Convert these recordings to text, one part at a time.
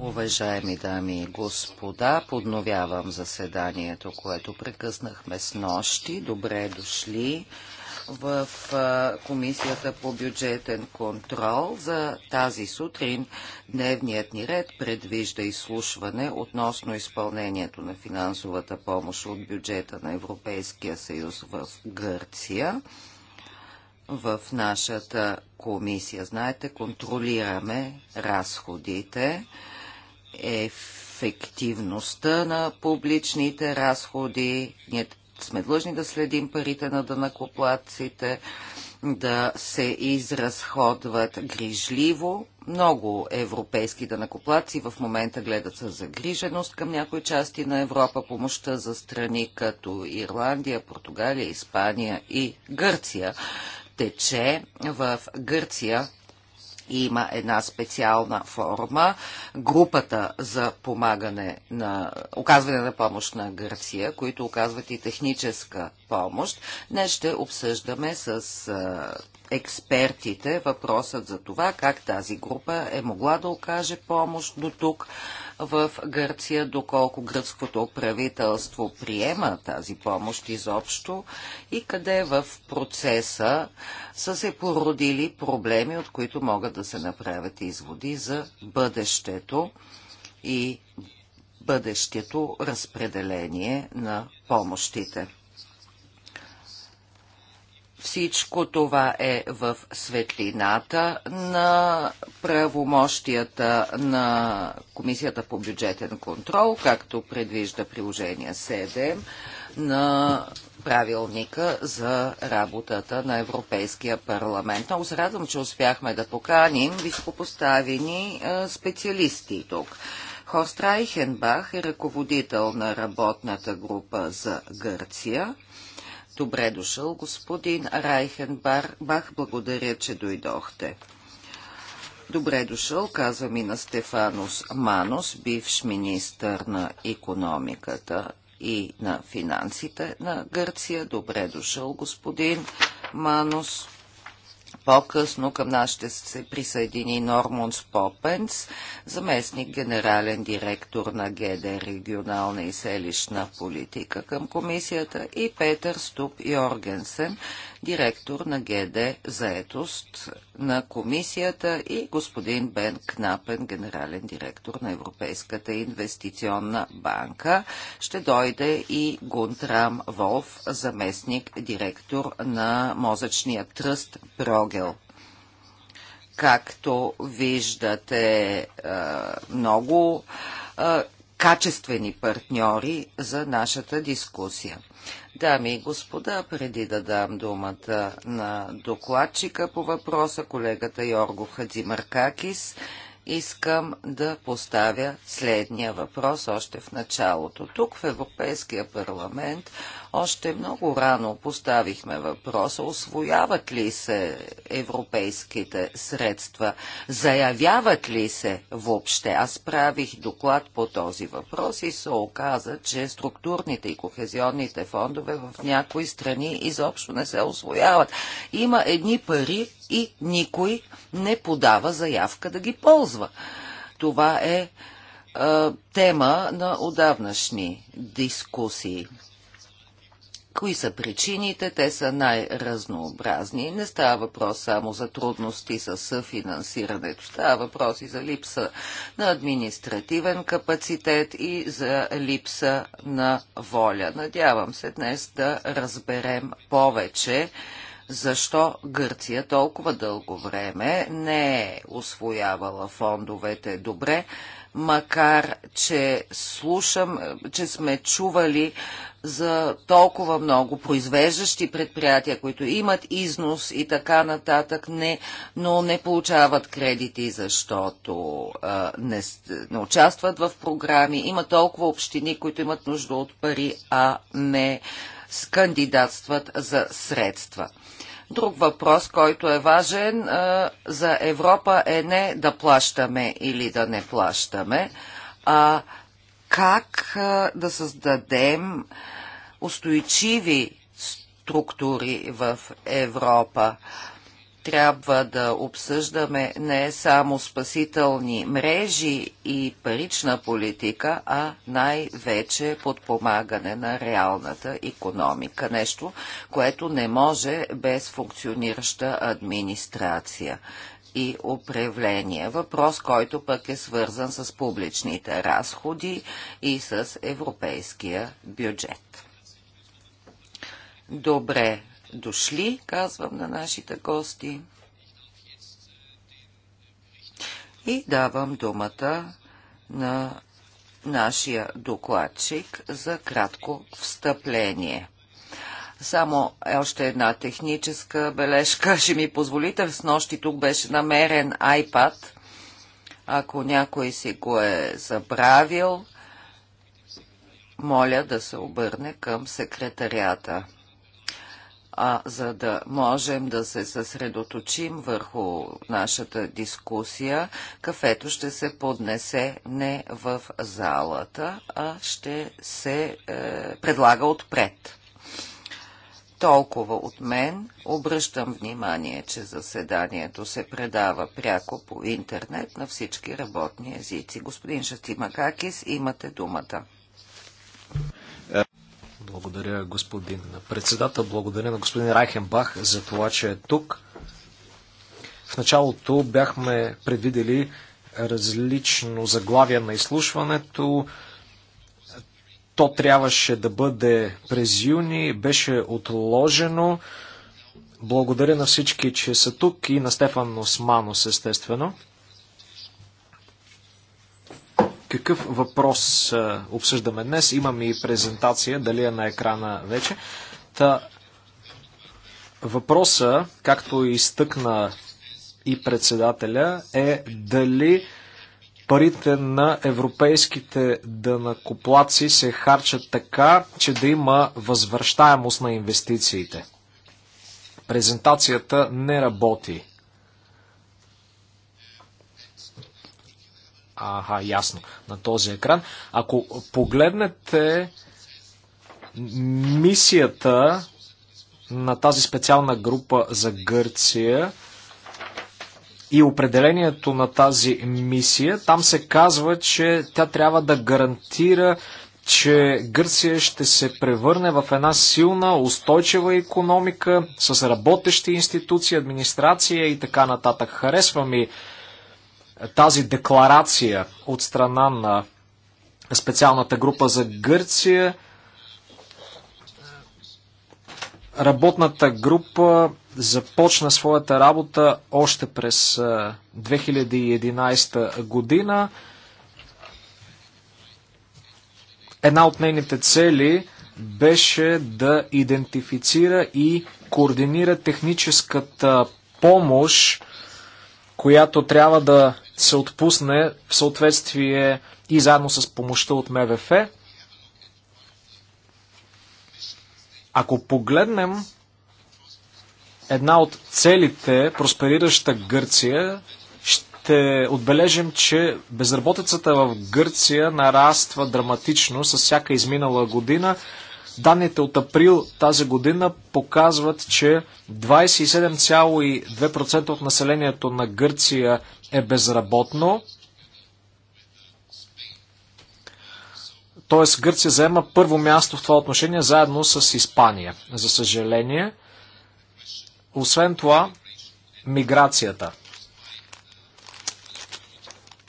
Уважаеми дами и господа, подновявам заседанието, което прекъснахме с нощи. Добре дошли в Комисията по бюджетен контрол. За тази сутрин дневният ни ред предвижда изслушване относно изпълнението на финансовата помощ от бюджета на Европейския съюз в Гърция в нашата комисия. Знаете, контролираме разходите, ефективността на публичните разходи. Ние сме длъжни да следим парите на дънакоплатците, да се изразходват грижливо. Много европейски дънакоплаци в момента гледат с загриженост към някои части на Европа помощта за страни като Ирландия, Португалия, Испания и Гърция, тече в Гърция има една специална форма. Групата за помагане на оказване на помощ на Гърция, които оказват и техническа помощ. Днес ще обсъждаме с експертите въпросът за това как тази група е могла да окаже помощ до тук в Гърция, доколко гръцкото правителство приема тази помощ изобщо и къде в процеса са се породили проблеми, от които могат да се направят изводи за бъдещето и бъдещето разпределение на помощите. Всичко това е в светлината на правомощията на Комисията по бюджетен контрол, както предвижда приложение 7 на правилника за работата на Европейския парламент. Много се радвам, че успяхме да поканим високопоставени специалисти тук. Хорст Райхенбах е ръководител на работната група за Гърция. Добре дошъл, господин Бах, Благодаря, че дойдохте. Добре дошъл, казвам и на Стефанос Манос, бивш министър на економиката и на финансите на Гърция. Добре дошъл, господин Манос. По-късно към нас ще се присъедини Нормунс Попенс, заместник генерален директор на ГД регионална и селищна политика към комисията и Петър Ступ Йоргенсен, директор на ГД заетост на комисията и господин Бен Кнапен, генерален директор на Европейската инвестиционна банка. Ще дойде и Гунтрам Волф, заместник директор на мозъчния тръст Прогел. Както виждате, много качествени партньори за нашата дискусия. Дами и господа, преди да дам думата на докладчика по въпроса, колегата Йорго Хадзимаркакис, искам да поставя следния въпрос още в началото. Тук в Европейския парламент още много рано поставихме въпроса, освояват ли се европейските средства, заявяват ли се въобще. Аз правих доклад по този въпрос и се оказа, че структурните и кохезионните фондове в някои страни изобщо не се освояват. Има едни пари и никой не подава заявка да ги ползва. Това е тема на отдавнашни дискусии. Кои са причините? Те са най-разнообразни. Не става въпрос само за трудности с съфинансирането. Става въпрос и за липса на административен капацитет и за липса на воля. Надявам се днес да разберем повече защо Гърция толкова дълго време не е освоявала фондовете добре, макар че слушам, че сме чували за толкова много произвеждащи предприятия, които имат износ и така нататък, не, но не получават кредити, защото а, не, не участват в програми. Има толкова общини, които имат нужда от пари, а не кандидатстват за средства. Друг въпрос, който е важен за Европа е не да плащаме или да не плащаме, а как да създадем устойчиви структури в Европа трябва да обсъждаме не само спасителни мрежи и парична политика, а най-вече подпомагане на реалната економика. Нещо, което не може без функционираща администрация и управление. Въпрос, който пък е свързан с публичните разходи и с европейския бюджет. Добре, дошли, казвам на нашите гости. И давам думата на нашия докладчик за кратко встъпление. Само още една техническа бележка. Ще ми позволите, с нощи тук беше намерен iPad. Ако някой си го е забравил, моля да се обърне към секретарията а за да можем да се съсредоточим върху нашата дискусия, кафето ще се поднесе не в залата, а ще се е, предлага отпред. Толкова от мен. Обръщам внимание, че заседанието се предава пряко по интернет на всички работни езици. Господин Шатимакакис, имате думата. Благодаря, господин председател. Благодаря на господин Райхенбах за това, че е тук. В началото бяхме предвидели различно заглавие на изслушването. То трябваше да бъде през юни, беше отложено. Благодаря на всички, че са тук и на Стефан Османос, естествено какъв въпрос обсъждаме днес. Имам и презентация, дали е на екрана вече. Та, въпроса, както изтъкна и председателя, е дали парите на европейските дънакоплаци се харчат така, че да има възвръщаемост на инвестициите. Презентацията не работи Аха, ясно, на този екран. Ако погледнете мисията на тази специална група за Гърция и определението на тази мисия, там се казва, че тя трябва да гарантира че Гърция ще се превърне в една силна, устойчива економика с работещи институции, администрация и така нататък. Харесва ми тази декларация от страна на специалната група за Гърция. Работната група започна своята работа още през 2011 година. Една от нейните цели беше да идентифицира и координира техническата помощ, която трябва да се отпусне в съответствие и заедно с помощта от МВФ. Ако погледнем една от целите, просперираща Гърция, ще отбележим, че безработицата в Гърция нараства драматично с всяка изминала година. Данните от април тази година показват, че 27,2% от населението на Гърция е безработно. Т.е. Гърция заема първо място в това отношение заедно с Испания. За съжаление. Освен това, миграцията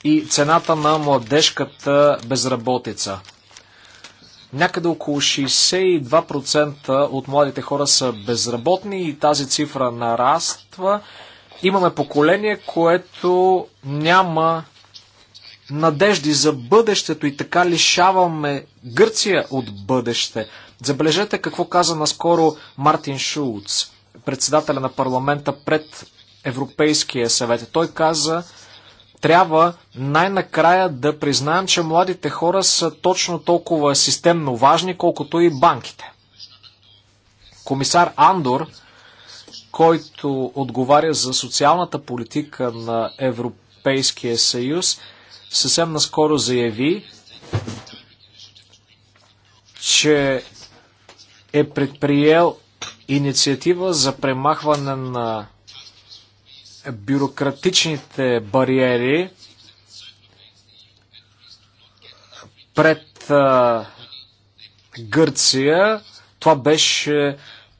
и цената на младежката безработица. Някъде около 62% от младите хора са безработни и тази цифра нараства. Имаме поколение, което няма надежди за бъдещето и така лишаваме Гърция от бъдеще. Забележете какво каза наскоро Мартин Шулц, председателя на парламента пред Европейския съвет. Той каза, трябва най-накрая да признаем, че младите хора са точно толкова системно важни, колкото и банките. Комисар Андор който отговаря за социалната политика на Европейския съюз, съвсем наскоро заяви, че е предприел инициатива за премахване на бюрократичните бариери пред а, Гърция. Това беше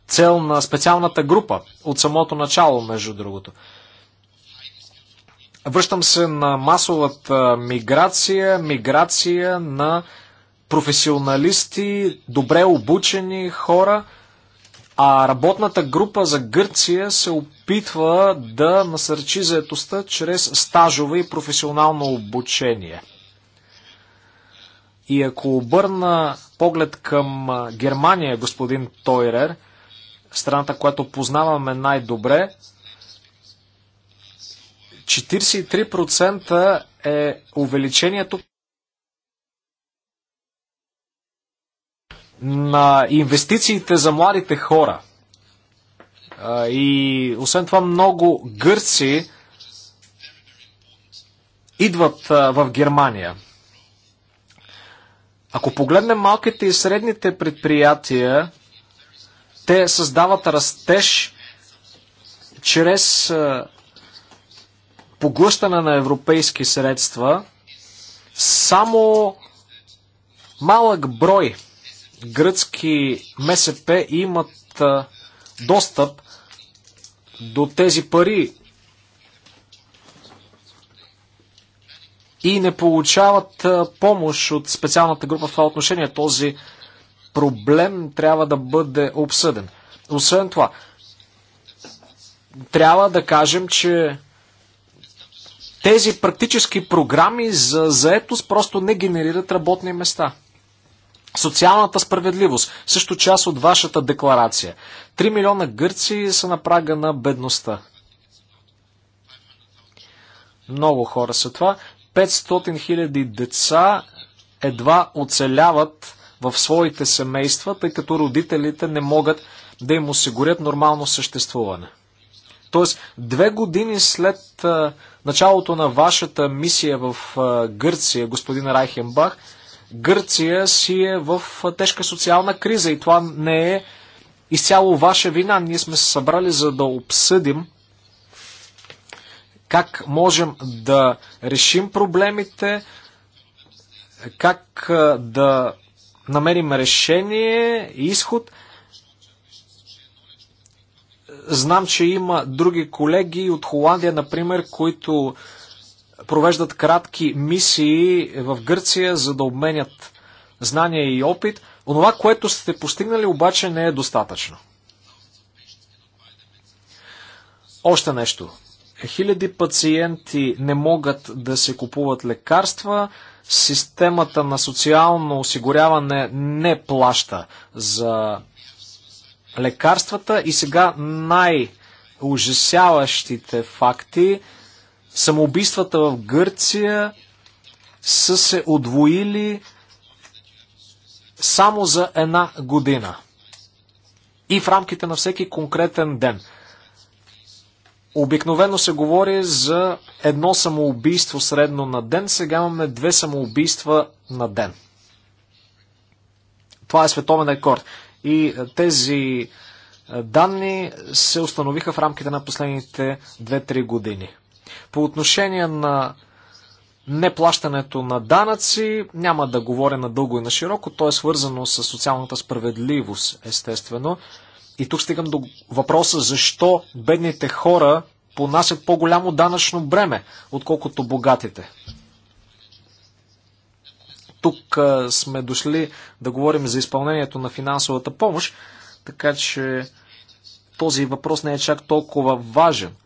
цел на специалната група от самото начало, между другото. Връщам се на масовата миграция, миграция на професионалисти, добре обучени хора, а работната група за Гърция се опитва да насърчи заетостта чрез стажове и професионално обучение. И ако обърна поглед към Германия, господин Тойрер, страната, която познаваме най-добре, 43% е увеличението на инвестициите за младите хора. И освен това много гърци идват в Германия. Ако погледнем малките и средните предприятия, те създават растеж чрез е, поглъщане на европейски средства. Само малък брой гръцки МСП имат е, достъп до тези пари и не получават е, помощ от специалната група в това отношение. Този проблем трябва да бъде обсъден. Освен това, трябва да кажем, че тези практически програми за заетост просто не генерират работни места. Социалната справедливост, също част от вашата декларация. 3 милиона гърци са на прага на бедността. Много хора са това. 500 хиляди деца едва оцеляват в своите семейства, тъй като родителите не могат да им осигурят нормално съществуване. Тоест, две години след а, началото на вашата мисия в а, Гърция, господин Райхенбах, Гърция си е в а, тежка социална криза и това не е изцяло ваша вина. Ние сме се събрали за да обсъдим как можем да решим проблемите, как да намерим решение, изход. Знам, че има други колеги от Холандия, например, които провеждат кратки мисии в Гърция, за да обменят знания и опит. Онова, което сте постигнали, обаче не е достатъчно. Още нещо. Хиляди пациенти не могат да се купуват лекарства. Системата на социално осигуряване не плаща за лекарствата. И сега най-ужасяващите факти. Самоубийствата в Гърция са се отвоили само за една година. И в рамките на всеки конкретен ден – Обикновено се говори за едно самоубийство средно на ден, сега имаме две самоубийства на ден. Това е световен рекорд. И е, тези е, данни се установиха в рамките на последните 2-3 години. По отношение на неплащането на данъци, няма да говоря надълго и на широко, то е свързано с социалната справедливост, естествено. И тук стигам до въпроса защо бедните хора понасят по-голямо данъчно бреме, отколкото богатите. Тук а, сме дошли да говорим за изпълнението на финансовата помощ, така че този въпрос не е чак толкова важен –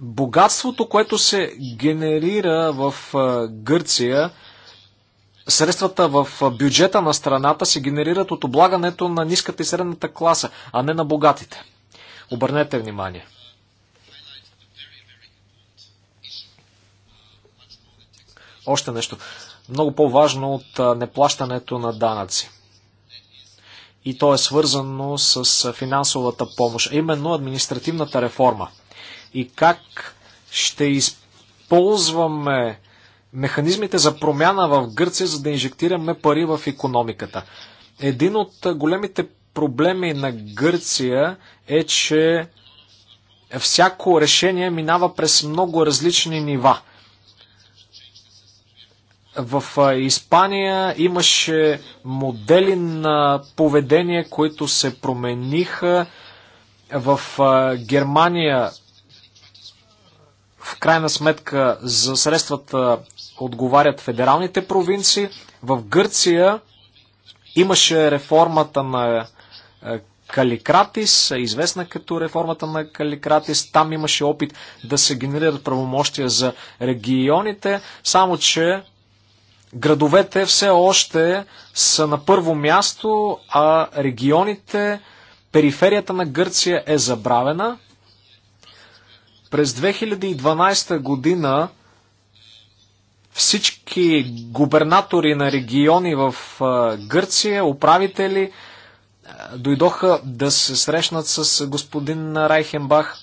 богатството, което се генерира в Гърция, средствата в бюджета на страната се генерират от облагането на ниската и средната класа, а не на богатите. Обърнете внимание. Още нещо. Много по-важно от неплащането на данъци. И то е свързано с финансовата помощ, а именно административната реформа и как ще използваме механизмите за промяна в Гърция, за да инжектираме пари в економиката. Един от големите проблеми на Гърция е, че всяко решение минава през много различни нива. В Испания имаше модели на поведение, които се промениха. В Германия в крайна сметка за средствата отговарят федералните провинции. В Гърция имаше реформата на е, Каликратис, известна като реформата на Каликратис. Там имаше опит да се генерират правомощия за регионите, само че градовете все още са на първо място, а регионите, периферията на Гърция е забравена. През 2012 година всички губернатори на региони в Гърция, управители, дойдоха да се срещнат с господин Райхенбах.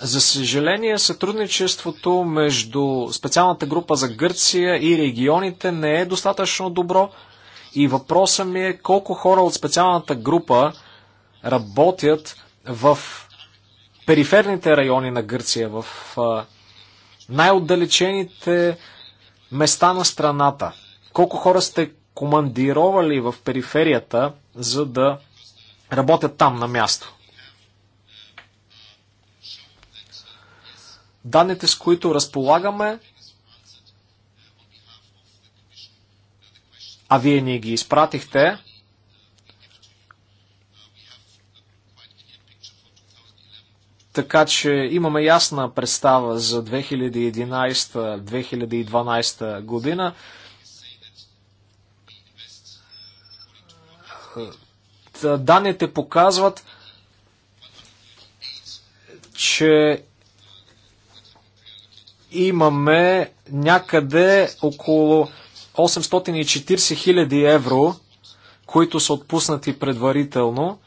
За съжаление, сътрудничеството между специалната група за Гърция и регионите не е достатъчно добро. И въпросът ми е колко хора от специалната група работят в периферните райони на Гърция, в най-отдалечените места на страната. Колко хора сте командировали в периферията, за да работят там на място? Данните, с които разполагаме, а вие ни ги изпратихте. Така че имаме ясна представа за 2011-2012 година. Данните показват, че имаме някъде около 840 000 евро, които са отпуснати предварително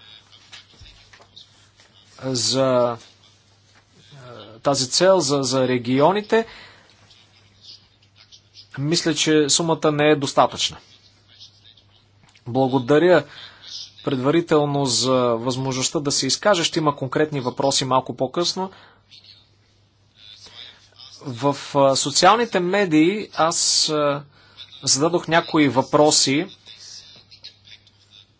за е, тази цел, за, за регионите, мисля, че сумата не е достатъчна. Благодаря предварително за възможността да се изкажа. Ще има конкретни въпроси малко по-късно. В е, социалните медии аз е, зададох някои въпроси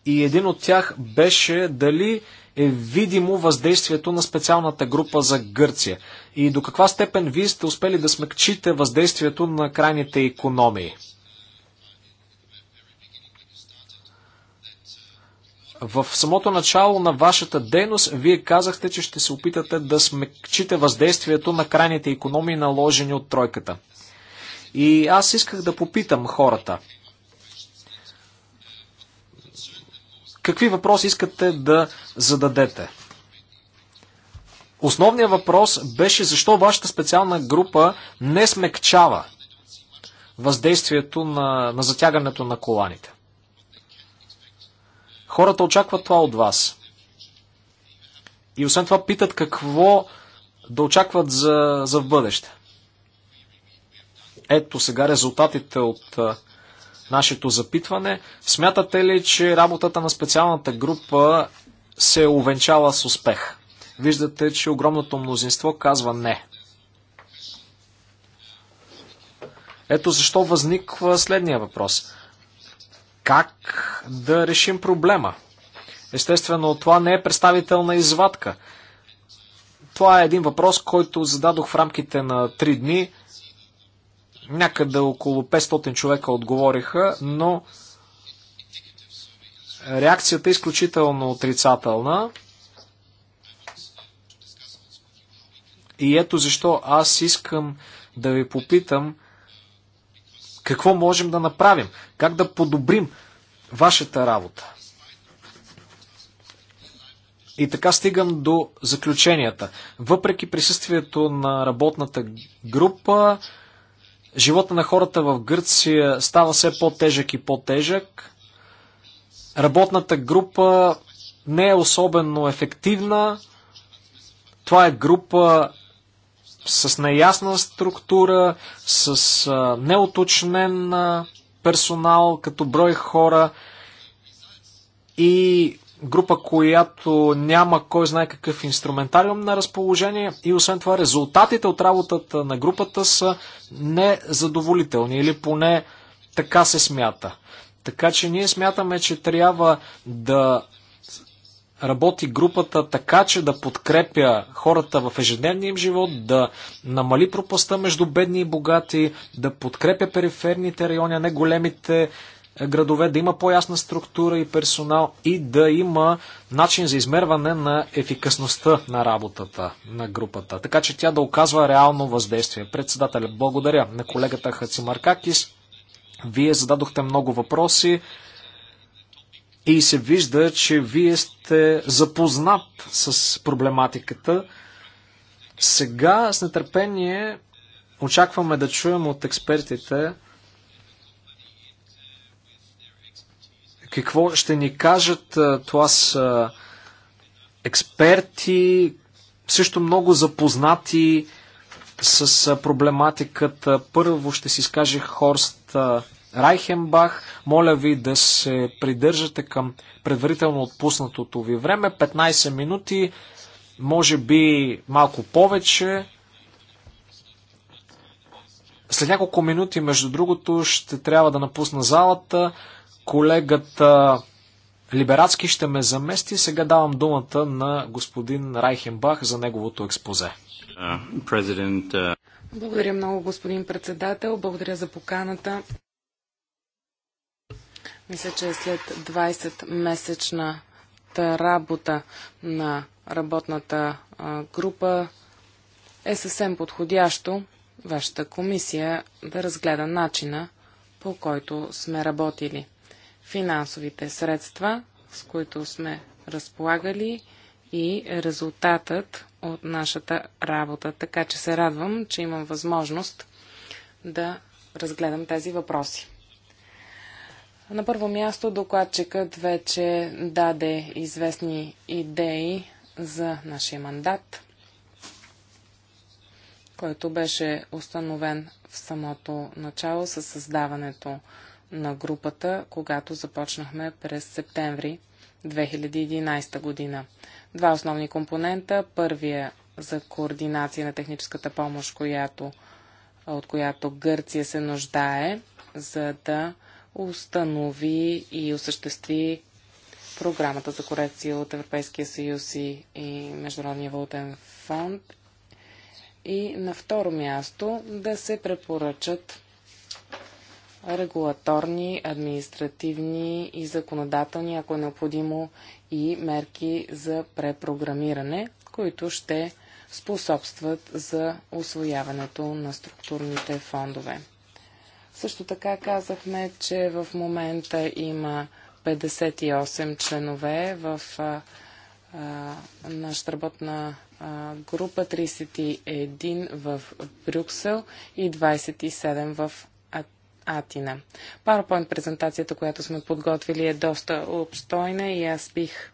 и един от тях беше дали е видимо въздействието на специалната група за Гърция и до каква степен вие сте успели да смекчите въздействието на крайните економии. В самото начало на вашата дейност вие казахте, че ще се опитате да смекчите въздействието на крайните економии, наложени от тройката. И аз исках да попитам хората. Какви въпроси искате да зададете? Основният въпрос беше защо вашата специална група не смекчава въздействието на, на затягането на коланите. Хората очакват това от вас. И освен това питат какво да очакват за, за в бъдеще. Ето сега резултатите от нашето запитване. Смятате ли, че работата на специалната група се е увенчава с успех? Виждате, че огромното мнозинство казва не. Ето защо възниква следния въпрос. Как да решим проблема? Естествено, това не е представителна извадка. Това е един въпрос, който зададох в рамките на 3 дни. Някъде около 500 човека отговориха, но реакцията е изключително отрицателна. И ето защо аз искам да ви попитам какво можем да направим, как да подобрим вашата работа. И така стигам до заключенията. Въпреки присъствието на работната група, Живота на хората в Гърция става все по-тежък и по-тежък. Работната група не е особено ефективна. Това е група с неясна структура, с а, неуточнен а, персонал като брой хора и група, която няма кой знае какъв инструментариум на разположение и освен това резултатите от работата на групата са незадоволителни или поне така се смята. Така че ние смятаме, че трябва да работи групата така, че да подкрепя хората в ежедневния им живот, да намали пропаста между бедни и богати, да подкрепя периферните райони, а не големите градове, да има по-ясна структура и персонал и да има начин за измерване на ефикасността на работата на групата, така че тя да оказва реално въздействие. Председателя, благодаря на колегата Хацимаркакис. Вие зададохте много въпроси и се вижда, че вие сте запознат с проблематиката. Сега с нетърпение очакваме да чуем от експертите Какво ще ни кажат? Това са експерти, също много запознати с проблематиката. Първо ще си изкаже Хорст Райхенбах. Моля ви да се придържате към предварително отпуснатото ви време. 15 минути, може би малко повече. След няколко минути, между другото, ще трябва да напусна залата. Колегата Либерацки ще ме замести. Сега давам думата на господин Райхенбах за неговото експозе. Uh, uh, Благодаря много, господин председател. Благодаря за поканата. Мисля, че е след 20-месечната работа на работната група е съвсем подходящо вашата комисия да разгледа начина по който сме работили финансовите средства, с които сме разполагали и резултатът от нашата работа. Така че се радвам, че имам възможност да разгледам тези въпроси. На първо място докладчикът вече даде известни идеи за нашия мандат, който беше установен в самото начало със създаването на групата, когато започнахме през септември 2011 година. Два основни компонента. Първия за координация на техническата помощ, която, от която Гърция се нуждае, за да установи и осъществи програмата за корекция от Европейския съюз и, и Международния валутен фонд. И на второ място да се препоръчат регулаторни, административни и законодателни, ако е необходимо, и мерки за препрограмиране, които ще способстват за освояването на структурните фондове. Също така казахме, че в момента има 58 членове в а, а, нашата работна група, 31 в Брюксел и 27 в Атина. PowerPoint презентацията, която сме подготвили е доста обстойна и аз бих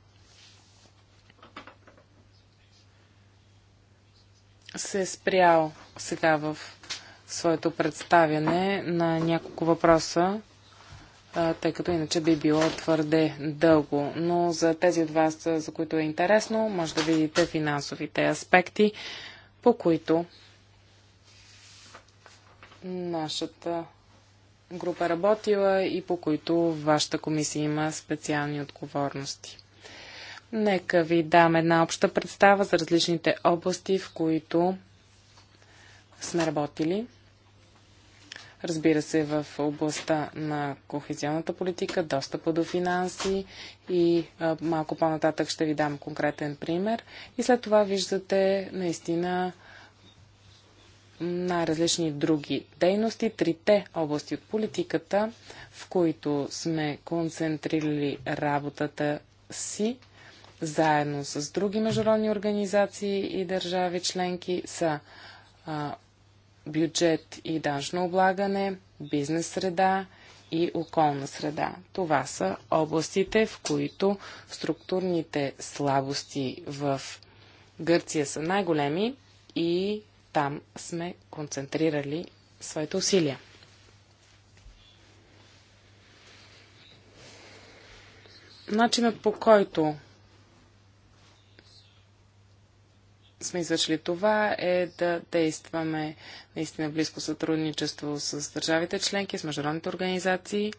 се спрял сега в своето представяне на няколко въпроса, тъй като иначе би било твърде дълго. Но за тези от вас, за които е интересно, може да видите финансовите аспекти, по които нашата група работила и по които вашата комисия има специални отговорности. Нека ви дам една обща представа за различните области, в които сме работили. Разбира се, в областта на кохезионната политика, достъпа до финанси и а, малко по-нататък ще ви дам конкретен пример. И след това виждате наистина най-различни други дейности, трите области от политиката, в които сме концентрирали работата си, заедно с други международни организации и държави членки, са а, бюджет и данжно облагане, бизнес среда и околна среда. Това са областите, в които структурните слабости в Гърция са най-големи и там сме концентрирали своите усилия. Начинът по който сме извършили това е да действаме наистина близко сътрудничество с държавите членки, с международните организации,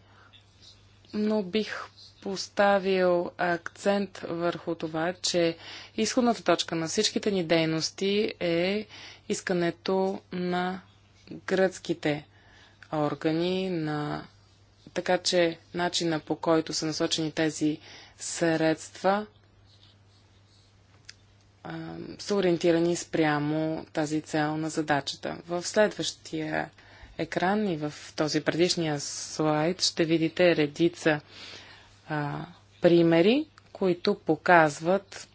но бих поставил акцент върху това, че изходната точка на всичките ни дейности е искането на гръцките органи, на... така че начина по който са насочени тези средства са ориентирани спрямо тази цел на задачата. В следващия екран и в този предишния слайд ще видите редица а, примери, които показват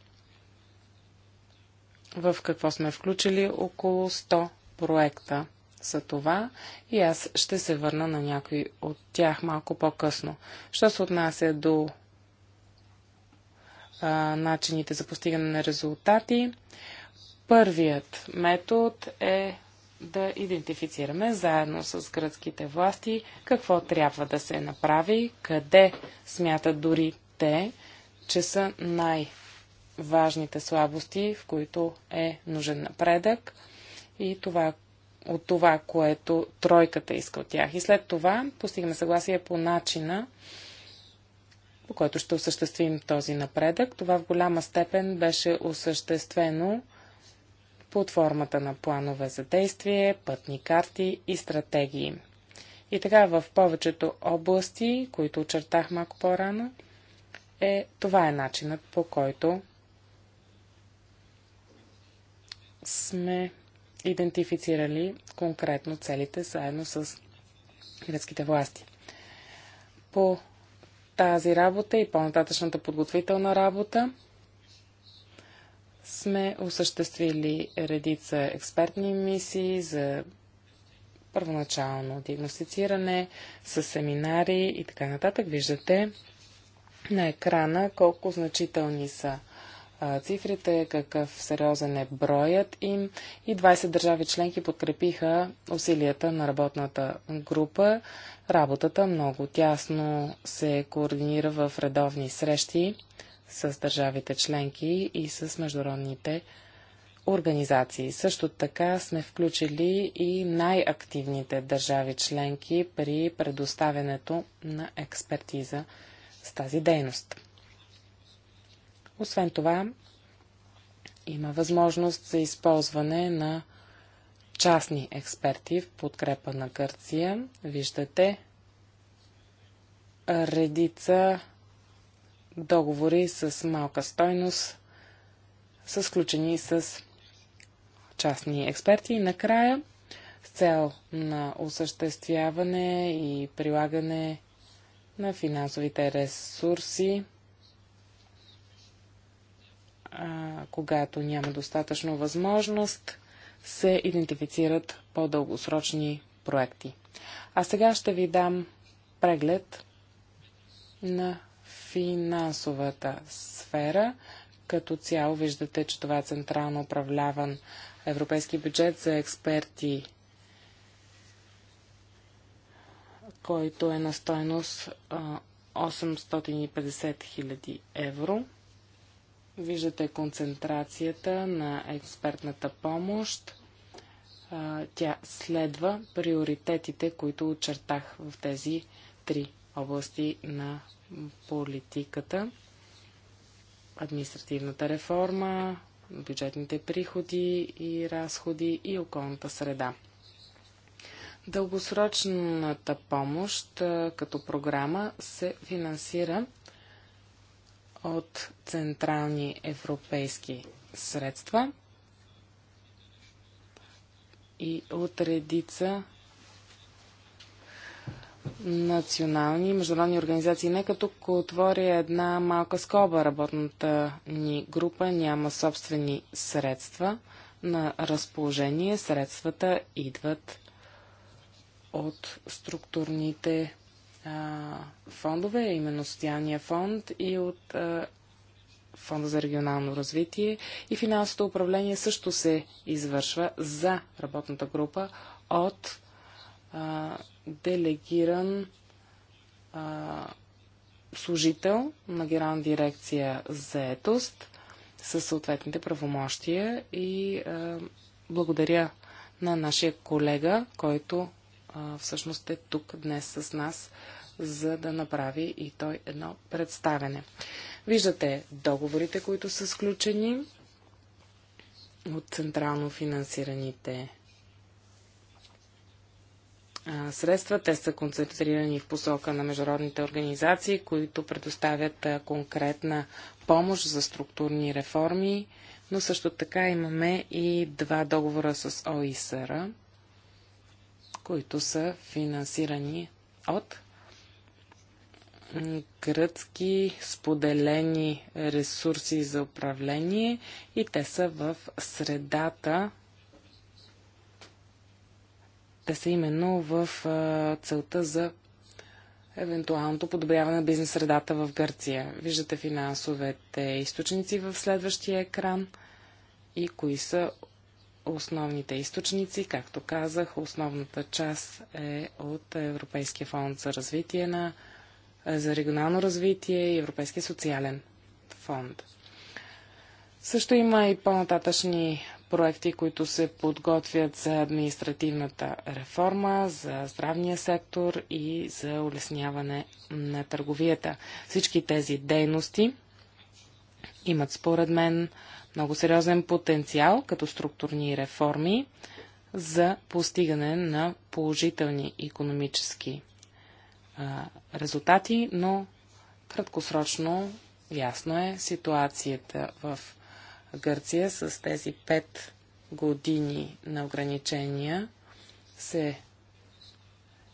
в какво сме включили около 100 проекта за това и аз ще се върна на някой от тях малко по-късно. Що се отнася до а, начините за постигане на резултати, първият метод е да идентифицираме заедно с гръцките власти какво трябва да се направи, къде смятат дори те, че са най- важните слабости, в които е нужен напредък и това, от това, което тройката иска от тях. И след това постигаме съгласие по начина, по който ще осъществим този напредък. Това в голяма степен беше осъществено под формата на планове за действие, пътни карти и стратегии. И така в повечето области, които очертах малко по-рано, е, това е начинът по който сме идентифицирали конкретно целите заедно с гръцките власти. По тази работа и по-нататъчната подготвителна работа сме осъществили редица експертни мисии за първоначално диагностициране, с семинари и така нататък. Виждате на екрана колко значителни са цифрите, какъв сериозен е броят им и 20 държави членки подкрепиха усилията на работната група. Работата много тясно се координира в редовни срещи с държавите членки и с международните организации. Също така сме включили и най-активните държави членки при предоставянето на експертиза с тази дейност. Освен това, има възможност за използване на частни експерти в подкрепа на Гърция. Виждате редица договори с малка стойност са сключени с частни експерти. И накрая, с цел на осъществяване и прилагане на финансовите ресурси, а, когато няма достатъчно възможност, се идентифицират по-дългосрочни проекти. А сега ще ви дам преглед на финансовата сфера. Като цяло виждате, че това е централно управляван европейски бюджет за експерти, който е на стойност 850 000 евро. Виждате концентрацията на експертната помощ. Тя следва приоритетите, които очертах в тези три области на политиката. Административната реформа, бюджетните приходи и разходи и околната среда. Дългосрочната помощ като програма се финансира от централни европейски средства и от редица национални и международни организации. Нека тук отворя една малка скоба. Работната ни група няма собствени средства на разположение. Средствата идват от структурните а, фондове, именно Социалния фонд и от а, Фонда за регионално развитие. И финансовото управление също се извършва за работната група от а, делегиран а, служител на герална дирекция заетост със съответните правомощия и а, благодаря на нашия колега, който всъщност е тук днес с нас, за да направи и той едно представене. Виждате договорите, които са сключени от централно финансираните средства. Те са концентрирани в посока на международните организации, които предоставят конкретна помощ за структурни реформи, но също така имаме и два договора с ОИСР които са финансирани от гръцки споделени ресурси за управление и те са в средата. Те са именно в целта за евентуалното подобряване на бизнес средата в Гърция. Виждате финансовете източници в следващия екран и кои са основните източници, както казах, основната част е от Европейския фонд за развитие на за регионално развитие и Европейския социален фонд. Също има и по-нататъчни проекти, които се подготвят за административната реформа, за здравния сектор и за улесняване на търговията. Всички тези дейности имат според мен много сериозен потенциал като структурни реформи за постигане на положителни економически а, резултати, но краткосрочно ясно е ситуацията в Гърция с тези 5 години на ограничения се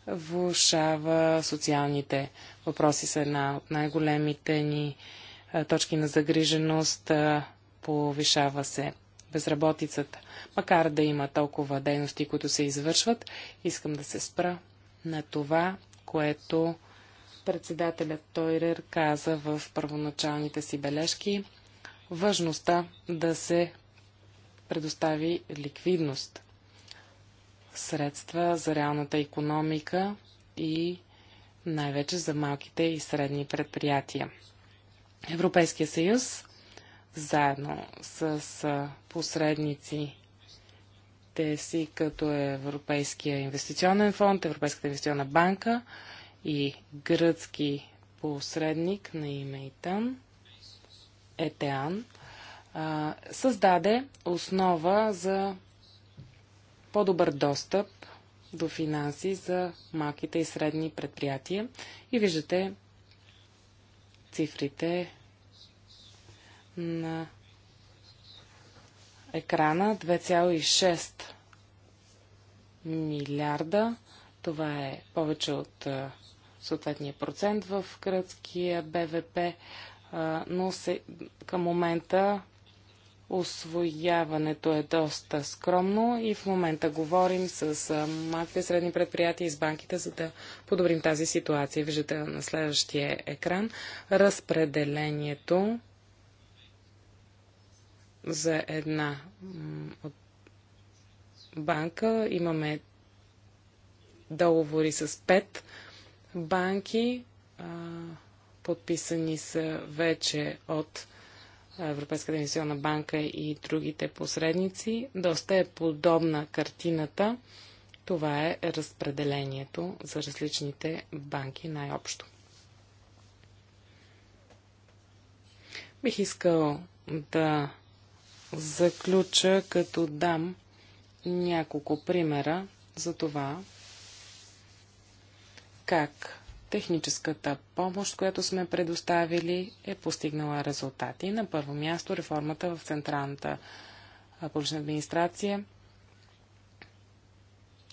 влушава. Социалните въпроси са една от най-големите ни е, точки на загриженост, е, повишава се безработицата. Макар да има толкова дейности, които се извършват, искам да се спра на това, което председателят Тойрер каза в първоначалните си бележки важността да се предостави ликвидност, средства за реалната економика и най-вече за малките и средни предприятия. Европейския съюз, заедно с посредници те си като Европейския инвестиционен фонд, Европейската инвестиционна банка и гръцки посредник на име Итан, Етеан, създаде основа за по-добър достъп до финанси за малките и средни предприятия. И виждате цифрите на екрана 2,6 милиарда. Това е повече от съответния процент в гръцкия БВП, но се, към момента Освояването е доста скромно и в момента говорим с малките средни предприятия и с банките, за да подобрим тази ситуация. Виждате на следващия екран разпределението за една от банка. Имаме договори с пет банки. Подписани са вече от Европейската инвестиционна банка и другите посредници. Доста е подобна картината. Това е разпределението за различните банки най-общо. Бих искал да заключа, като дам няколко примера за това, как техническата помощ, която сме предоставили, е постигнала резултати. На първо място реформата в Централната публична администрация,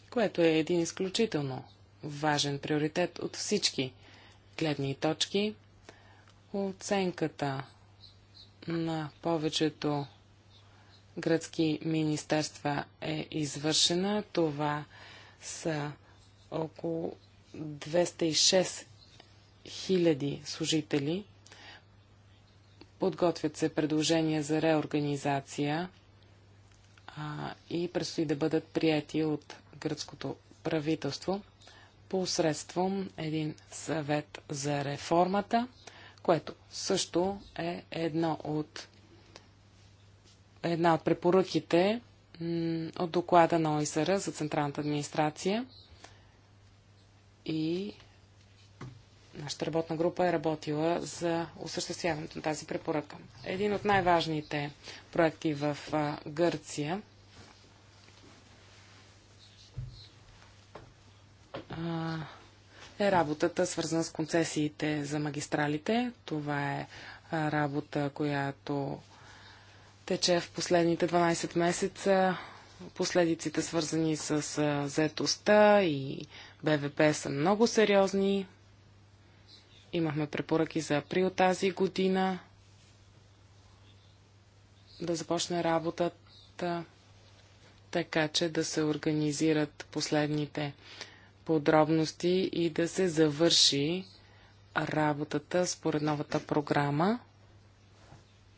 което е един изключително важен приоритет от всички гледни точки. Оценката на повечето гръцки министерства е извършена. Това са около 206 хиляди служители. Подготвят се предложения за реорганизация а, и предстои да бъдат прияти от гръцкото правителство посредством един съвет за реформата, което също е едно от, една от препоръките от доклада на ОИСР за Централната администрация – и нашата работна група е работила за осъществяването на тази препоръка. Един от най-важните проекти в Гърция е работата свързана с концесиите за магистралите. Това е работа, която тече в последните 12 месеца. Последиците, свързани с заетостта и БВП, са много сериозни. Имахме препоръки за април тази година да започне работата, така че да се организират последните подробности и да се завърши работата според новата програма,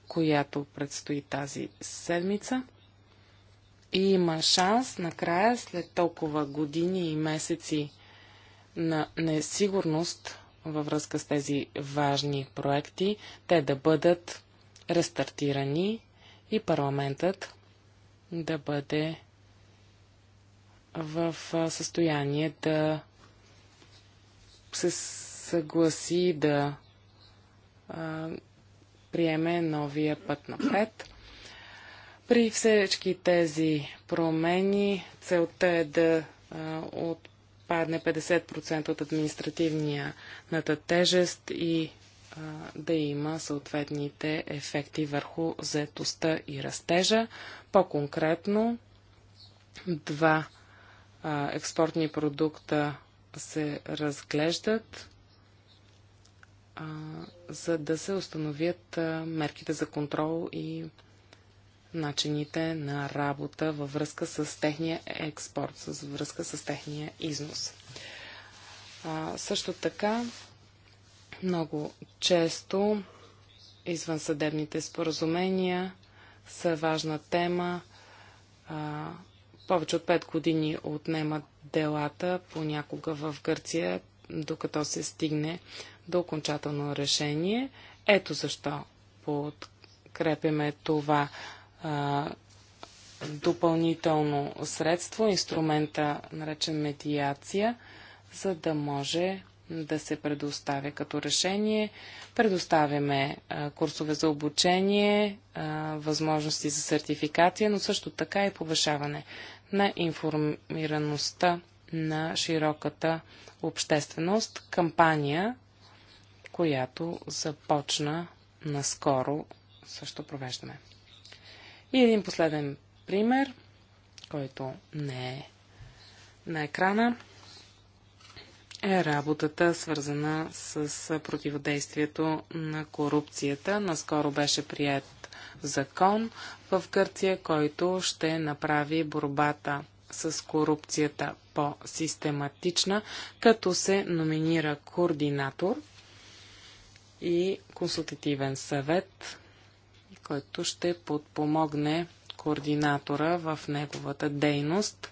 която предстои тази седмица. И има шанс накрая, след толкова години и месеци на несигурност във връзка с тези важни проекти, те да бъдат рестартирани и парламентът да бъде в състояние да се съгласи да а, приеме новия път напред. При всички тези промени целта е да отпадне 50% от административната тежест и да има съответните ефекти върху заетостта и растежа. По-конкретно, два експортни продукта се разглеждат за да се установят мерките за контрол и начините на работа във връзка с техния експорт, с връзка с техния износ. А, също така, много често извънсъдебните споразумения са важна тема. А, повече от 5 години отнемат делата понякога в Гърция, докато се стигне до окончателно решение. Ето защо подкрепяме това допълнително средство, инструмента наречен медиация, за да може да се предоставя като решение. Предоставяме курсове за обучение, възможности за сертификация, но също така и повишаване на информираността на широката общественост. Кампания, която започна наскоро, също провеждаме. И един последен пример, който не е на екрана, е работата свързана с противодействието на корупцията. Наскоро беше прият закон в Гърция, който ще направи борбата с корупцията по-систематична, като се номинира координатор и консултативен съвет който ще подпомогне координатора в неговата дейност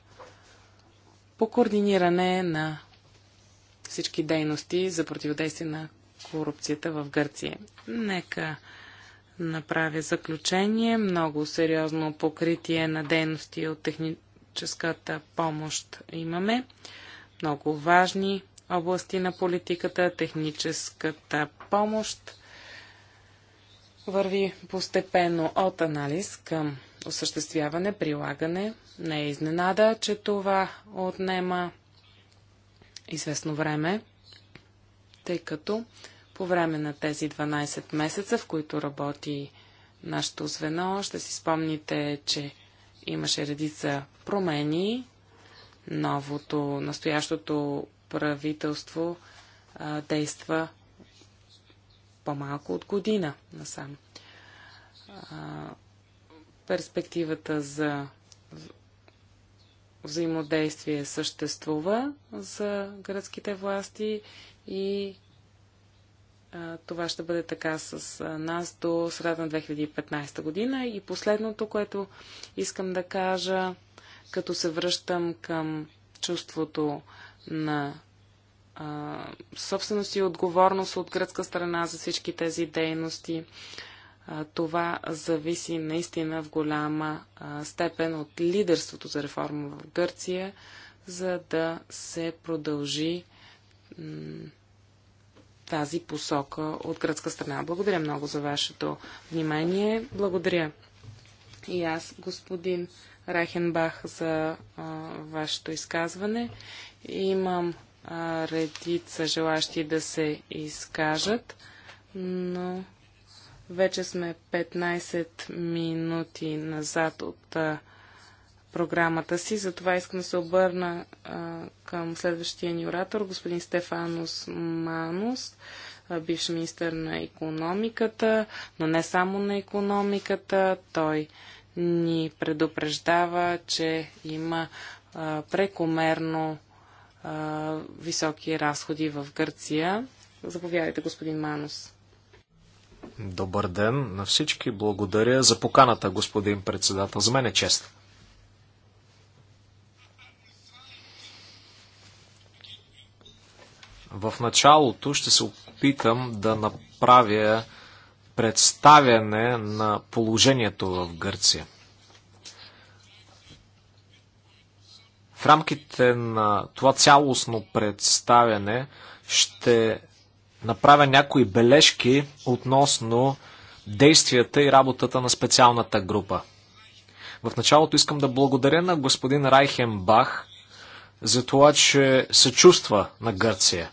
по координиране на всички дейности за противодействие на корупцията в Гърция. Нека направя заключение. Много сериозно покритие на дейности от техническата помощ имаме. Много важни области на политиката, техническата помощ върви постепенно от анализ към осъществяване, прилагане. Не е изненада, че това отнема известно време, тъй като по време на тези 12 месеца, в които работи нашето звено, ще си спомните, че имаше редица промени. Новото, настоящото правителство а, действа по-малко от година насам. перспективата за взаимодействие съществува за гръцките власти и това ще бъде така с нас до среда на 2015 година. И последното, което искам да кажа, като се връщам към чувството на собственост и отговорност от гръцка страна за всички тези дейности. това зависи наистина в голяма степен от лидерството за реформа в Гърция, за да се продължи тази посока от гръцка страна. Благодаря много за вашето внимание. Благодаря и аз, господин Рахенбах, за вашето изказване. Имам редица желащи да се изкажат, но вече сме 15 минути назад от а, програмата си. Затова искам да се обърна а, към следващия ни оратор, господин Стефанос Манус, а, бивш министър на економиката, но не само на економиката. Той ни предупреждава, че има а, прекомерно високи разходи в Гърция. Заповядайте, господин Манус. Добър ден на всички. Благодаря за поканата, господин председател. За мен е чест. В началото ще се опитам да направя представяне на положението в Гърция. В рамките на това цялостно представяне ще направя някои бележки относно действията и работата на специалната група. В началото искам да благодаря на господин Райхенбах за това, че се чувства на Гърция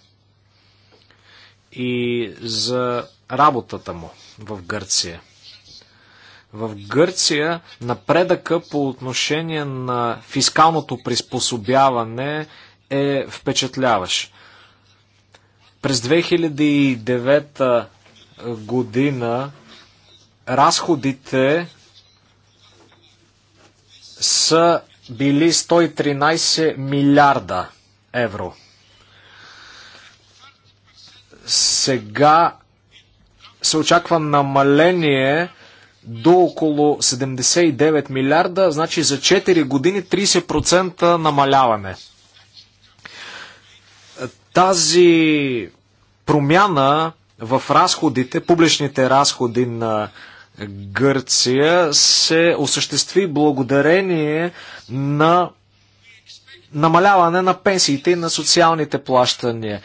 и за работата му в Гърция. В Гърция напредъка по отношение на фискалното приспособяване е впечатляващ. През 2009 година разходите са били 113 милиарда евро. Сега се очаква намаление до около 79 милиарда, значи за 4 години 30% намаляване. Тази промяна в разходите, публичните разходи на Гърция се осъществи благодарение на намаляване на пенсиите и на социалните плащания.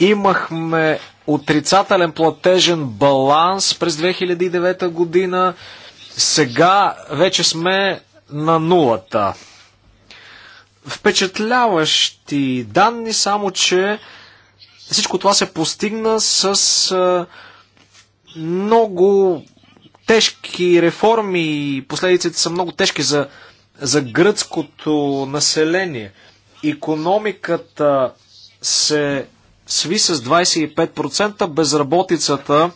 Имахме отрицателен платежен баланс през 2009 година. Сега вече сме на нулата. Впечатляващи данни, само че всичко това се постигна с много тежки реформи и последиците са много тежки за, за гръцкото население. Економиката се сви с 25%, безработицата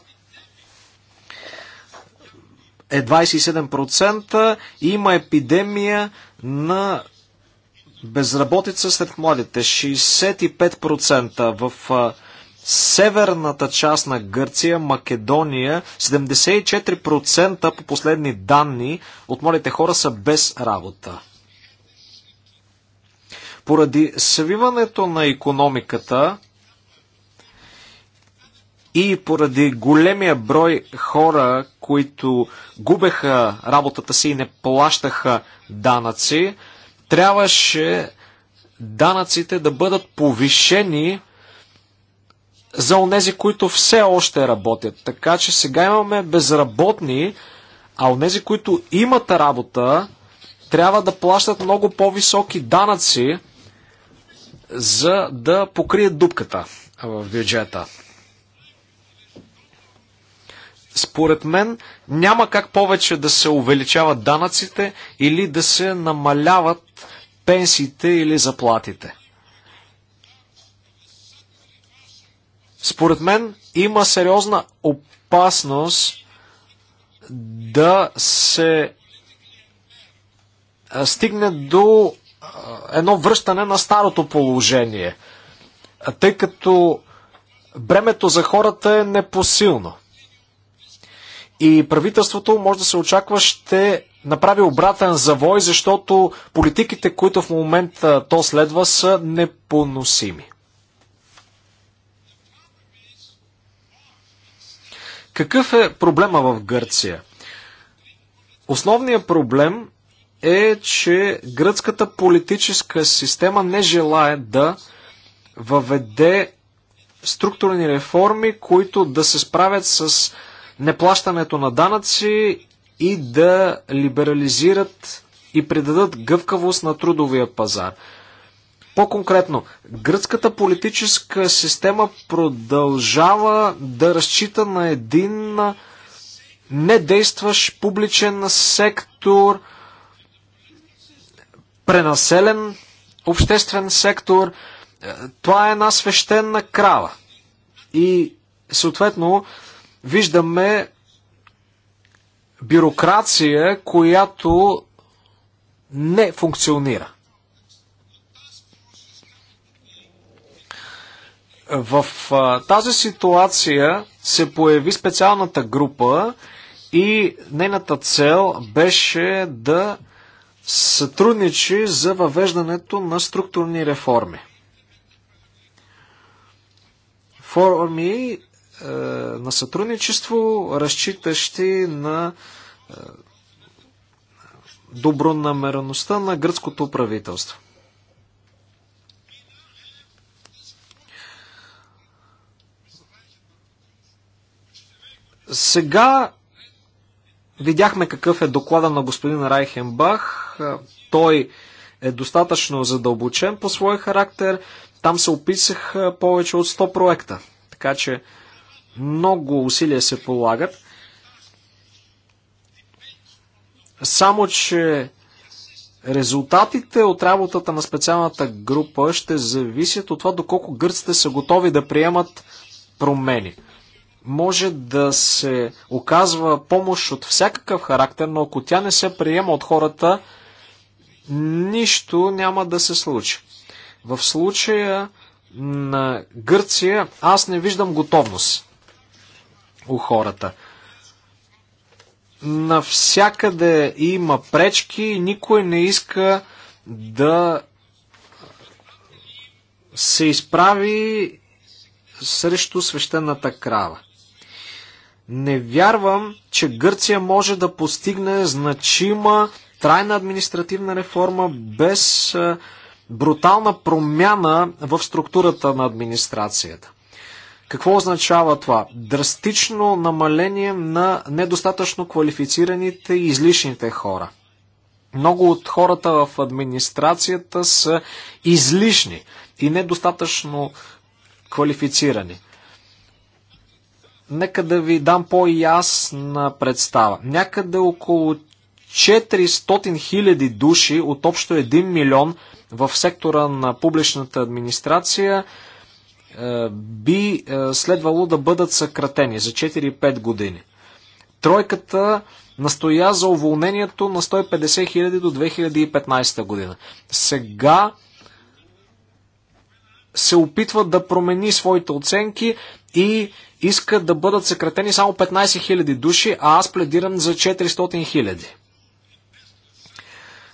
е 27%, има епидемия на безработица сред младите 65%. В северната част на Гърция, Македония, 74% по последни данни от младите хора са без работа. Поради свиването на економиката, и поради големия брой хора, които губеха работата си и не плащаха данъци, трябваше данъците да бъдат повишени за онези, които все още работят. Така че сега имаме безработни, а онези, които имат работа, трябва да плащат много по-високи данъци, за да покрият дупката в бюджета. Според мен няма как повече да се увеличават данъците или да се намаляват пенсиите или заплатите. Според мен има сериозна опасност да се стигне до едно връщане на старото положение, тъй като бремето за хората е непосилно. И правителството, може да се очаква, ще направи обратен завой, защото политиките, които в момента то следва, са непоносими. Какъв е проблема в Гърция? Основният проблем е, че гръцката политическа система не желая да въведе структурни реформи, които да се справят с неплащането на данъци и да либерализират и придадат гъвкавост на трудовия пазар. По-конкретно, гръцката политическа система продължава да разчита на един недействащ публичен сектор, пренаселен обществен сектор. Е, това е една свещена крава. И съответно Виждаме бюрокрация, която не функционира. В тази ситуация се появи специалната група и нейната цел беше да сътрудничи за въвеждането на структурни реформи. Форми, е, на сътрудничество, разчитащи на е, добронамереността на гръцкото правителство. Сега видяхме какъв е доклада на господин Райхенбах. Е, той е достатъчно задълбочен по своя характер. Там се описаха повече от 100 проекта. Така че много усилия се полагат. Само, че резултатите от работата на специалната група ще зависят от това доколко гърците са готови да приемат промени. Може да се оказва помощ от всякакъв характер, но ако тя не се приема от хората, нищо няма да се случи. В случая на Гърция аз не виждам готовност у хората. Навсякъде има пречки никой не иска да се изправи срещу свещената крава. Не вярвам, че Гърция може да постигне значима трайна административна реформа без брутална промяна в структурата на администрацията. Какво означава това? Драстично намаление на недостатъчно квалифицираните и излишните хора. Много от хората в администрацията са излишни и недостатъчно квалифицирани. Нека да ви дам по-ясна представа. Някъде около 400 хиляди души от общо 1 милион в сектора на публичната администрация – е, би е, следвало да бъдат съкратени за 4-5 години. Тройката настоя за уволнението на 150 000 до 2015 година. Сега се опитва да промени своите оценки и иска да бъдат съкратени само 15 000 души, а аз пледирам за 400 000.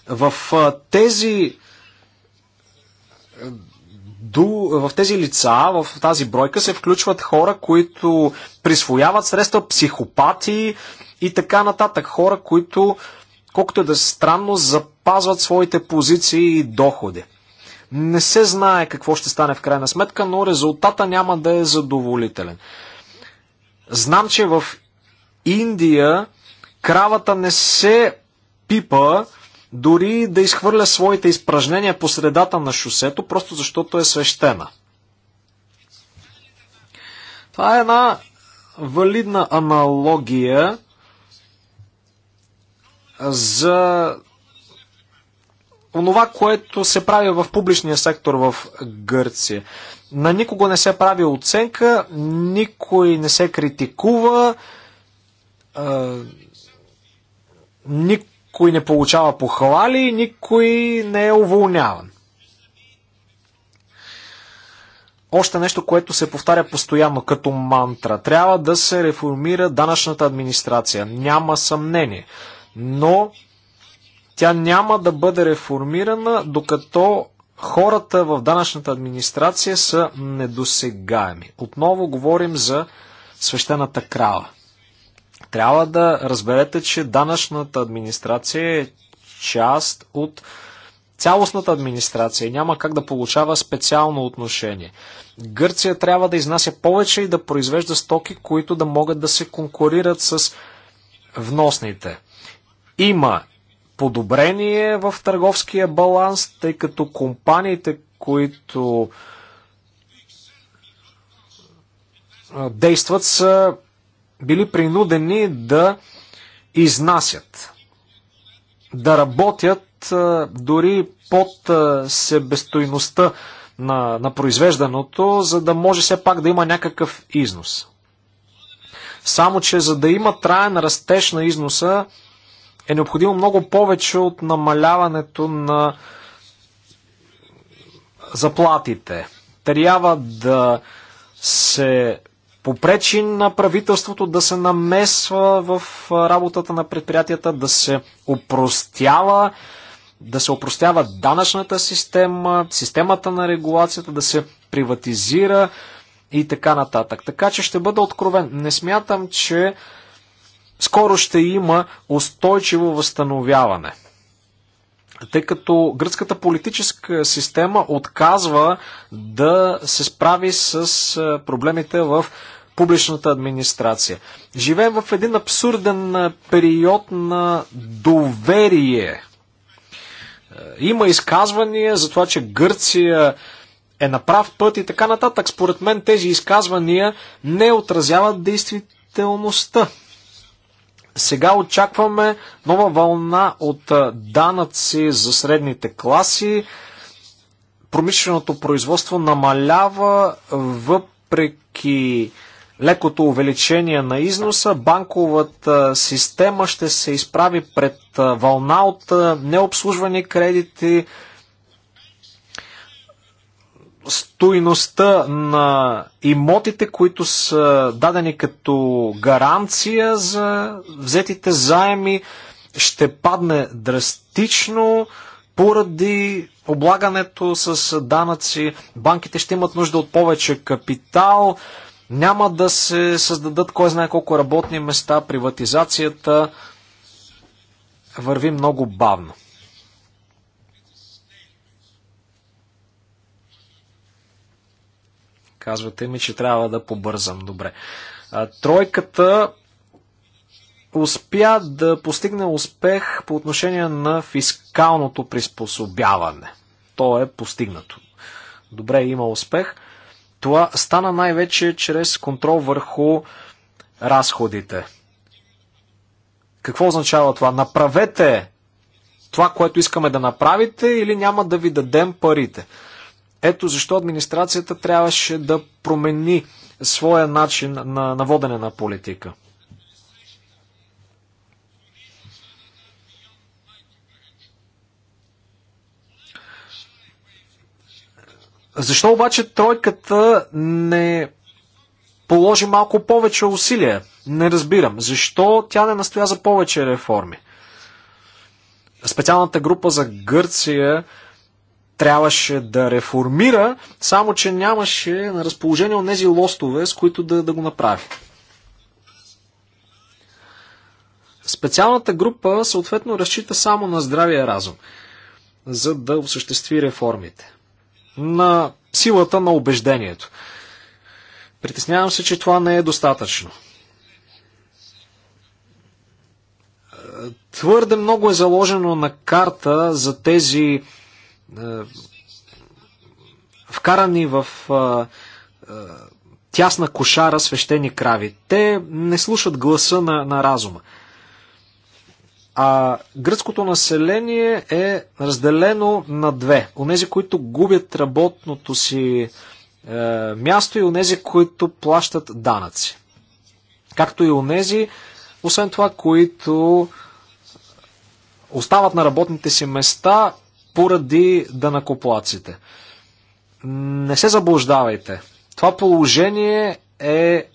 В тези до, в тези лица, в тази бройка се включват хора, които присвояват средства, психопати и така нататък. Хора, които, колкото е да е странно, запазват своите позиции и доходи. Не се знае какво ще стане в крайна сметка, но резултата няма да е задоволителен. Знам, че в Индия кравата не се пипа, дори да изхвърля своите изпражнения по средата на шосето, просто защото е свещена. Това е една валидна аналогия за онова, което се прави в публичния сектор в Гърция. На никого не се прави оценка, никой не се критикува, никой никой не получава похвали, никой не е уволняван. Още нещо, което се повтаря постоянно като мантра. Трябва да се реформира данъчната администрация. Няма съмнение. Но тя няма да бъде реформирана, докато хората в данъчната администрация са недосегаеми. Отново говорим за свещената крава. Трябва да разберете, че данъчната администрация е част от цялостната администрация няма как да получава специално отношение. Гърция трябва да изнася повече и да произвежда стоки, които да могат да се конкурират с вносните. Има подобрение в търговския баланс, тъй като компаниите, които действат са били принудени да изнасят, да работят дори под себестойността на, на произвежданото, за да може все пак да има някакъв износ. Само, че за да има траен растеж на износа, е необходимо много повече от намаляването на заплатите. Трябва да се попречи на правителството да се намесва в работата на предприятията, да се упростява да се опростява данъчната система, системата на регулацията, да се приватизира и така нататък. Така че ще бъда откровен. Не смятам, че скоро ще има устойчиво възстановяване тъй като гръцката политическа система отказва да се справи с проблемите в публичната администрация. Живеем в един абсурден период на доверие. Има изказвания за това, че Гърция е на прав път и така нататък. Според мен тези изказвания не отразяват действителността. Сега очакваме нова вълна от данъци за средните класи. Промишленото производство намалява въпреки лекото увеличение на износа, банковата система ще се изправи пред вълна от необслужвани кредити, стойността на имотите, които са дадени като гаранция за взетите заеми, ще падне драстично поради облагането с данъци. Банките ще имат нужда от повече капитал. Няма да се създадат кой знае колко работни места. Приватизацията върви много бавно. Казвате ми, че трябва да побързам. Добре. Тройката успя да постигне успех по отношение на фискалното приспособяване. То е постигнато. Добре, има успех. Това стана най-вече чрез контрол върху разходите. Какво означава това? Направете това, което искаме да направите или няма да ви дадем парите. Ето защо администрацията трябваше да промени своя начин на, на водене на политика. Защо обаче тройката не положи малко повече усилия? Не разбирам. Защо тя не настоя за повече реформи? Специалната група за Гърция трябваше да реформира, само че нямаше на разположение от тези лостове, с които да, да го направи. Специалната група съответно разчита само на здравия разум, за да осъществи реформите. На силата на убеждението. Притеснявам се, че това не е достатъчно. Твърде много е заложено на карта за тези е, вкарани в е, е, тясна кошара свещени крави. Те не слушат гласа на, на разума. А гръцкото население е разделено на две. Онези, които губят работното си е, място и онези, които плащат данъци. Както и онези, освен това, които остават на работните си места поради данакоплаците. Не се заблуждавайте. Това положение е, е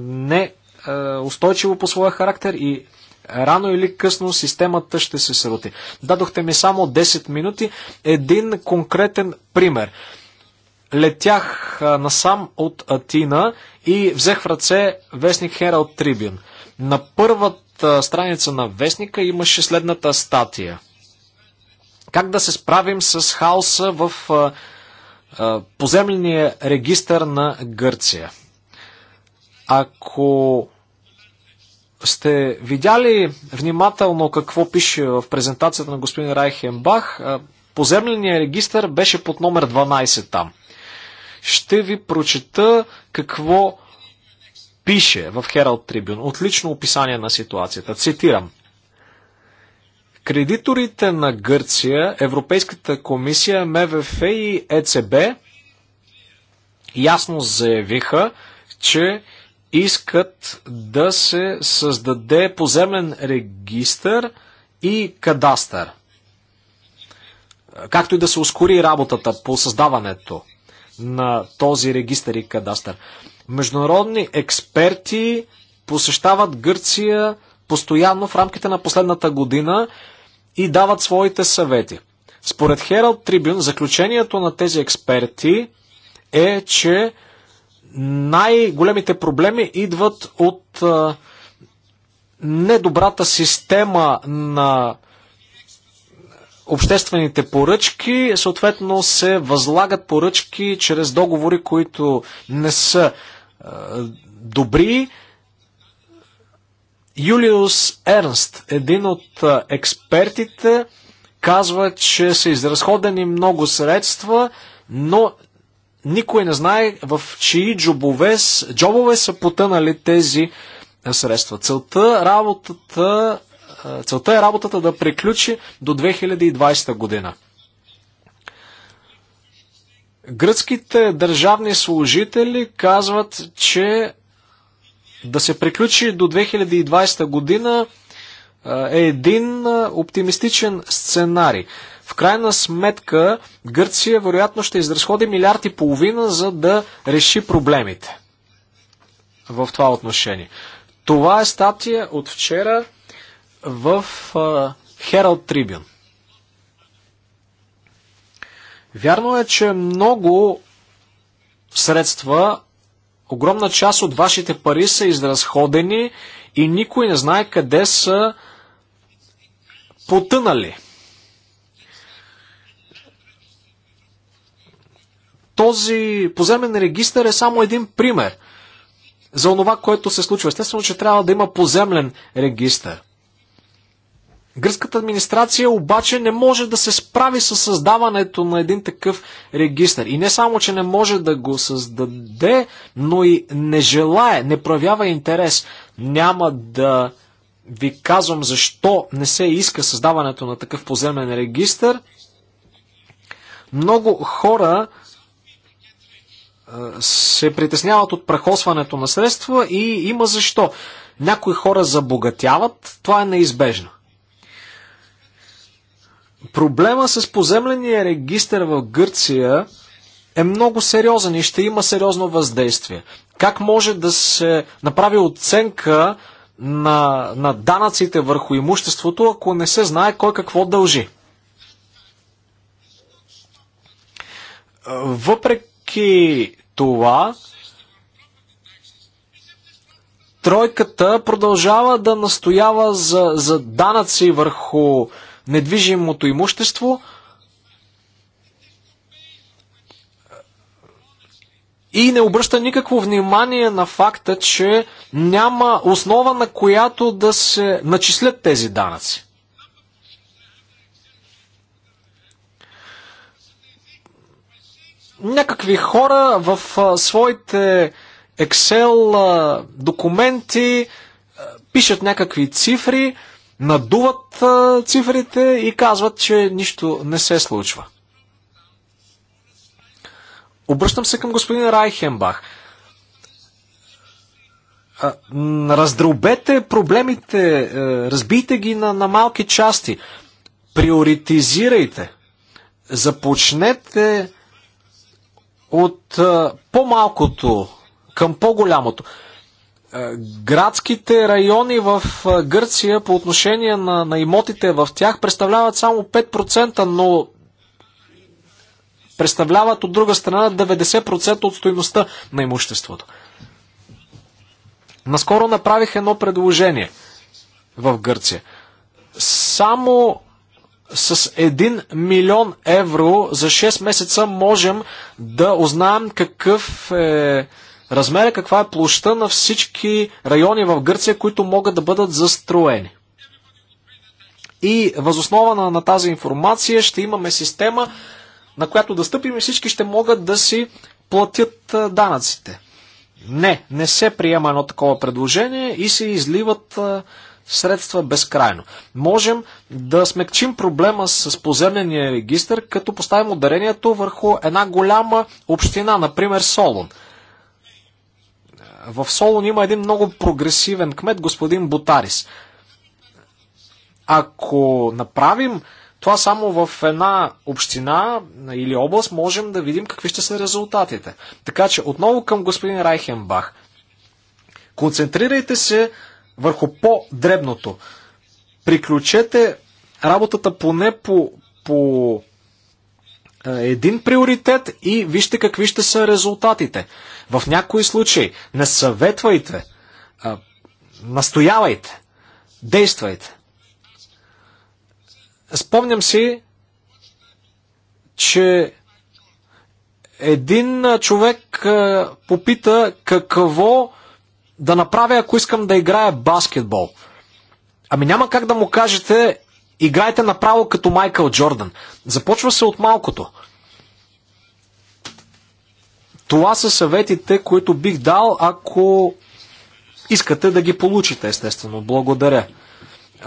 не е, устойчиво по своя характер и рано или късно системата ще се срути. Дадохте ми само 10 минути. Един конкретен пример. Летях насам от Атина и взех в ръце вестник Herald Tribune. На първата страница на вестника имаше следната статия – как да се справим с хаоса в поземления регистър на Гърция? Ако сте видяли внимателно какво пише в презентацията на господин Райхенбах, поземления регистър беше под номер 12 там. Ще ви прочета какво пише в Herald Tribune. Отлично описание на ситуацията. Цитирам. Кредиторите на Гърция, Европейската комисия, МВФ и ЕЦБ ясно заявиха, че искат да се създаде поземен регистър и кадастър. Както и да се ускори работата по създаването на този регистър и кадастър. Международни експерти посещават Гърция постоянно в рамките на последната година и дават своите съвети. Според Herald Tribune, заключението на тези експерти е, че най-големите проблеми идват от недобрата система на обществените поръчки, съответно се възлагат поръчки чрез договори, които не са е, добри, Юлиус Ернст, един от експертите, казва, че са изразходени много средства, но никой не знае в чии джобове, джобове са потънали тези средства. Целта, работата, целта е работата да приключи до 2020 година. Гръцките държавни служители казват, че да се приключи до 2020 година е един оптимистичен сценарий. В крайна сметка Гърция вероятно ще изразходи милиард и половина, за да реши проблемите в това отношение. Това е статия от вчера в Herald Tribune. Вярно е, че много средства Огромна част от вашите пари са изразходени и никой не знае къде са потънали. Този поземен регистр е само един пример за онова, което се случва. Естествено, че трябва да има поземлен регистр. Гръцката администрация обаче не може да се справи с създаването на един такъв регистр. И не само, че не може да го създаде, но и не желае, не проявява интерес. Няма да ви казвам защо не се иска създаването на такъв поземен регистр. Много хора се притесняват от прахосването на средства и има защо. Някои хора забогатяват, това е неизбежно. Проблема с поземления регистр в Гърция е много сериозен и ще има сериозно въздействие. Как може да се направи оценка на, на данъците върху имуществото, ако не се знае кой какво дължи? Въпреки това, тройката продължава да настоява за, за данъци върху недвижимото имущество и не обръща никакво внимание на факта, че няма основа на която да се начислят тези данъци. Някакви хора в а, своите Excel а, документи а, пишат някакви цифри, а, надуват цифрите и казват, че нищо не се случва. Обръщам се към господин Райхенбах. Раздробете проблемите, е, разбийте ги на, на малки части, приоритизирайте, започнете от е, по-малкото към по-голямото. Е, градските райони в е, Гърция по отношение на, на имотите в тях представляват само 5%, но представляват от друга страна 90% от стоиността на имуществото. Наскоро направих едно предложение в Гърция. Само с 1 милион евро за 6 месеца можем да узнаем какъв е размеря каква е площта на всички райони в Гърция, които могат да бъдат застроени. И възоснова на, на тази информация ще имаме система, на която да стъпим и всички ще могат да си платят данъците. Не, не се приема едно такова предложение и се изливат средства безкрайно. Можем да смекчим проблема с поземления регистр, като поставим ударението върху една голяма община, например Солон – в Солон има един много прогресивен кмет, господин Бутарис. Ако направим това само в една община или област, можем да видим какви ще са резултатите. Така че отново към господин Райхенбах. Концентрирайте се върху по-дребното. Приключете работата поне по, по е, един приоритет и вижте какви ще са резултатите. В някои случаи не съветвайте, а, настоявайте, действайте. Спомням си, че един човек попита какво да направя, ако искам да играя баскетбол. Ами няма как да му кажете, играйте направо като Майкъл Джордан. Започва се от малкото. Това са съветите, които бих дал, ако искате да ги получите, естествено. Благодаря.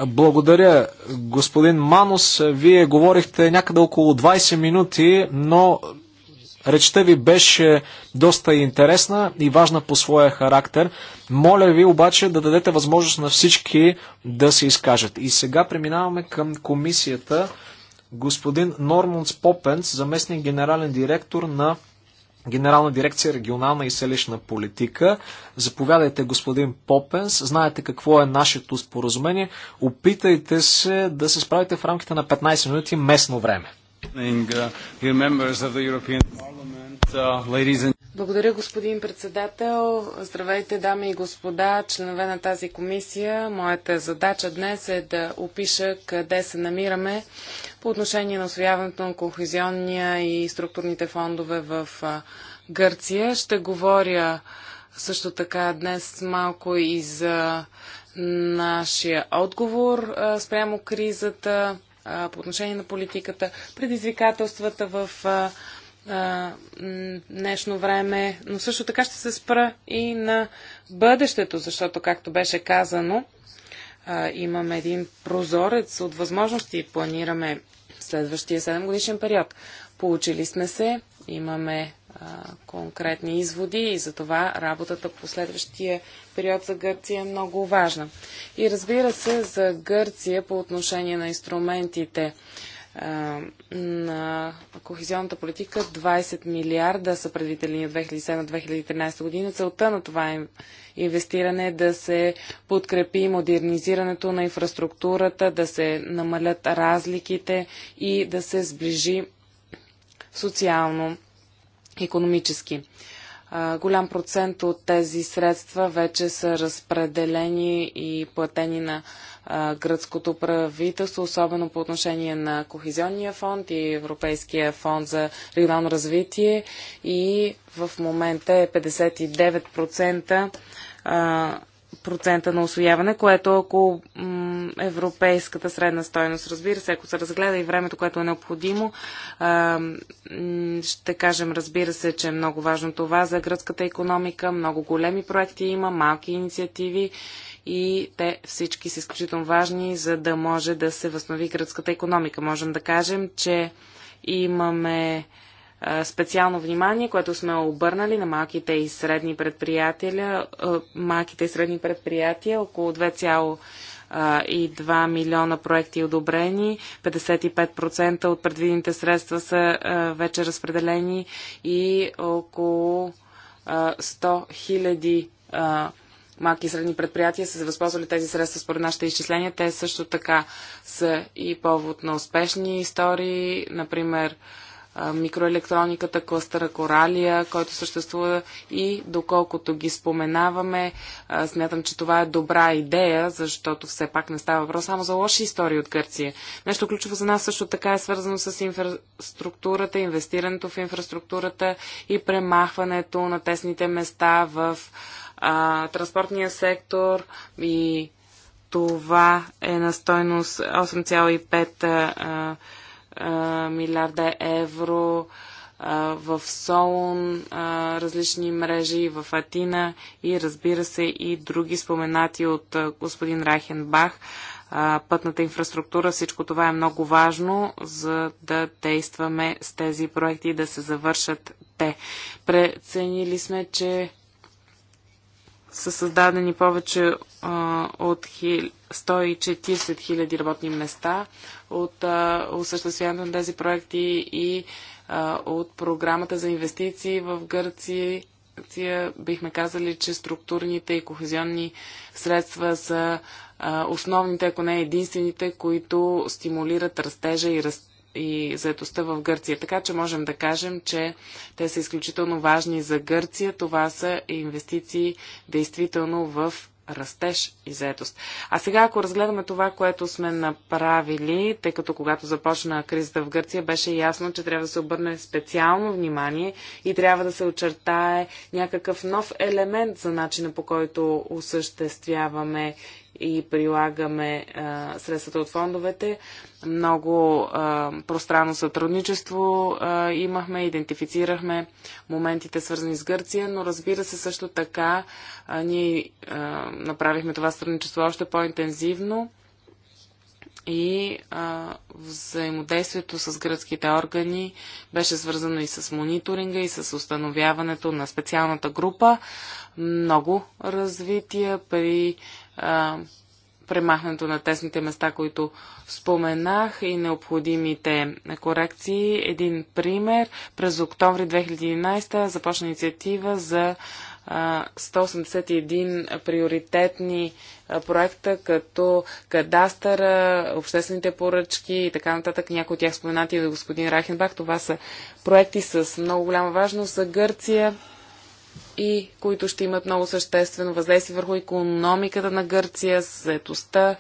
Благодаря, господин Манус. Вие говорихте някъде около 20 минути, но Речта ви беше доста интересна и важна по своя характер. Моля ви обаче да дадете възможност на всички да се изкажат. И сега преминаваме към комисията. Господин Норманс Попенц, заместник генерален директор на Генерална дирекция регионална и селищна политика. Заповядайте, господин Попенс. Знаете какво е нашето споразумение. Опитайте се да се справите в рамките на 15 минути местно време. Uh, uh, Благодаря, господин председател. Здравейте, дами и господа, членове на тази комисия. Моята задача днес е да опиша къде се намираме по отношение на освояването на кохезионния и структурните фондове в Гърция. Ще говоря също така днес малко и за нашия отговор спрямо кризата по отношение на политиката, предизвикателствата в днешно време, но също така ще се спра и на бъдещето, защото, както беше казано, имаме един прозорец от възможности. и Планираме следващия 7 годишен период. Получили сме се, имаме конкретни изводи и за това работата по следващия период за Гърция е много важна. И разбира се, за Гърция по отношение на инструментите на кохезионната политика 20 милиарда са предвидени от 2007-2013 година. Целта на това инвестиране е да се подкрепи модернизирането на инфраструктурата, да се намалят разликите и да се сближи социално економически. Голям процент от тези средства вече са разпределени и платени на гръцкото правителство, особено по отношение на Кохизионния фонд и Европейския фонд за регионално развитие. И в момента е 59% процента на освояване, което около европейската средна стойност. Разбира се, ако се разгледа и времето, което е необходимо, ще кажем, разбира се, че е много важно това за гръцката економика. Много големи проекти има, малки инициативи и те всички са изключително важни, за да може да се възстанови гръцката економика. Можем да кажем, че имаме специално внимание, което сме обърнали на малките и средни предприятия, малките и средни предприятия около 2,2 милиона проекти одобрени, 55% от предвидените средства са вече разпределени и около 100 хиляди малки и средни предприятия са се възползвали тези средства според нашите изчисления. Те също така са и повод на успешни истории, например микроелектрониката, кластъра Коралия, който съществува и доколкото ги споменаваме, смятам, че това е добра идея, защото все пак не става въпрос само за лоши истории от Гърция. Нещо ключово за нас също така е свързано с инфраструктурата, инвестирането в инфраструктурата и премахването на тесните места в а, транспортния сектор и това е на стойност 8,5 милиарда евро, в Солун различни мрежи, в Атина и разбира се и други споменати от господин Райхенбах. Пътната инфраструктура, всичко това е много важно, за да действаме с тези проекти и да се завършат те. Преценили сме, че са създадени повече а, от 140 000 работни места от а, осъществяването на тези проекти и а, от програмата за инвестиции в Гърция. Бихме казали, че структурните и кохезионни средства са основните, ако не единствените, които стимулират растежа и растежа и заедостта в Гърция. Така че можем да кажем, че те са изключително важни за Гърция. Това са инвестиции действително в растеж и заедост. А сега, ако разгледаме това, което сме направили, тъй като когато започна кризата в Гърция, беше ясно, че трябва да се обърне специално внимание и трябва да се очертае някакъв нов елемент за начина по който осъществяваме и прилагаме а, средствата от фондовете. Много а, пространно сътрудничество а, имахме, идентифицирахме моментите свързани с Гърция, но разбира се също така а, ние а, направихме това сътрудничество още по-интензивно и а, взаимодействието с гръцките органи беше свързано и с мониторинга и с установяването на специалната група. Много развитие при премахнато на тесните места, които споменах и необходимите корекции. Един пример. През октомври 2011 започна инициатива за 181 приоритетни проекта, като кадастъра, обществените поръчки и така нататък. Някои от тях споменати от господин Рахенбах. Това са проекти с много голяма важност за Гърция, и които ще имат много съществено въздействие върху економиката на Гърция, заетостта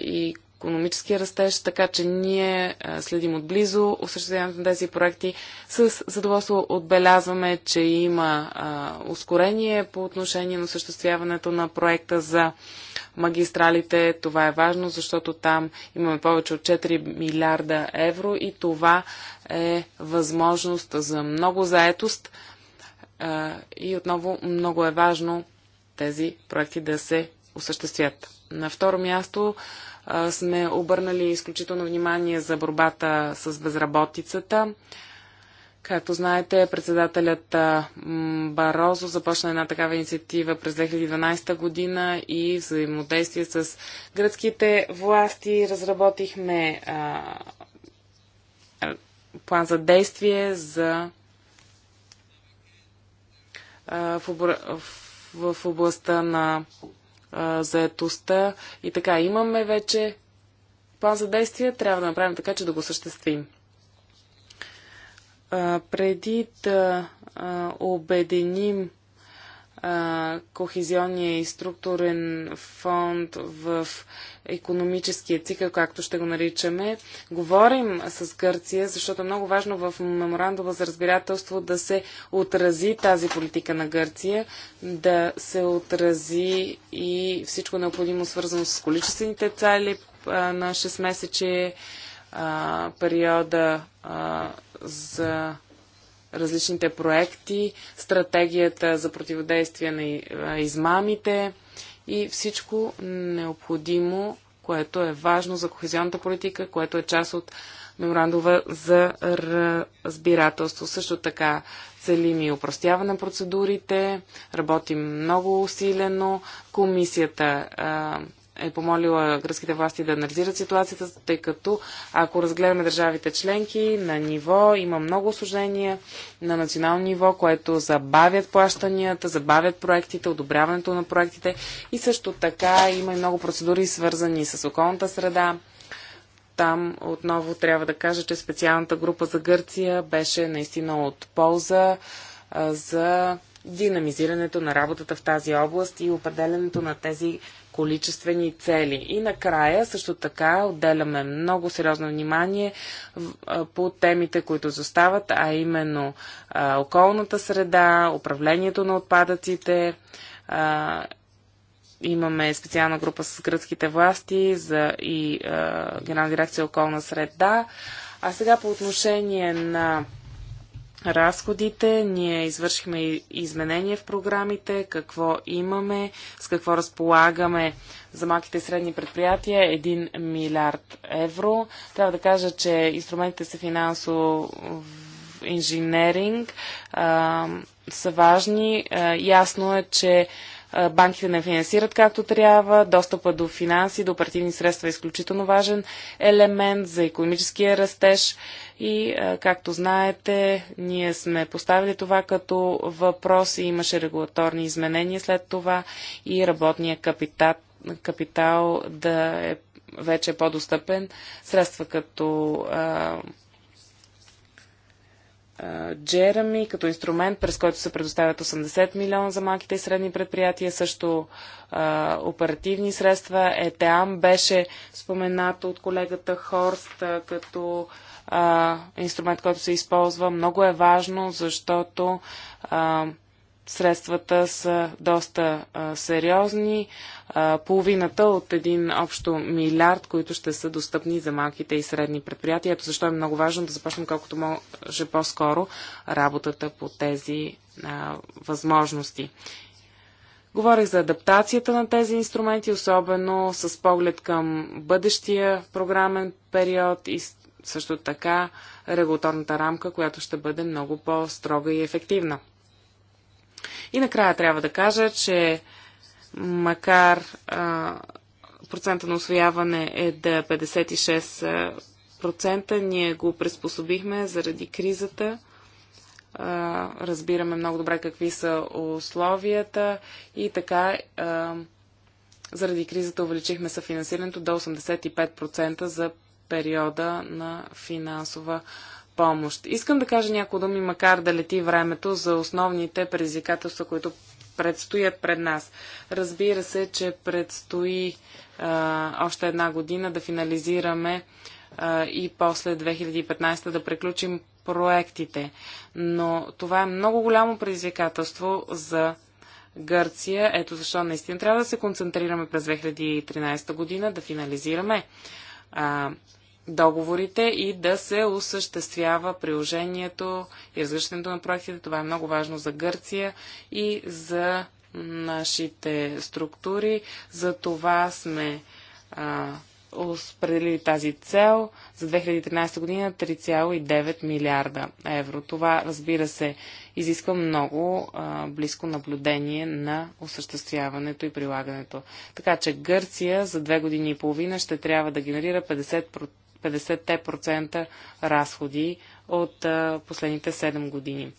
и економическия растеж, така че ние следим отблизо осъществяването на тези проекти. С задоволство отбелязваме, че има а, ускорение по отношение на осъществяването на проекта за магистралите. Това е важно, защото там имаме повече от 4 милиарда евро и това е възможност за много заетост и отново много е важно тези проекти да се осъществят. На второ място сме обърнали изключително внимание за борбата с безработицата. Както знаете, председателят Барозо започна една такава инициатива през 2012 година и взаимодействие с гръцките власти разработихме а, план за действие за в, в областта на заетостта и така. Имаме вече план за действие, трябва да направим така, че да го съществим. А, преди да а, обединим кохезионния и структурен фонд в економическия цикъл, както ще го наричаме. Говорим с Гърция, защото е много важно в меморандума за разбирателство да се отрази тази политика на Гърция, да се отрази и всичко необходимо свързано с количествените цели на 6 месече периода за различните проекти, стратегията за противодействие на измамите и всичко необходимо, което е важно за кохезионната политика, което е част от меморандума за разбирателство. Също така целим и упростяване на процедурите, работим много усилено. Комисията е помолила гръцките власти да анализират ситуацията, тъй като ако разгледаме държавите членки на ниво, има много осложнения на национално ниво, което забавят плащанията, забавят проектите, одобряването на проектите и също така има и много процедури свързани с околната среда. Там отново трябва да кажа, че специалната група за Гърция беше наистина от полза за динамизирането на работата в тази област и определенето на тези количествени цели. И накрая също така отделяме много сериозно внимание по темите, които застават, а именно околната среда, управлението на отпадъците. Имаме специална група с гръцките власти за и Генерална дирекция околна среда. А сега по отношение на разходите, ние извършихме изменения в програмите, какво имаме, с какво разполагаме за малките и средни предприятия 1 милиард евро. Трябва да кажа, че инструментите са финансово инженеринг са важни. ясно е, че банките не финансират както трябва, достъпа до финанси, до оперативни средства е изключително важен елемент за економическия растеж и, както знаете, ние сме поставили това като въпрос и имаше регулаторни изменения след това и работния капитал, капитал да е вече по-достъпен. Средства като Джереми като инструмент, през който се предоставят 80 милиона за малките и средни предприятия, също а, оперативни средства. ЕТАМ беше споменато от колегата Хорст а, като а, инструмент, който се използва. Много е важно, защото а, Средствата са доста а, сериозни. А, половината от един общо милиард, които ще са достъпни за малките и средни предприятия. Ето защо е много важно да започнем колкото може по-скоро работата по тези а, възможности. Говорих за адаптацията на тези инструменти, особено с поглед към бъдещия програмен период и също така регулаторната рамка, която ще бъде много по-строга и ефективна. И накрая трябва да кажа, че макар а, процента на освояване е да 56%, е ние го приспособихме заради кризата. А, разбираме много добре какви са условията и така а, заради кризата увеличихме съфинансирането до 85% за периода на финансова а, помощ. Искам да кажа няколко думи, макар да лети времето за основните предизвикателства, които предстоят пред нас. Разбира се, че предстои а, още една година да финализираме а, и после 2015 да приключим проектите. Но това е много голямо предизвикателство за Гърция. Ето защо наистина трябва да се концентрираме през 2013 година, да финализираме а, договорите и да се осъществява приложението и разгръщането на проектите. Това е много важно за Гърция и за нашите структури. За това сме определили тази цел за 2013 година 3,9 милиарда евро. Това, разбира се, изисква много а, близко наблюдение на осъществяването и прилагането. Така че Гърция за две години и половина ще трябва да генерира 50%, 50% разходи от последните 7 години.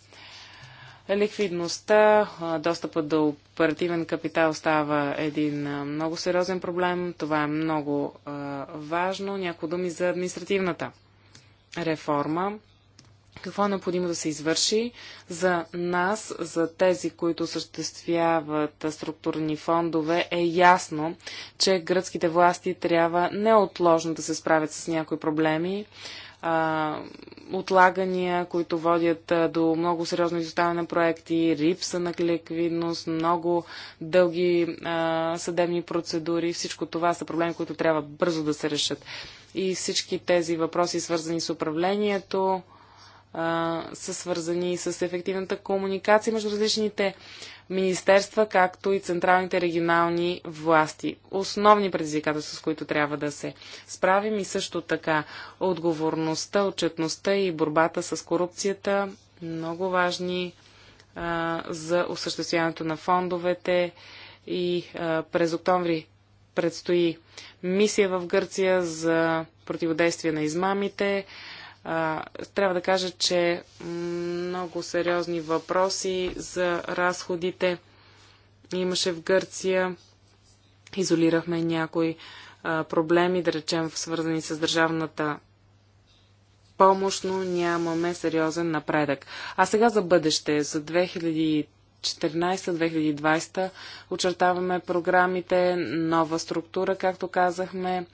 Ликвидността, достъпът до оперативен капитал става един много сериозен проблем. Това е много важно. Някои думи за административната реформа какво е необходимо да се извърши за нас, за тези, които съществяват структурни фондове, е ясно, че гръцките власти трябва неотложно да се справят с някои проблеми, а, отлагания, които водят до много сериозно изоставане на проекти, рипса на ликвидност, много дълги а, съдебни процедури. Всичко това са проблеми, които трябва бързо да се решат. И всички тези въпроси, свързани с управлението, са свързани с ефективната комуникация между различните министерства, както и централните регионални власти. Основни предизвикателства, с които трябва да се справим и също така отговорността, отчетността и борбата с корупцията, много важни а, за осъществяването на фондовете и а, през октомври предстои мисия в Гърция за противодействие на измамите а, трябва да кажа, че много сериозни въпроси за разходите имаше в Гърция. Изолирахме някои а, проблеми, да речем, свързани с държавната помощ, но нямаме сериозен напредък. А сега за бъдеще, за 2014-2020 очертаваме програмите, нова структура, както казахме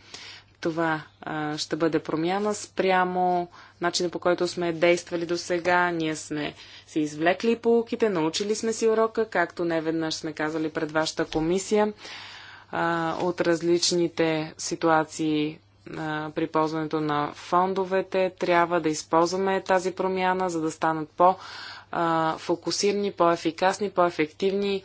това а, ще бъде промяна спрямо начина по който сме действали до сега. Ние сме си извлекли полуките, научили сме си урока, както не веднъж сме казали пред вашата комисия а, от различните ситуации а, при ползването на фондовете. Трябва да използваме тази промяна, за да станат по- по-фокусирани, по-ефикасни, по-ефективни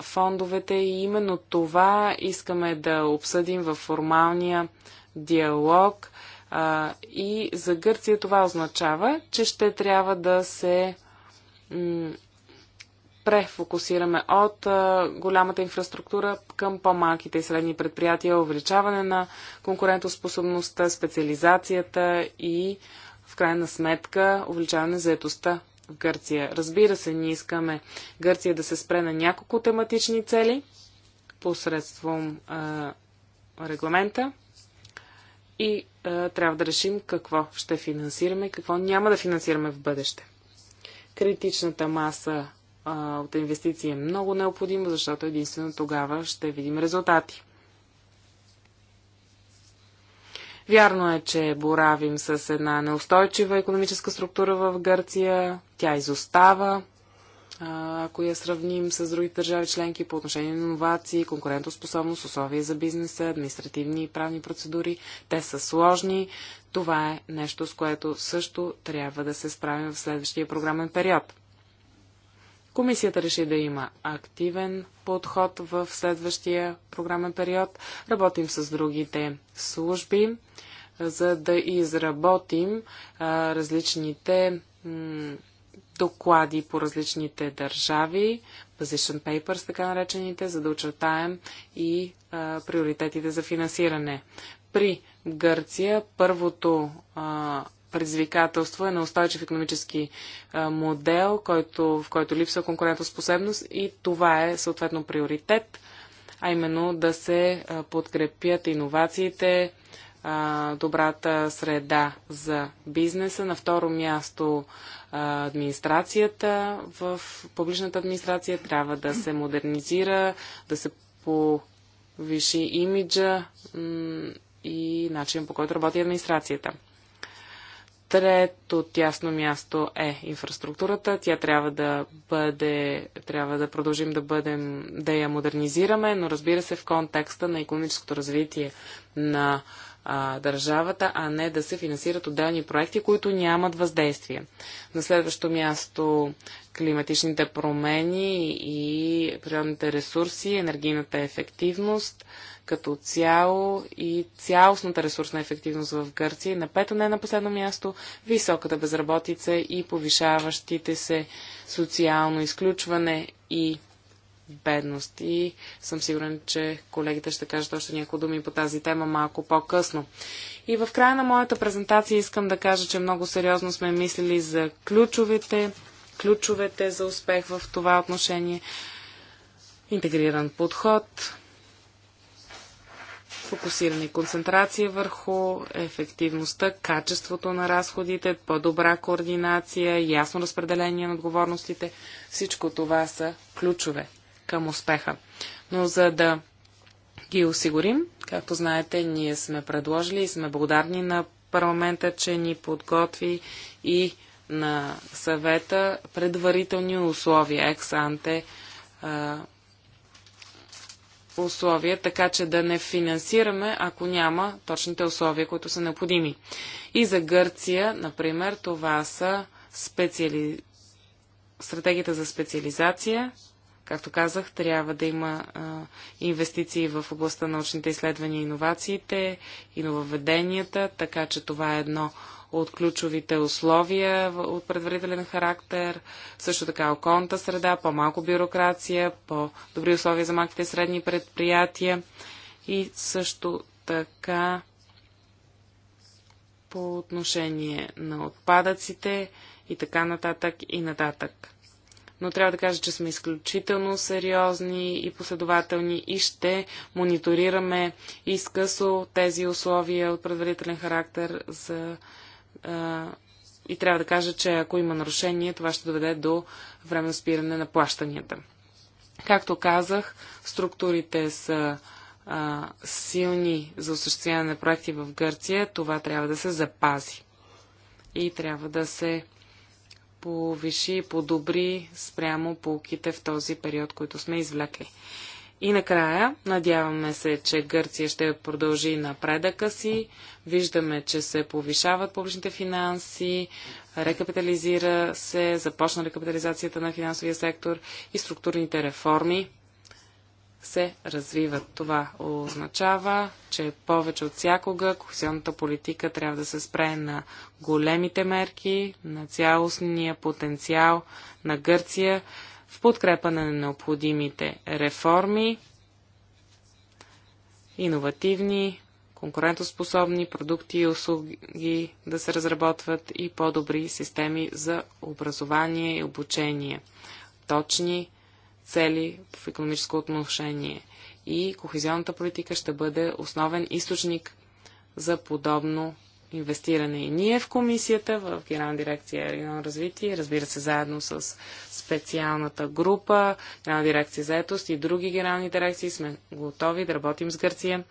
фондовете и именно това искаме да обсъдим в формалния диалог. А, и за Гърция това означава, че ще трябва да се префокусираме от а, голямата инфраструктура към по-малките и средни предприятия, увеличаване на конкурентоспособността, специализацията и в крайна сметка увеличаване на заетостта. Гърция. Разбира се, ние искаме Гърция да се спре на няколко тематични цели посредством а, регламента и а, трябва да решим какво ще финансираме и какво няма да финансираме в бъдеще. Критичната маса а, от инвестиции е много необходима, защото единствено тогава ще видим резултати. Вярно е, че боравим с една неустойчива економическа структура в Гърция. Тя изостава, ако я сравним с други държави членки по отношение на иновации, конкурентоспособност, условия за бизнеса, административни и правни процедури. Те са сложни. Това е нещо, с което също трябва да се справим в следващия програмен период. Комисията реши да има активен подход в следващия програмен период. Работим с другите служби, за да изработим а, различните доклади по различните държави, position papers, така наречените, за да очертаем и а, приоритетите за финансиране. При Гърция първото а, предизвикателство е на устойчив економически модел, който, в който липсва конкурентоспособност и това е съответно приоритет, а именно да се подкрепят иновациите, добрата среда за бизнеса. На второ място администрацията в публичната администрация трябва да се модернизира, да се повиши имиджа и начин по който работи администрацията. Трето тясно място е инфраструктурата. Тя трябва да бъде, трябва да продължим да бъдем, да я модернизираме, но разбира се в контекста на економическото развитие на а, държавата, а не да се финансират отделни проекти, които нямат въздействие. На следващо място климатичните промени и природните ресурси, енергийната ефективност – като цяло и цялостната ресурсна ефективност в Гърция. И на пето не на последно място високата безработица и повишаващите се социално изключване и бедност. И съм сигурен, че колегите ще кажат още няколко думи по тази тема малко по-късно. И в края на моята презентация искам да кажа, че много сериозно сме мислили за ключовете, ключовете за успех в това отношение. Интегриран подход, фокусиране и концентрация върху ефективността, качеството на разходите, по-добра координация, ясно разпределение на отговорностите. Всичко това са ключове към успеха. Но за да ги осигурим, както знаете, ние сме предложили и сме благодарни на парламента, че ни подготви и на съвета предварителни условия, Ексанте условия, така че да не финансираме, ако няма точните условия, които са необходими. И за Гърция, например, това са специали... стратегията за специализация. Както казах, трябва да има а, инвестиции в областта на научните изследвания и иновациите, инововеденията, така че това е едно от ключовите условия от предварителен характер, също така околната среда, по-малко бюрокрация, по-добри условия за малките средни предприятия и също така по отношение на отпадъците и така нататък и нататък. Но трябва да кажа, че сме изключително сериозни и последователни и ще мониторираме изкъсо тези условия от предварителен характер за и трябва да кажа, че ако има нарушение, това ще доведе до временно спиране на плащанията. Както казах, структурите са а, силни за осъществяване на проекти в Гърция. Това трябва да се запази. И трябва да се повиши и подобри спрямо полките в този период, който сме извлекли. И накрая, надяваме се, че Гърция ще продължи напредъка си. Виждаме, че се повишават публичните финанси, рекапитализира се, започна рекапитализацията на финансовия сектор и структурните реформи се развиват. Това означава, че повече от всякога кохезионната политика трябва да се спре на големите мерки, на цялостния потенциал на Гърция в подкрепа на необходимите реформи, иновативни, конкурентоспособни продукти и услуги да се разработват и по-добри системи за образование и обучение, точни цели в економическо отношение. И кохезионната политика ще бъде основен източник за подобно инвестиране и ние в комисията, в Генерална дирекция регионално развитие, разбира се, заедно с специалната група, Генерална дирекция заетост и други генерални дирекции сме готови да работим с Гърция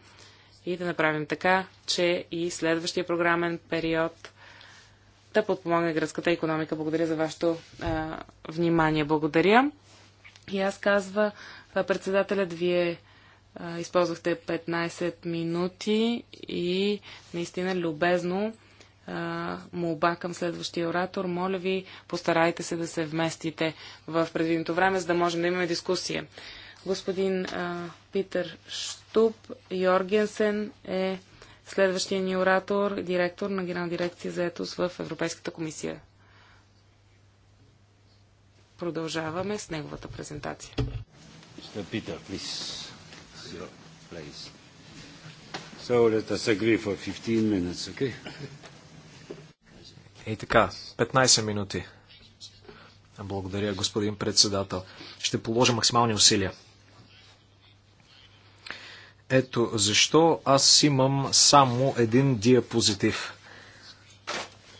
и да направим така, че и следващия програмен период да подпомогне гръцката економика. Благодаря за вашето а, внимание. Благодаря. И аз казва, председателят, вие използвахте 15 минути и наистина любезно молба към следващия оратор. Моля ви, постарайте се да се вместите в предвиденото време, за да можем да имаме дискусия. Господин а, Питър Штуб Йоргенсен е следващия ни оратор, директор на Генерална дирекция за етос в Европейската комисия. Продължаваме с неговата презентация. Питър, please your place. So let us agree for 15 minutes, okay? И така, 15 минути. Благодаря, господин председател. Ще положа максимални усилия. Ето защо аз имам само един диапозитив.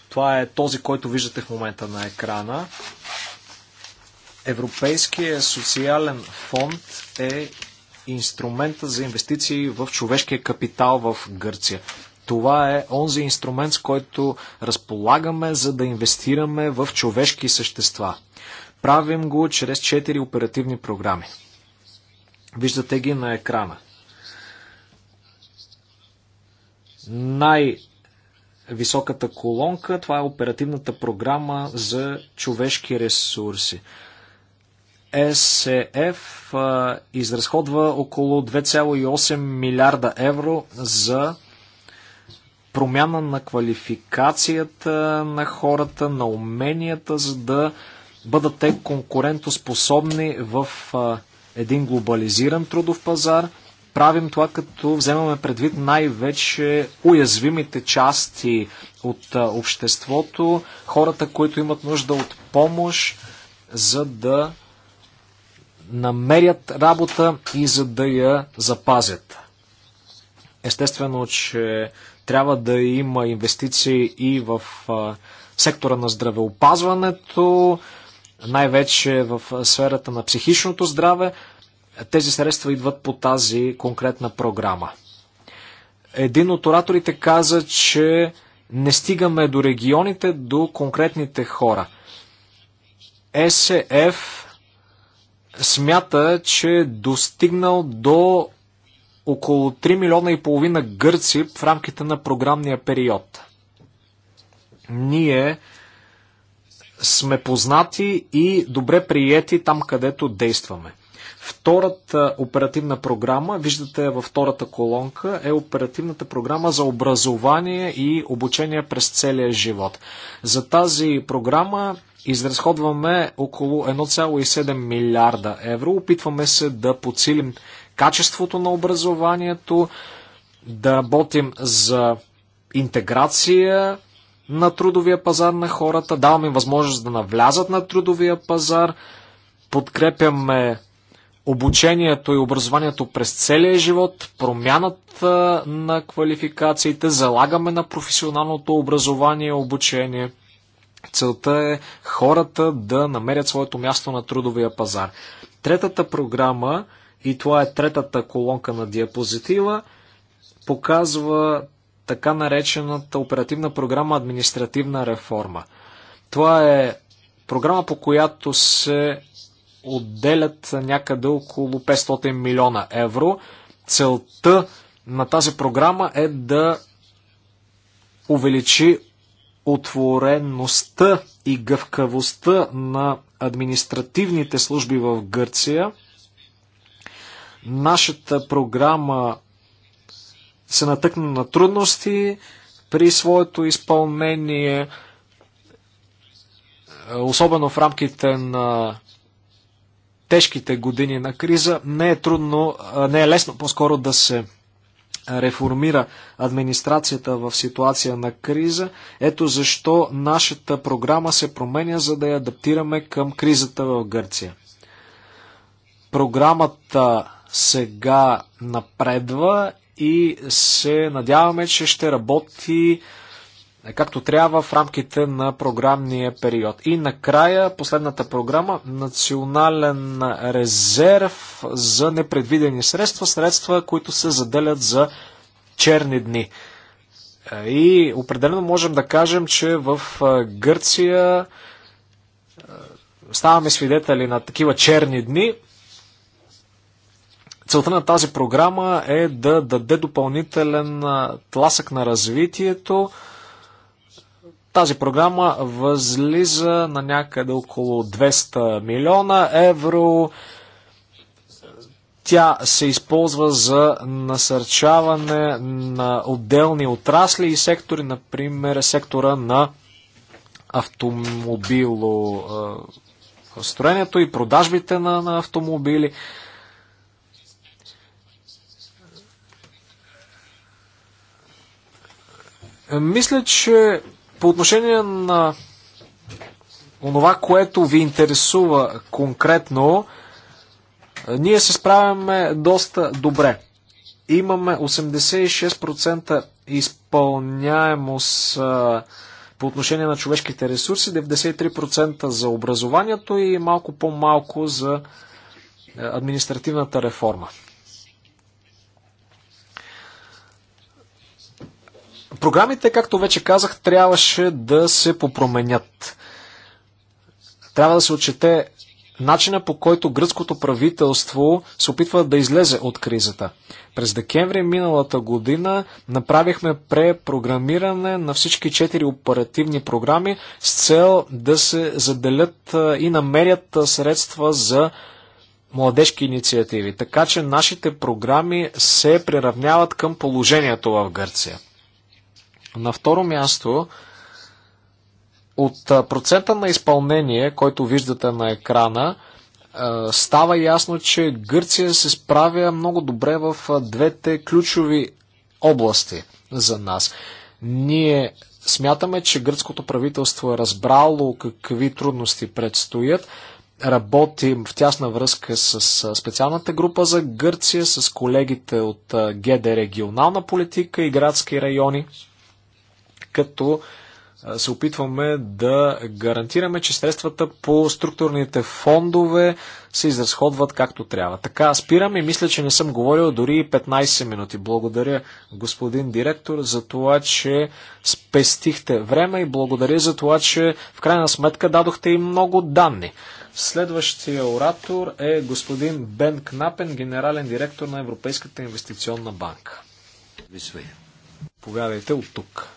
Това е този, който виждате в момента на екрана. Европейския социален фонд е инструмента за инвестиции в човешкия капитал в Гърция. Това е онзи инструмент, с който разполагаме, за да инвестираме в човешки същества. Правим го чрез 4 оперативни програми. Виждате ги на екрана. Най- високата колонка, това е оперативната програма за човешки ресурси. ЕСЕФ изразходва около 2,8 милиарда евро за промяна на квалификацията на хората, на уменията, за да бъдат те конкурентоспособни в един глобализиран трудов пазар. Правим това, като вземаме предвид най-вече уязвимите части от обществото, хората, които имат нужда от помощ, за да намерят работа и за да я запазят. Естествено, че трябва да има инвестиции и в сектора на здравеопазването, най-вече в сферата на психичното здраве. Тези средства идват по тази конкретна програма. Един от ораторите каза, че не стигаме до регионите, до конкретните хора. SF смята, че е достигнал до около 3 милиона и половина гърци в рамките на програмния период. Ние сме познати и добре приети там, където действаме. Втората оперативна програма, виждате във втората колонка, е оперативната програма за образование и обучение през целия живот. За тази програма изразходваме около 1,7 милиарда евро. Опитваме се да подсилим качеството на образованието, да работим за интеграция на трудовия пазар на хората, даваме им възможност да навлязат на трудовия пазар, подкрепяме обучението и образованието през целия живот, промяната на квалификациите, залагаме на професионалното образование и обучение. Целта е хората да намерят своето място на трудовия пазар. Третата програма, и това е третата колонка на диапозитива, показва така наречената оперативна програма Административна реформа. Това е програма, по която се отделят някъде около 500 милиона евро. Целта на тази програма е да увеличи отвореността и гъвкавостта на административните служби в Гърция. Нашата програма се натъкна на трудности при своето изпълнение, особено в рамките на тежките години на криза, не е трудно, не е лесно по-скоро да се реформира администрацията в ситуация на криза. Ето защо нашата програма се променя, за да я адаптираме към кризата в Гърция. Програмата сега напредва и се надяваме, че ще работи е, както трябва в рамките на програмния период. И накрая, последната програма, национален резерв за непредвидени средства, средства, които се заделят за черни дни. Е, и определено можем да кажем, че в е, Гърция ставаме свидетели на такива черни дни. Целта на тази програма е да даде допълнителен тласък на развитието, тази програма възлиза на някъде около 200 милиона евро. Тя се използва за насърчаване на отделни отрасли и сектори, например сектора на автомобило строението и продажбите на, на автомобили. Мисля, че по отношение на онова, което ви интересува конкретно, ние се справяме доста добре. Имаме 86% изпълняемост по отношение на човешките ресурси, 93% за образованието и малко по-малко за административната реформа. Програмите, както вече казах, трябваше да се попроменят. Трябва да се отчете начина по който гръцкото правителство се опитва да излезе от кризата. През декември миналата година направихме препрограмиране на всички четири оперативни програми с цел да се заделят и намерят средства за младежки инициативи. Така че нашите програми се приравняват към положението в Гърция. На второ място, от процента на изпълнение, който виждате на екрана, става ясно, че Гърция се справя много добре в двете ключови области за нас. Ние смятаме, че гръцкото правителство е разбрало какви трудности предстоят. Работим в тясна връзка с специалната група за Гърция, с колегите от ГД регионална политика и градски райони като се опитваме да гарантираме, че средствата по структурните фондове се изразходват както трябва. Така, спирам и мисля, че не съм говорил дори 15 минути. Благодаря, господин директор, за това, че спестихте време и благодаря за това, че в крайна сметка дадохте и много данни. Следващия оратор е господин Бен Кнапен, генерален директор на Европейската инвестиционна банка. Повядайте от тук.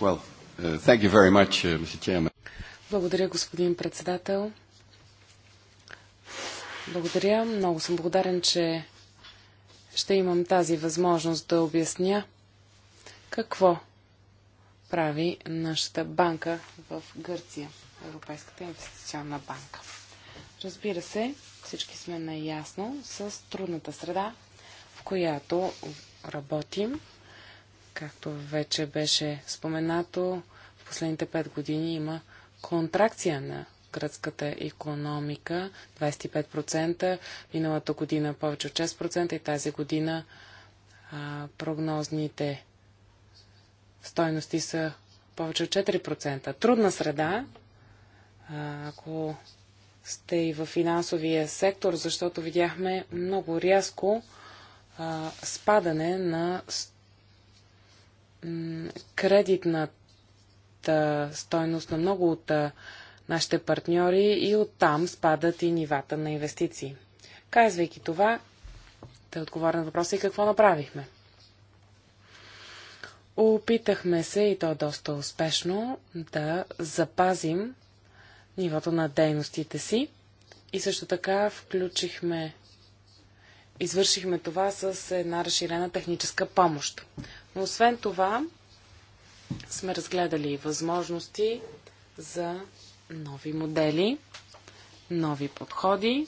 Uh, uh, Благодаря, господин председател. Благодаря. Много съм благодарен, че ще имам тази възможност да обясня какво прави нашата банка в Гърция, Европейската инвестиционна банка. Разбира се, всички сме наясно с трудната среда, в която работим Както вече беше споменато, в последните 5 години има контракция на гръцката економика 25%, миналата година повече от 6% и тази година а, прогнозните стойности са повече от 4%. Трудна среда, а, ако сте и в финансовия сектор, защото видяхме много рязко а, спадане на кредитната стойност на много от нашите партньори и оттам спадат и нивата на инвестиции. Казвайки това, да отговоря на въпроса и какво направихме. Опитахме се, и то доста успешно, да запазим нивото на дейностите си и също така включихме, извършихме това с една разширена техническа помощ. Но освен това, сме разгледали възможности за нови модели, нови подходи,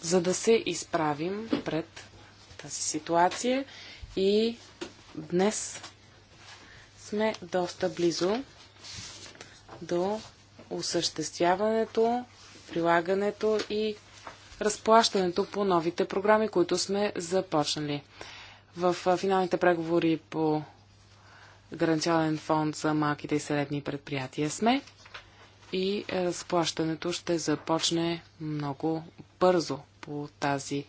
за да се изправим пред тази ситуация и днес сме доста близо до осъществяването, прилагането и разплащането по новите програми, които сме започнали. В финалните преговори по гаранционен фонд за малките и средни предприятия сме и е, разплащането ще започне много бързо по тази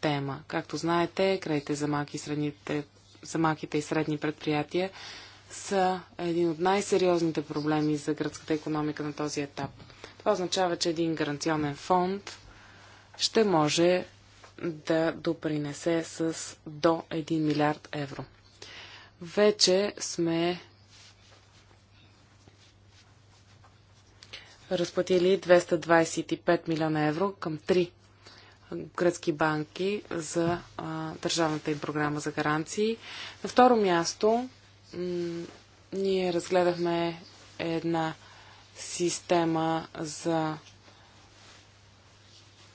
тема. Както знаете, кредите за, малки средните, за малките и средни предприятия са един от най-сериозните проблеми за гръцката економика на този етап. Това означава, че един гаранционен фонд ще може да допринесе с до 1 милиард евро. Вече сме разплатили 225 милиона евро към три гръцки банки за а, държавната им програма за гаранции. На второ място ние разгледахме една система за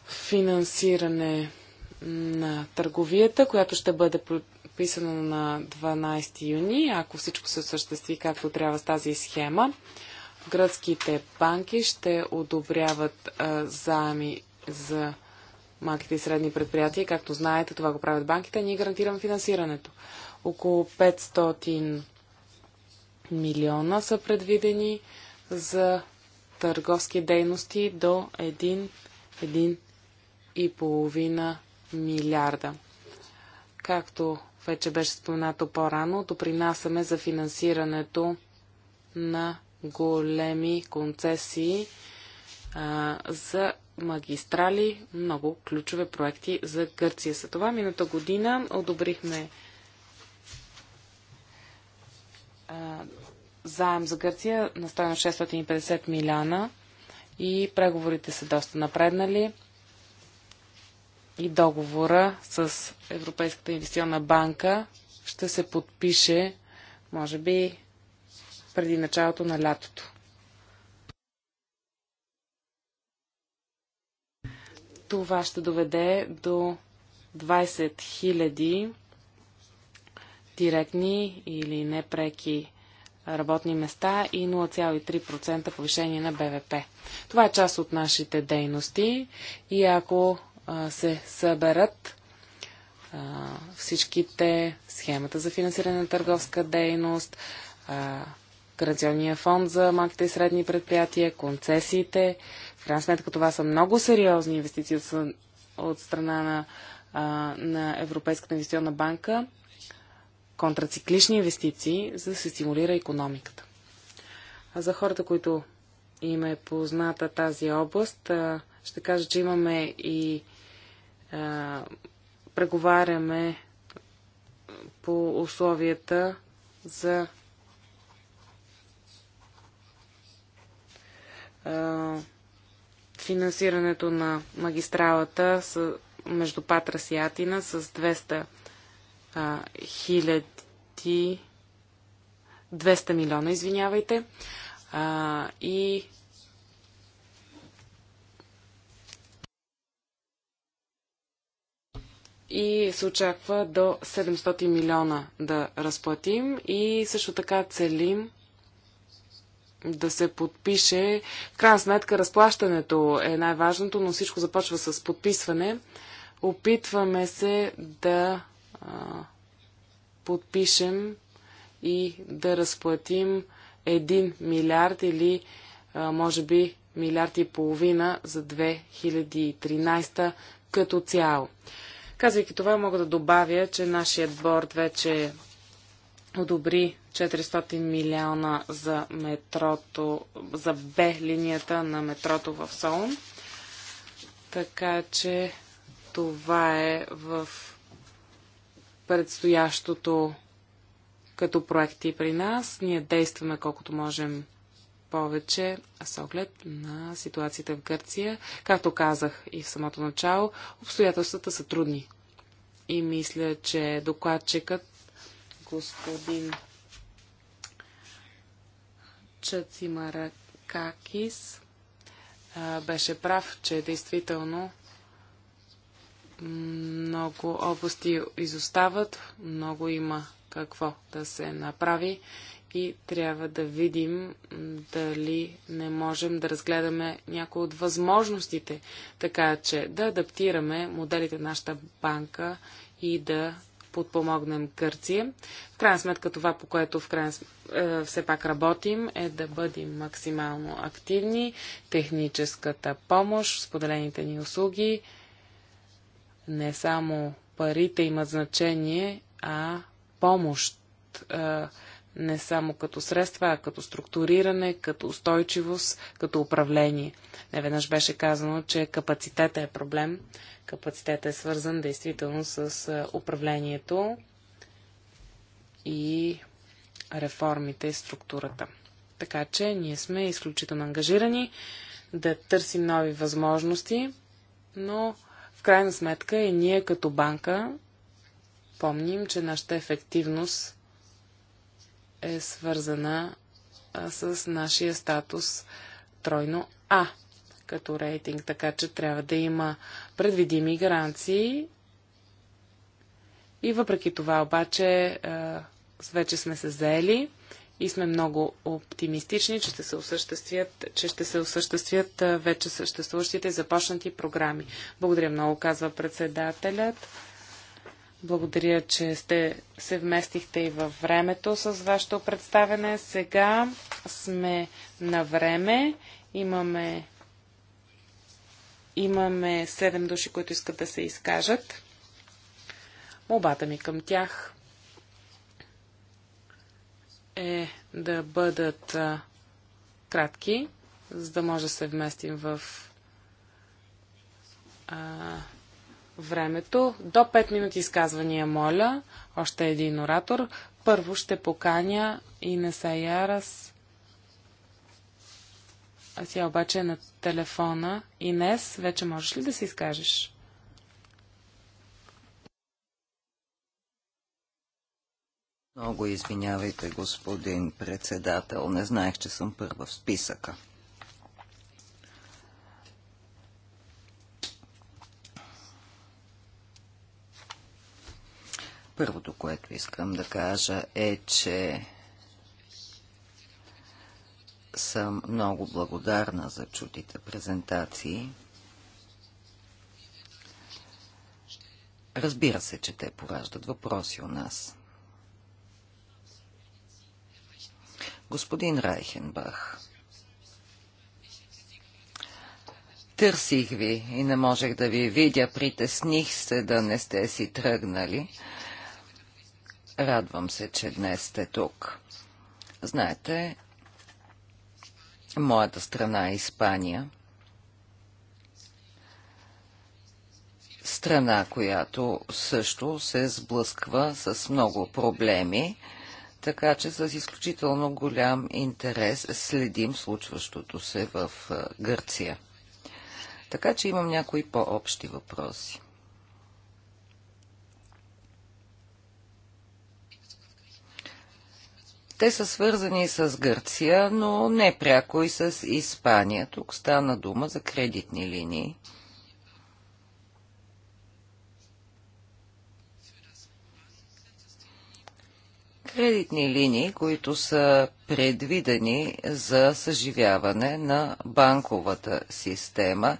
финансиране на търговията, която ще бъде подписана на 12 юни, ако всичко се осъществи както трябва с тази схема. Гръцките банки ще одобряват а, заеми за малките и средни предприятия. Както знаете, това го правят банките. Ние гарантирам финансирането. Около 500 милиона са предвидени за търговски дейности до 1, милиарда. Както вече беше споменато по-рано, допринасяме за финансирането на големи концесии а, за магистрали, много ключове проекти за Гърция. За това мината година одобрихме а, заем за Гърция на стоеност 650 милиона и преговорите са доста напреднали и договора с Европейската инвестиционна банка ще се подпише, може би, преди началото на лятото. Това ще доведе до 20 000 директни или непреки работни места и 0,3% повишение на БВП. Това е част от нашите дейности и ако се съберат всичките, схемата за финансиране на търговска дейност, гаранционния фонд за малките и средни предприятия, концесиите. В крайна сметка това са много сериозни инвестиции от, страна на, на Европейската инвестиционна банка, контрациклични инвестиции, за да се стимулира економиката. А за хората, които им е позната тази област, ще кажа, че имаме и а, преговаряме по условията за а, финансирането на магистралата с, между Патрас и Атина с 200 а, хиляди 200 милиона, извинявайте. А, и и се очаква до 700 милиона да разплатим и също така целим да се подпише. В крайна сметка разплащането е най-важното, но всичко започва с подписване. Опитваме се да а, подпишем и да разплатим 1 милиард или а, може би милиард и половина за 2013 като цяло. Казвайки това, мога да добавя, че нашият борд вече одобри 400 милиона за метрото, за Б линията на метрото в Солун. Така че това е в предстоящото като проекти при нас. Ние действаме колкото можем повече с оглед на ситуацията в Гърция. Както казах и в самото начало, обстоятелствата са трудни. И мисля, че докладчикът господин Какис беше прав, че действително много области изостават, много има какво да се направи и трябва да видим дали не можем да разгледаме някои от възможностите, така че да адаптираме моделите на нашата банка и да подпомогнем Гърция. В крайна сметка това, по което в крайна, сметка, все пак работим, е да бъдем максимално активни, техническата помощ, споделените ни услуги. Не само парите имат значение, а помощ. Е, не само като средства, а като структуриране, като устойчивост, като управление. Не веднъж беше казано, че капацитета е проблем. Капацитета е свързан действително с управлението и реформите и структурата. Така че ние сме изключително ангажирани да търсим нови възможности, но в крайна сметка и ние като банка помним, че нашата ефективност е свързана а, с нашия статус тройно А като рейтинг, така че трябва да има предвидими гаранции. И въпреки това обаче а, вече сме се заели и сме много оптимистични, че ще се осъществят, че ще се осъществят вече съществуващите започнати програми. Благодаря много, казва председателят. Благодаря, че сте се вместихте и във времето с вашето представене. Сега сме на време. Имаме, имаме 7 души, които искат да се изкажат. Мобата ми към тях е да бъдат а, кратки, за да може да се вместим в а, времето. До 5 минути изказвания, моля. Още един оратор. Първо ще поканя Инеса Ярас. А тя обаче е на телефона. Инес, вече можеш ли да се изкажеш? Много извинявайте, господин председател. Не знаех, че съм първа в списъка. Първото, което искам да кажа е, че съм много благодарна за чутите презентации. Разбира се, че те пораждат въпроси у нас. Господин Райхенбах, търсих ви и не можех да ви видя, притесних се да не сте си тръгнали. Радвам се, че днес сте тук. Знаете, моята страна е Испания. Страна, която също се сблъсква с много проблеми, така че с изключително голям интерес следим случващото се в Гърция. Така че имам някои по-общи въпроси. Те са свързани с Гърция, но не пряко и с Испания. Тук стана дума за кредитни линии. кредитни линии, които са предвидени за съживяване на банковата система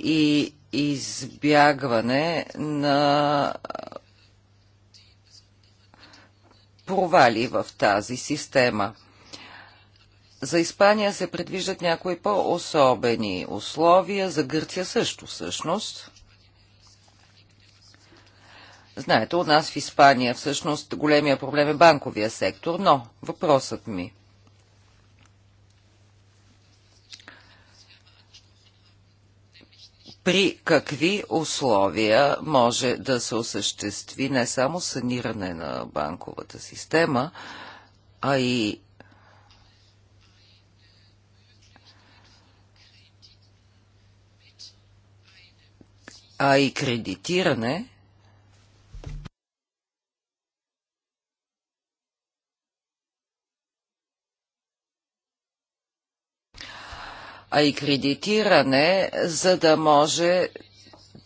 и избягване на провали в тази система. За Испания се предвиждат някои по-особени условия, за Гърция също всъщност. Знаете, у нас в Испания всъщност големия проблем е банковия сектор, но въпросът ми – при какви условия може да се осъществи не само саниране на банковата система, а и а и кредитиране а и кредитиране, за да може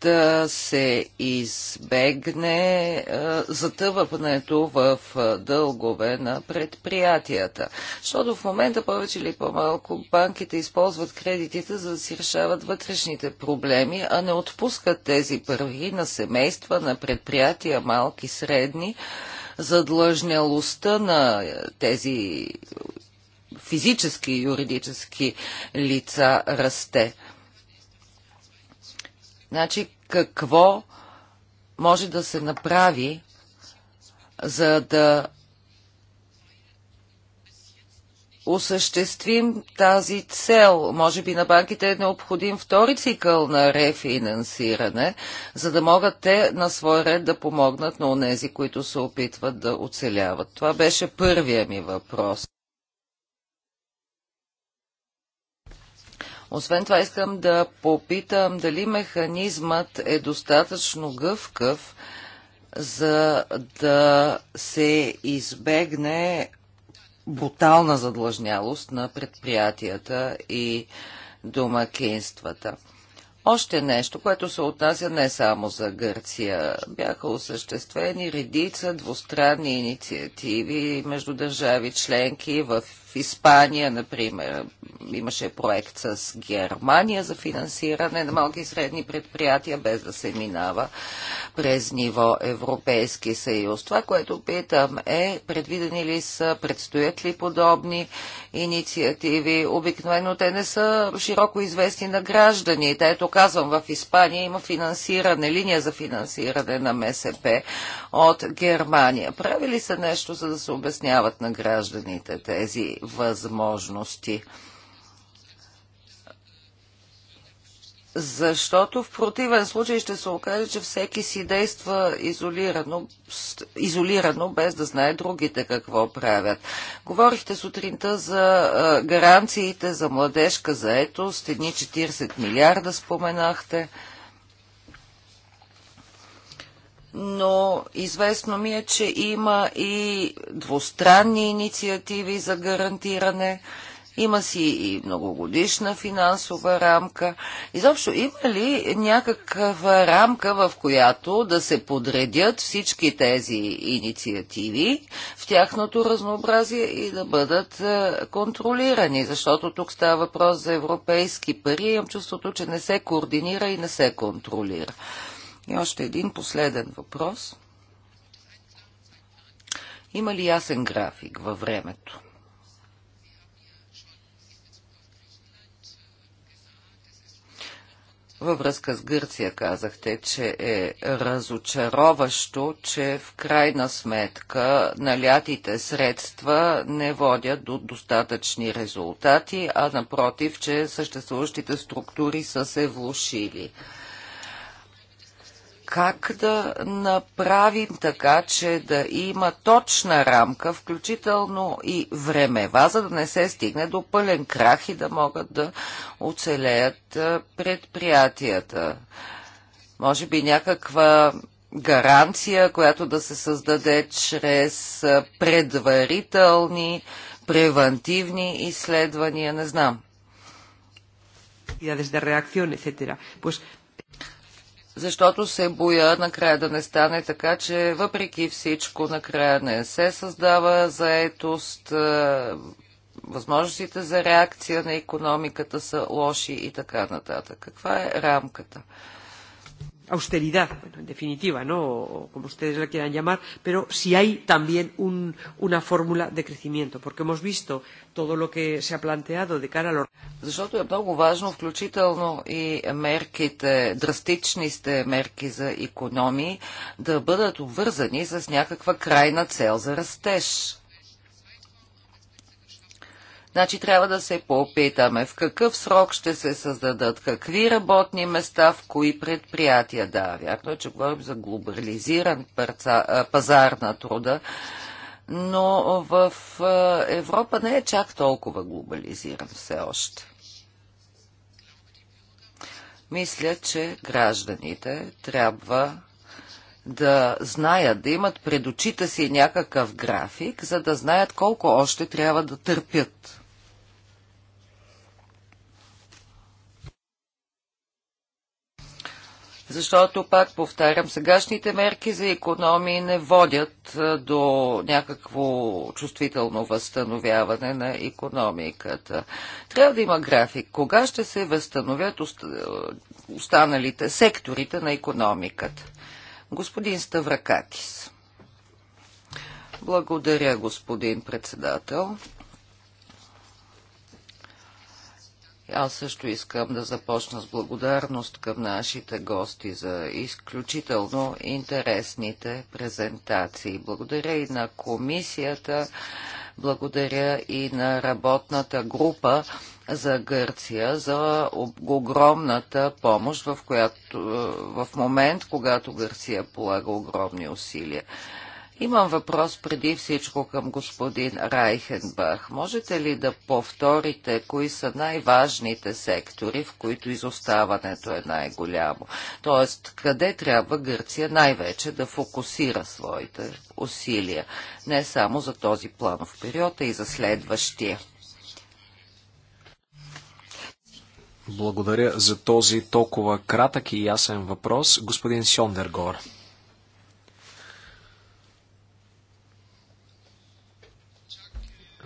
да се избегне затъвъпнето в дългове на предприятията. Защото в момента повече или по-малко банките използват кредитите, за да си решават вътрешните проблеми, а не отпускат тези пари на семейства, на предприятия, малки, средни. Задлъжнялостта на тези физически и юридически лица расте. Значи, какво може да се направи, за да осъществим тази цел. Може би на банките е необходим втори цикъл на рефинансиране, за да могат те на свой ред да помогнат на онези, които се опитват да оцеляват. Това беше първия ми въпрос. Освен това искам да попитам дали механизмът е достатъчно гъвкав, за да се избегне брутална задлъжнялост на предприятията и домакинствата. Още нещо, което се отнася не само за Гърция. Бяха осъществени редица двустранни инициативи между държави членки. В Испания, например, имаше проект с Германия за финансиране на малки и средни предприятия, без да се минава през ниво Европейски съюз. Това, което питам е, предвидени ли са, предстоят ли подобни инициативи? Обикновено те не са широко известни на гражданите. Ето казвам, в Испания има финансиране, линия за финансиране на МСП от Германия. Прави ли се нещо, за да се обясняват на гражданите тези възможности? Защото в противен случай ще се окаже, че всеки си действа изолирано, изолирано, без да знае другите какво правят. Говорихте сутринта за гаранциите за младежка заетост, едни 40 милиарда споменахте. Но известно ми е, че има и двустранни инициативи за гарантиране има си и многогодишна финансова рамка. Изобщо има ли някаква рамка, в която да се подредят всички тези инициативи в тяхното разнообразие и да бъдат е, контролирани? Защото тук става въпрос за европейски пари. и Имам чувството, че не се координира и не се контролира. И още един последен въпрос. Има ли ясен график във времето? Във връзка с Гърция казахте, че е разочароващо, че в крайна сметка налятите средства не водят до достатъчни резултати, а напротив, че съществуващите структури са се влушили как да направим така, че да има точна рамка, включително и времева, за да не се стигне до пълен крах и да могат да оцелеят предприятията. Може би някаква гаранция, която да се създаде чрез предварителни, превантивни изследвания, не знам. de reacción, etcétera. Pues защото се боя накрая да не стане така, че въпреки всичко накрая не се създава заетост, е, възможностите за реакция на економиката са лоши и така нататък. Каква е рамката? austeridad, bueno, en definitiva, ¿no? o como ustedes la quieran llamar, pero si hay también un, una fórmula de crecimiento, porque hemos visto todo lo que se ha planteado de cara a los... Защото е много важно, включително и мерките, драстичните мерки за економии, да бъдат обвързани с някаква крайна цел за растеж. Значи трябва да се попитаме в какъв срок ще се създадат, какви работни места, в кои предприятия. Да, вярно е, че говорим за глобализиран пазар на труда, но в Европа не е чак толкова глобализиран все още. Мисля, че гражданите трябва да знаят, да имат пред очите си някакъв график, за да знаят колко още трябва да търпят. защото, пак повтарям, сегашните мерки за економии не водят до някакво чувствително възстановяване на економиката. Трябва да има график. Кога ще се възстановят останалите секторите на економиката? Господин Ставракатис. Благодаря, господин председател. Аз също искам да започна с благодарност към нашите гости за изключително интересните презентации. Благодаря и на комисията, благодаря и на работната група за Гърция, за огромната помощ, в, която, в момент, когато Гърция полага огромни усилия. Имам въпрос преди всичко към господин Райхенбах. Можете ли да повторите кои са най-важните сектори, в които изоставането е най-голямо? Тоест, къде трябва Гърция най-вече да фокусира своите усилия? Не само за този планов период, а и за следващия. Благодаря за този толкова кратък и ясен въпрос, господин Сьондергор.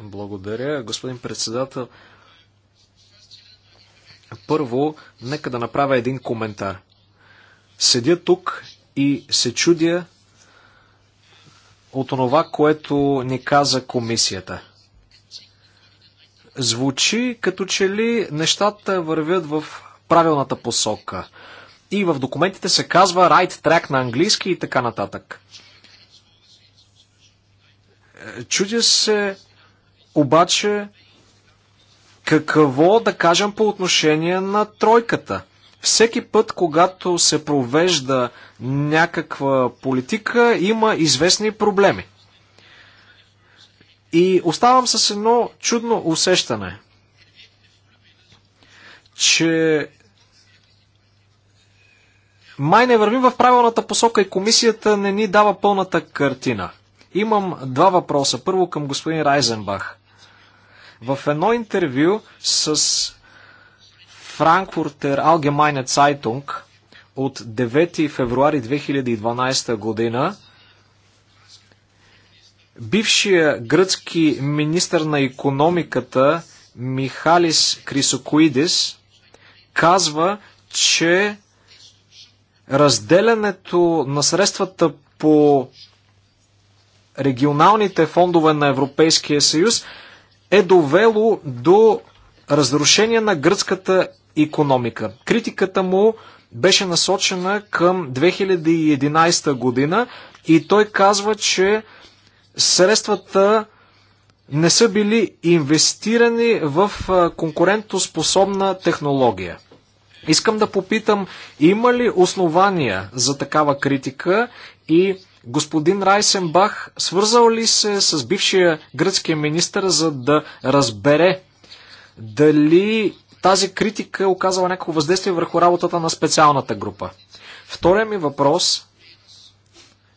Благодаря, господин председател. Първо, нека да направя един коментар. Седя тук и се чудя от онова, което ни каза комисията. Звучи като че ли нещата вървят в правилната посока. И в документите се казва right track на английски и така нататък. Чудя се обаче, какво да кажем по отношение на тройката? Всеки път, когато се провежда някаква политика, има известни проблеми. И оставам с едно чудно усещане, че май не вървим в правилната посока и комисията не ни дава пълната картина. Имам два въпроса. Първо към господин Райзенбах. В едно интервю с Frankfurter Allgemeine Zeitung от 9 февруари 2012 година бившия гръцки министр на економиката Михалис Крисокоидис казва, че разделянето на средствата по регионалните фондове на Европейския съюз е довело до разрушение на гръцката економика. Критиката му беше насочена към 2011 година и той казва, че средствата не са били инвестирани в конкурентоспособна технология. Искам да попитам, има ли основания за такава критика и Господин Райсенбах свързал ли се с бившия гръцкия министр, за да разбере дали тази критика е оказала някакво въздействие върху работата на специалната група? Втория ми въпрос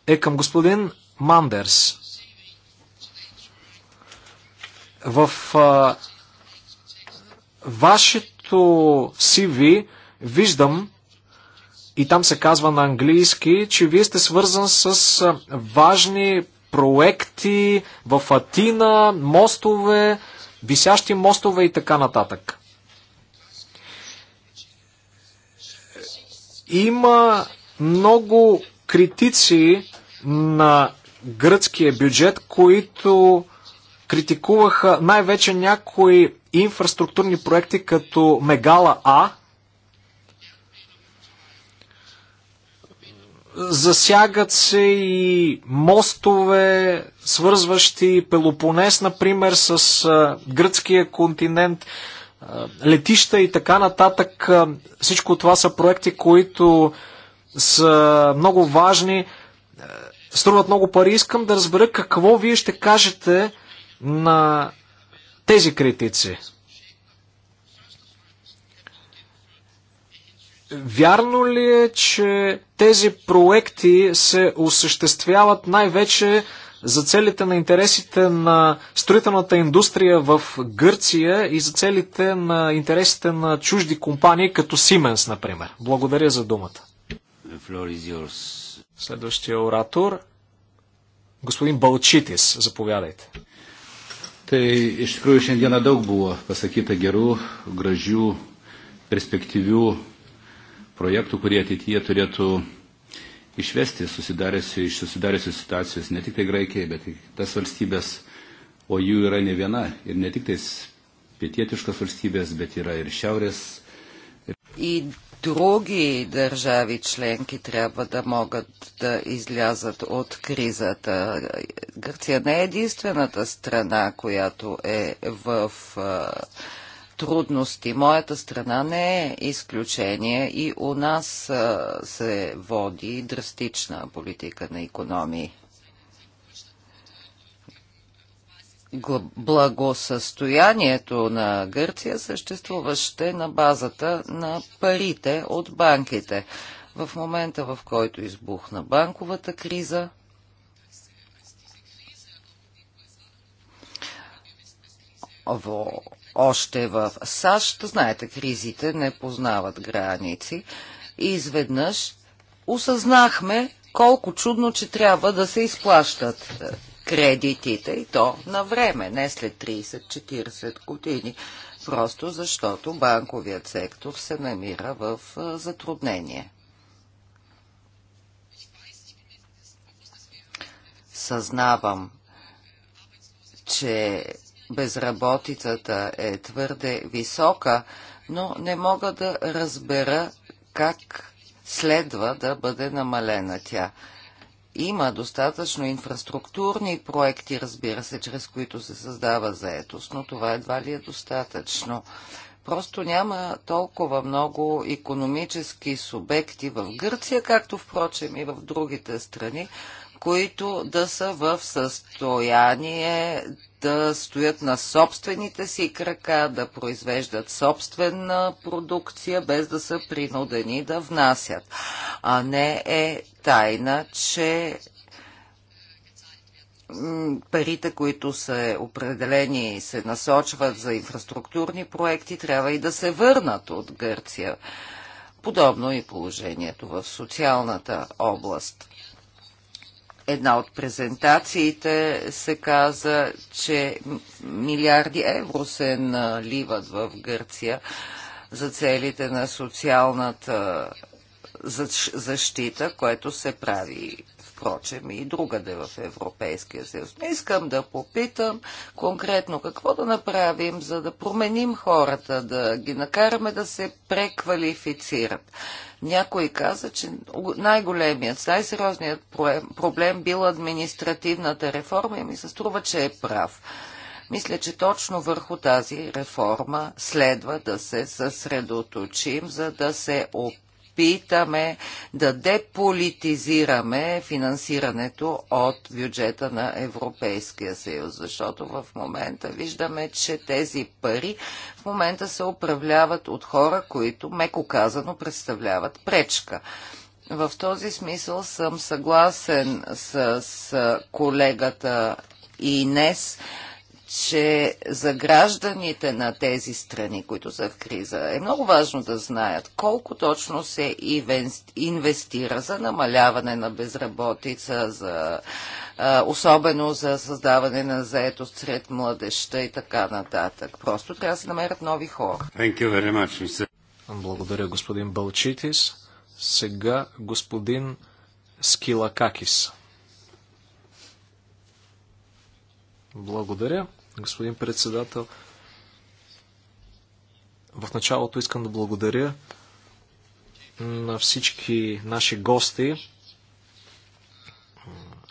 е към господин Мандерс. В а, вашето CV виждам, и там се казва на английски, че вие сте свързан с важни проекти в Атина, мостове, висящи мостове и така нататък. Има много критици на гръцкия бюджет, които критикуваха най-вече някои инфраструктурни проекти като Мегала А, Засягат се и мостове, свързващи Пелопонес, например, с гръцкия континент, летища и така нататък. Всичко това са проекти, които са много важни, струват много пари. Искам да разбера какво вие ще кажете на тези критици. Вярно ли е, че тези проекти се осъществяват най-вече за целите на интересите на строителната индустрия в Гърция и за целите на интересите на чужди компании, като Siemens, например? Благодаря за думата. Следващия оратор. Господин Балчитис, заповядайте. Tai iš tikrųjų šiandieną daug buvo pasakyta gerų, gražių, perspektyvių projektų, kurie ateityje turėtų išvesti susidariusių, iš susidariusių situacijos ne tik tai Graikijai, bet ir tas valstybės, o jų yra ne viena ir ne tik tais pietietiškas valstybės, bet yra ir šiaurės. И други държави членки трябва да могат да излязат от кризата. Гърция не е единствената страна, която е в а, трудности. Моята страна не е изключение и у нас се води драстична политика на економии. благосъстоянието на Гърция съществуваше на базата на парите от банките. В момента, в който избухна банковата криза, в още в САЩ. Знаете, кризите не познават граници. И изведнъж осъзнахме колко чудно, че трябва да се изплащат е, кредитите и то на време, не след 30-40 години, просто защото банковият сектор се намира в е, затруднение. Съзнавам, че безработицата е твърде висока, но не мога да разбера как следва да бъде намалена тя. Има достатъчно инфраструктурни проекти, разбира се, чрез които се създава заетост, но това едва ли е достатъчно. Просто няма толкова много економически субекти в Гърция, както впрочем и в другите страни, които да са в състояние да стоят на собствените си крака, да произвеждат собствена продукция, без да са принудени да внасят. А не е тайна, че парите, които са определени и се насочват за инфраструктурни проекти, трябва и да се върнат от Гърция. Подобно и положението в социалната област една от презентациите се каза, че милиарди евро се наливат в Гърция за целите на социалната защита, което се прави впрочем и другаде в Европейския съюз. Не искам да попитам конкретно какво да направим, за да променим хората, да ги накараме да се преквалифицират. Някой каза, че най-големият, най-сериозният проблем бил административната реформа и ми се струва, че е прав. Мисля, че точно върху тази реформа следва да се съсредоточим, за да се опитаме опитаме да деполитизираме финансирането от бюджета на Европейския съюз, защото в момента виждаме, че тези пари в момента се управляват от хора, които, меко казано, представляват пречка. В този смисъл съм съгласен с, с колегата Инес, че за гражданите на тези страни, които са в криза, е много важно да знаят колко точно се инвестира за намаляване на безработица, за, особено за създаване на заетост сред младеща и така нататък. Просто трябва да се намерят нови хора. Благодаря, господин Балчитис. Сега господин Скилакакис. Благодаря, господин председател. В началото искам да благодаря на всички наши гости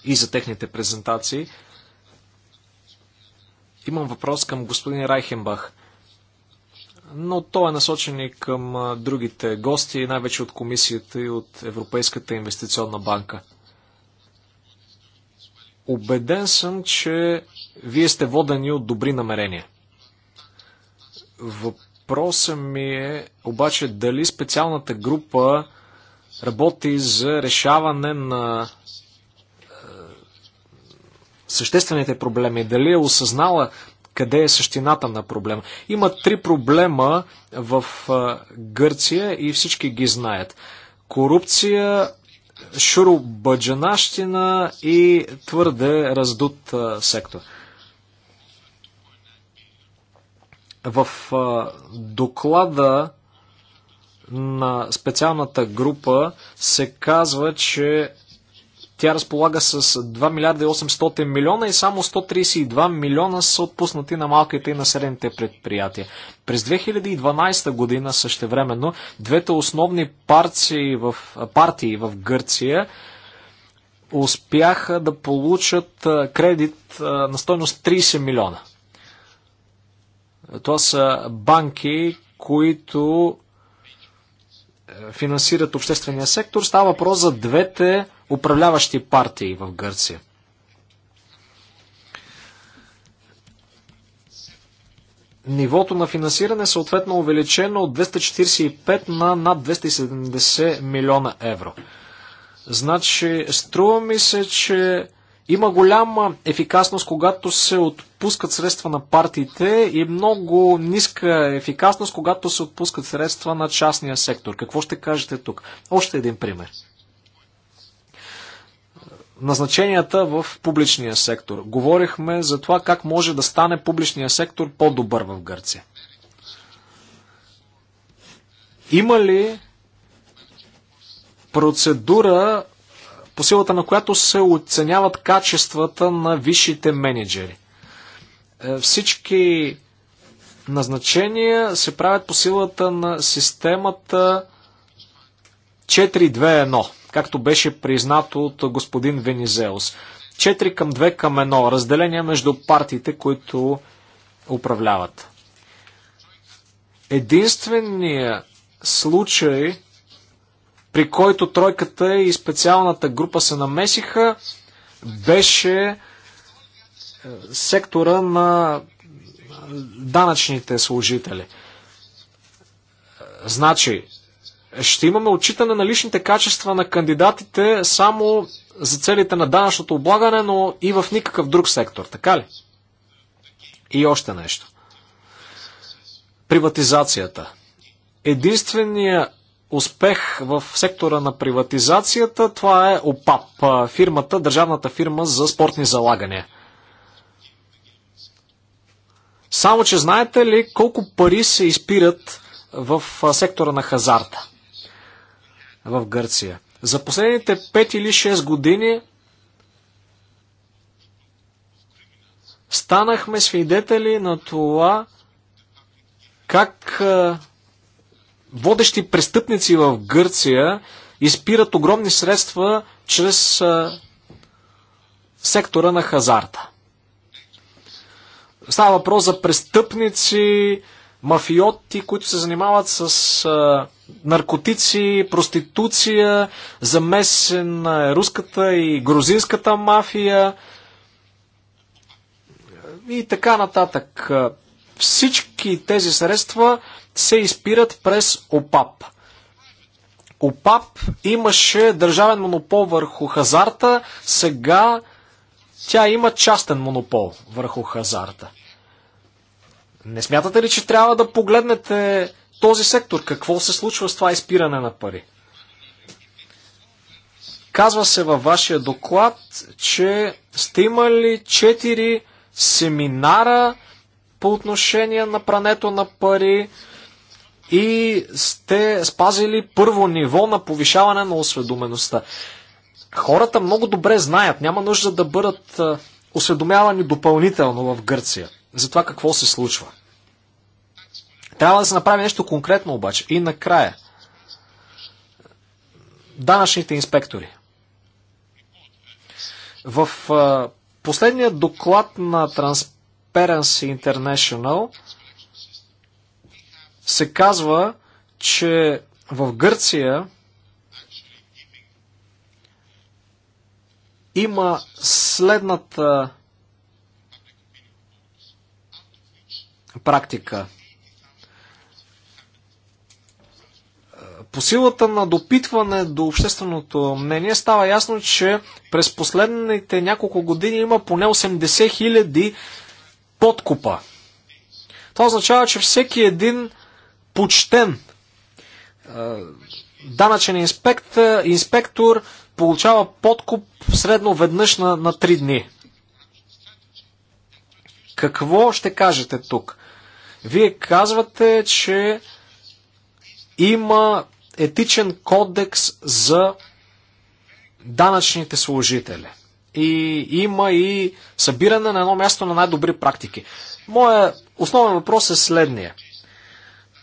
и за техните презентации. Имам въпрос към господин Райхенбах, но той е насочен и към другите гости, най-вече от комисията и от Европейската инвестиционна банка. Обеден съм, че вие сте водени от добри намерения. Въпросът ми е обаче дали специалната група работи за решаване на е, съществените проблеми, дали е осъзнала къде е същината на проблема. Има три проблема в е, Гърция и всички ги знаят. Корупция, шурубаджанащина и твърде раздут сектор. В доклада на специалната група се казва, че тя разполага с 2 милиарда и 800 милиона и само 132 милиона са отпуснати на малките и на средните предприятия. През 2012 година същевременно двете основни партии в, партии в Гърция успяха да получат кредит на стойност 30 милиона. Това са банки, които финансират обществения сектор. Става въпрос за двете управляващи партии в Гърция. Нивото на финансиране е съответно увеличено от 245 на над 270 милиона евро. Значи, струва ми се, че има голяма ефикасност, когато се отпускат средства на партиите и много ниска ефикасност, когато се отпускат средства на частния сектор. Какво ще кажете тук? Още един пример. Назначенията в публичния сектор. Говорихме за това как може да стане публичния сектор по-добър в Гърция. Има ли процедура по силата на която се оценяват качествата на висшите менеджери. Е, всички назначения се правят по силата на системата 4-2-1, както беше признато от господин Венизеус. 4 към 2 към 1, разделение между партиите, които управляват. Единственият случай, при който тройката и специалната група се намесиха, беше е, сектора на данъчните служители. Значи, ще имаме отчитане на личните качества на кандидатите само за целите на данъчното облагане, но и в никакъв друг сектор, така ли? И още нещо. Приватизацията. Единственият успех в сектора на приватизацията, това е ОПАП, фирмата, държавната фирма за спортни залагания. Само, че знаете ли колко пари се изпират в сектора на хазарта в Гърция? За последните 5 или 6 години станахме свидетели на това как водещи престъпници в Гърция изпират огромни средства чрез а, сектора на хазарта. Става въпрос за престъпници, мафиоти, които се занимават с а, наркотици, проституция, замесен а, руската и грузинската мафия и така нататък. Всички тези средства се изпират през ОПАП. ОПАП имаше държавен монопол върху хазарта, сега тя има частен монопол върху хазарта. Не смятате ли, че трябва да погледнете този сектор? Какво се случва с това изпиране на пари? Казва се във вашия доклад, че сте имали 4 семинара по отношение на прането на пари и сте спазили първо ниво на повишаване на осведомеността. Хората много добре знаят, няма нужда да бъдат осведомявани допълнително в Гърция за това какво се случва. Трябва да се направи нещо конкретно обаче. И накрая. Данъчните инспектори. В последния доклад на Transparency International се казва, че в Гърция има следната практика. По силата на допитване до общественото мнение става ясно, че през последните няколко години има поне 80 000 подкупа. Това означава, че всеки един почтен данъчен инспект, инспектор получава подкуп средно веднъж на, на 3 дни. Какво ще кажете тук? Вие казвате, че има етичен кодекс за данъчните служители. И има и събиране на едно място на най-добри практики. Моя основен въпрос е следния.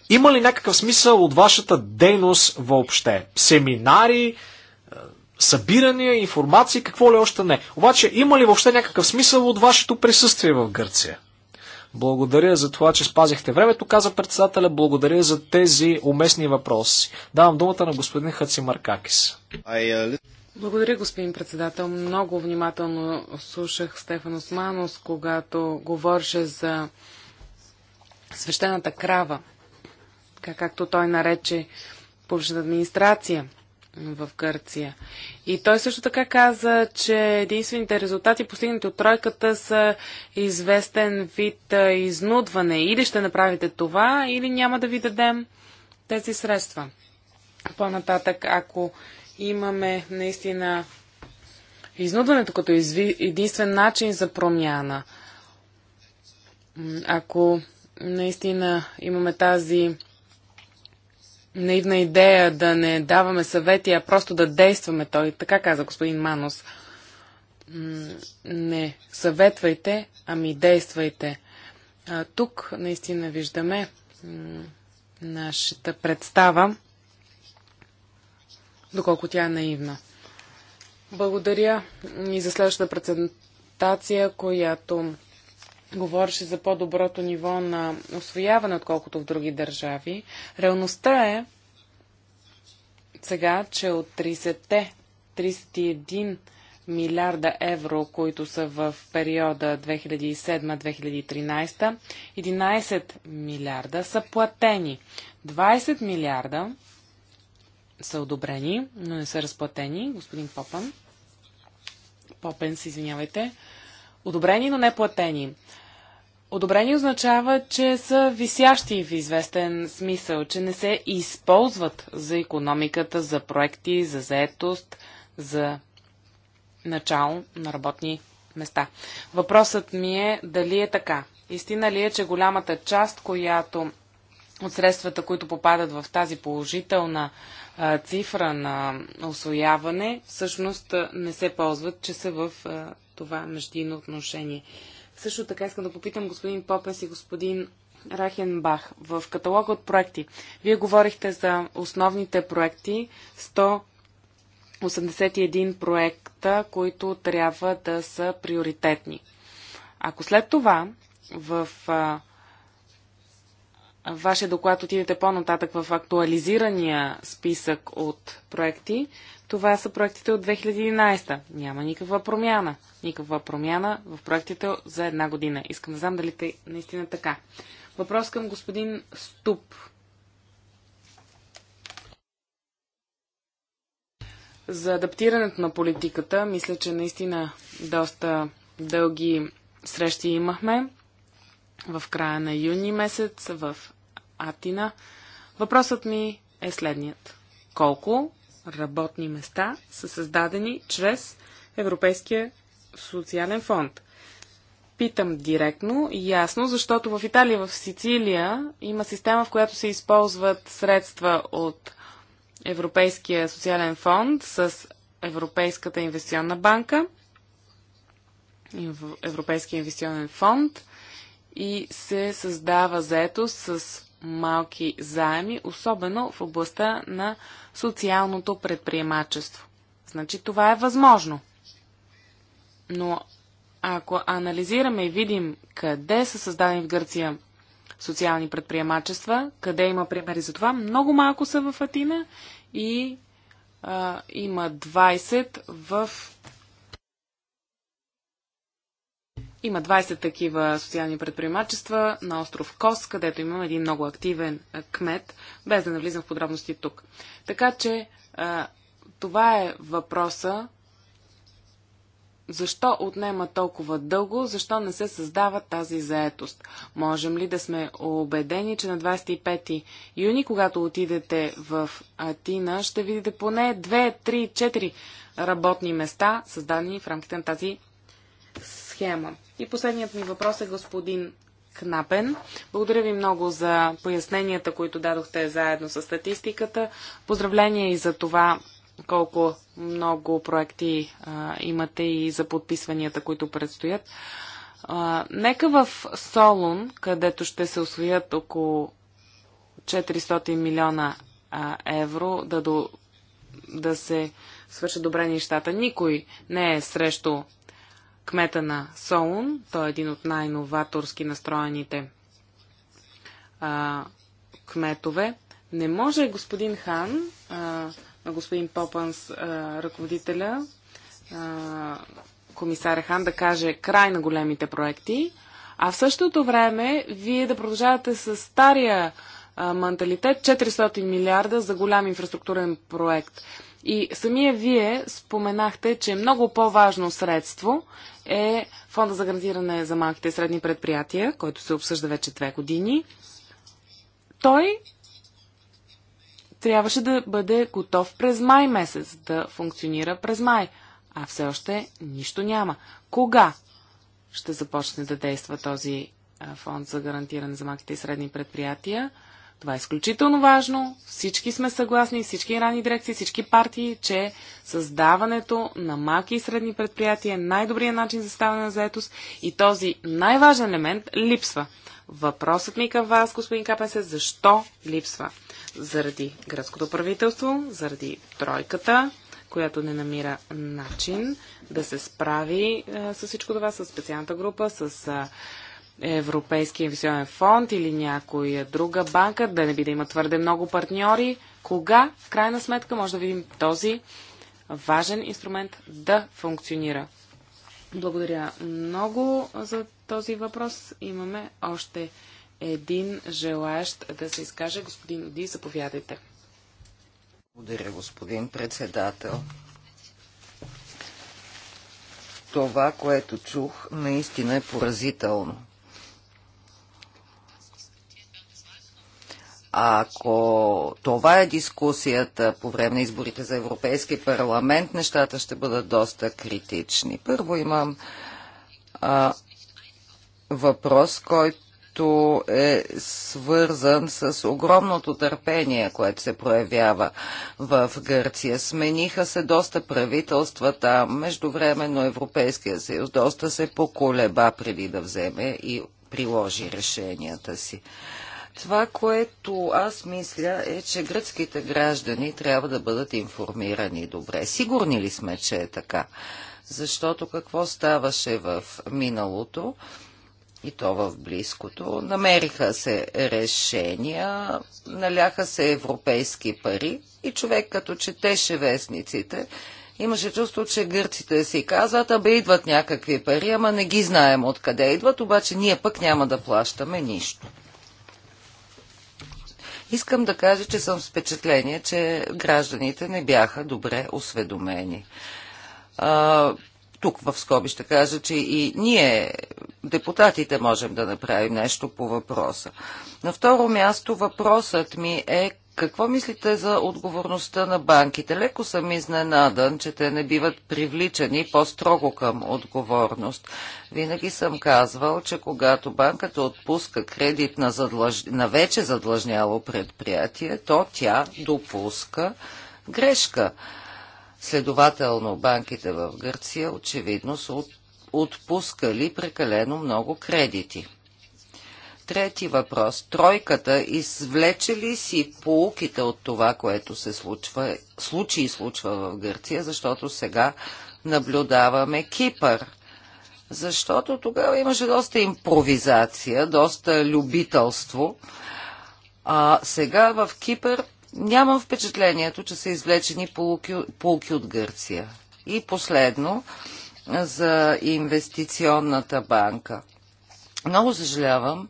Има ли някакъв смисъл от вашата дейност въобще? Семинари, е, събирания, информации, какво ли още не. Обаче има ли въобще някакъв смисъл от вашето присъствие в Гърция? Благодаря за това, че спазихте времето, каза председателя. Благодаря за тези уместни въпроси. Давам думата на господин Хацимаркакис. Е, Благодаря, господин председател. Много внимателно слушах Стефан Османос, когато говореше за свещената крава така както той нарече публичната администрация в Гърция. И той също така каза, че единствените резултати, постигнати от тройката, са известен вид изнудване. Или ще направите това, или няма да ви дадем тези средства. По-нататък, ако имаме наистина изнудването като единствен начин за промяна, ако наистина имаме тази наивна идея да не даваме съвети, а просто да действаме. Той така каза господин Манус, Не съветвайте, ами действайте. А, тук наистина виждаме нашата представа, доколко тя е наивна. Благодаря и за следващата презентация, която говореше за по-доброто ниво на освояване, отколкото в други държави. Реалността е сега, че от 30-те, 31 милиарда евро, които са в периода 2007-2013, 11 милиарда са платени. 20 милиарда са одобрени, но не са разплатени. Господин Попен, Попен, извинявайте. Одобрени, но не платени. Одобрени означава, че са висящи в известен смисъл, че не се използват за економиката, за проекти, за заетост, за начало на работни места. Въпросът ми е дали е така. Истина ли е, че голямата част, която от средствата, които попадат в тази положителна а, цифра на освояване, всъщност не се ползват, че са в а, това междинно отношение. Също така искам да попитам господин Попес и господин Рахенбах. В каталога от проекти, вие говорихте за основните проекти, 181 проекта, които трябва да са приоритетни. Ако след това в вашия доклад отидете по-нататък в актуализирания списък от проекти, това са проектите от 2011. Няма никаква промяна. Никаква промяна в проектите за една година. Искам да знам дали те наистина така. Въпрос към господин Ступ. За адаптирането на политиката, мисля, че наистина доста дълги срещи имахме в края на юни месец в Атина. Въпросът ми е следният. Колко работни места са създадени чрез Европейския социален фонд. Питам директно и ясно, защото в Италия, в Сицилия има система, в която се използват средства от Европейския социален фонд с Европейската инвестиционна банка, Европейския инвестиционен фонд и се създава заето с малки заеми, особено в областта на социалното предприемачество. Значи това е възможно. Но ако анализираме и видим къде са създадени в Гърция социални предприемачества, къде има примери за това, много малко са в Атина и а, има 20 в има 20 такива социални предприемачества на остров Кос, където имам един много активен кмет, без да навлизам в подробности тук. Така че това е въпроса. Защо отнема толкова дълго? Защо не се създава тази заетост? Можем ли да сме убедени, че на 25 юни, когато отидете в Атина, ще видите поне 2, 3, 4 работни места, създадени в рамките на тази схема. И последният ми въпрос е господин Кнапен. Благодаря ви много за поясненията, които дадохте заедно с статистиката. Поздравления и за това колко много проекти а, имате и за подписванията, които предстоят. А, нека в Солун, където ще се освоят около 400 милиона а, евро, да, до, да се свършат добре нещата. Никой не е срещу кмета на Солун. Той е един от най-новаторски настроените а, кметове. Не може господин Хан, а, на господин Попанс, а, ръководителя, а, комисаря Хан, да каже край на големите проекти, а в същото време вие да продължавате с стария а, менталитет 400 милиарда за голям инфраструктурен проект. И самия вие споменахте, че е много по-важно средство, е Фонда за гарантиране за малките и средни предприятия, който се обсъжда вече две години. Той трябваше да бъде готов през май месец, да функционира през май, а все още нищо няма. Кога ще започне да действа този фонд за гарантиране за малките и средни предприятия? Това е изключително важно. Всички сме съгласни, всички ранни дирекции, всички партии, че създаването на малки и средни предприятия е най-добрият начин за ставане на заетост и този най-важен елемент липсва. Въпросът ми към вас, господин КПС, е защо липсва? Заради гръцкото правителство, заради тройката, която не намира начин да се справи а, е, с всичко това, с специалната група, с а, е, Европейския инвестиционен фонд или някоя друга банка, да не би да има твърде много партньори. Кога, в крайна сметка, може да видим този важен инструмент да функционира? Благодаря много за този въпрос. Имаме още един желаящ да се изкаже. Господин Оди, заповядайте. Благодаря, господин председател. Това, което чух, наистина е поразително. Ако това е дискусията по време на изборите за Европейски парламент, нещата ще бъдат доста критични. Първо имам а, въпрос, който който е свързан с огромното търпение, което се проявява в Гърция. Смениха се доста правителства там. Междувременно Европейския съюз доста се поколеба преди да вземе и приложи решенията си. Това, което аз мисля е, че гръцките граждани трябва да бъдат информирани добре. Сигурни ли сме, че е така? Защото какво ставаше в миналото и то в близкото? Намериха се решения, наляха се европейски пари и човек като четеше вестниците, Имаше чувство, че гърците си казват, абе идват някакви пари, ама не ги знаем откъде идват, обаче ние пък няма да плащаме нищо. Искам да кажа, че съм с впечатление, че гражданите не бяха добре осведомени. А, тук в скоби ще кажа, че и ние, депутатите, можем да направим нещо по въпроса. На второ място въпросът ми е какво мислите за отговорността на банките? Леко съм изненадан, че те не биват привличани по-строго към отговорност. Винаги съм казвал, че когато банката отпуска кредит на, задлъж... на вече задлъжняло предприятие, то тя допуска грешка. Следователно, банките в Гърция очевидно са отпускали прекалено много кредити. Трети въпрос. Тройката извлече ли си полуките от това, което се случва, случи и случва в Гърция, защото сега наблюдаваме Кипър? Защото тогава имаше доста импровизация, доста любителство. А сега в Кипър нямам впечатлението, че са извлечени полуки, полуки от Гърция. И последно, за инвестиционната банка. Много съжалявам,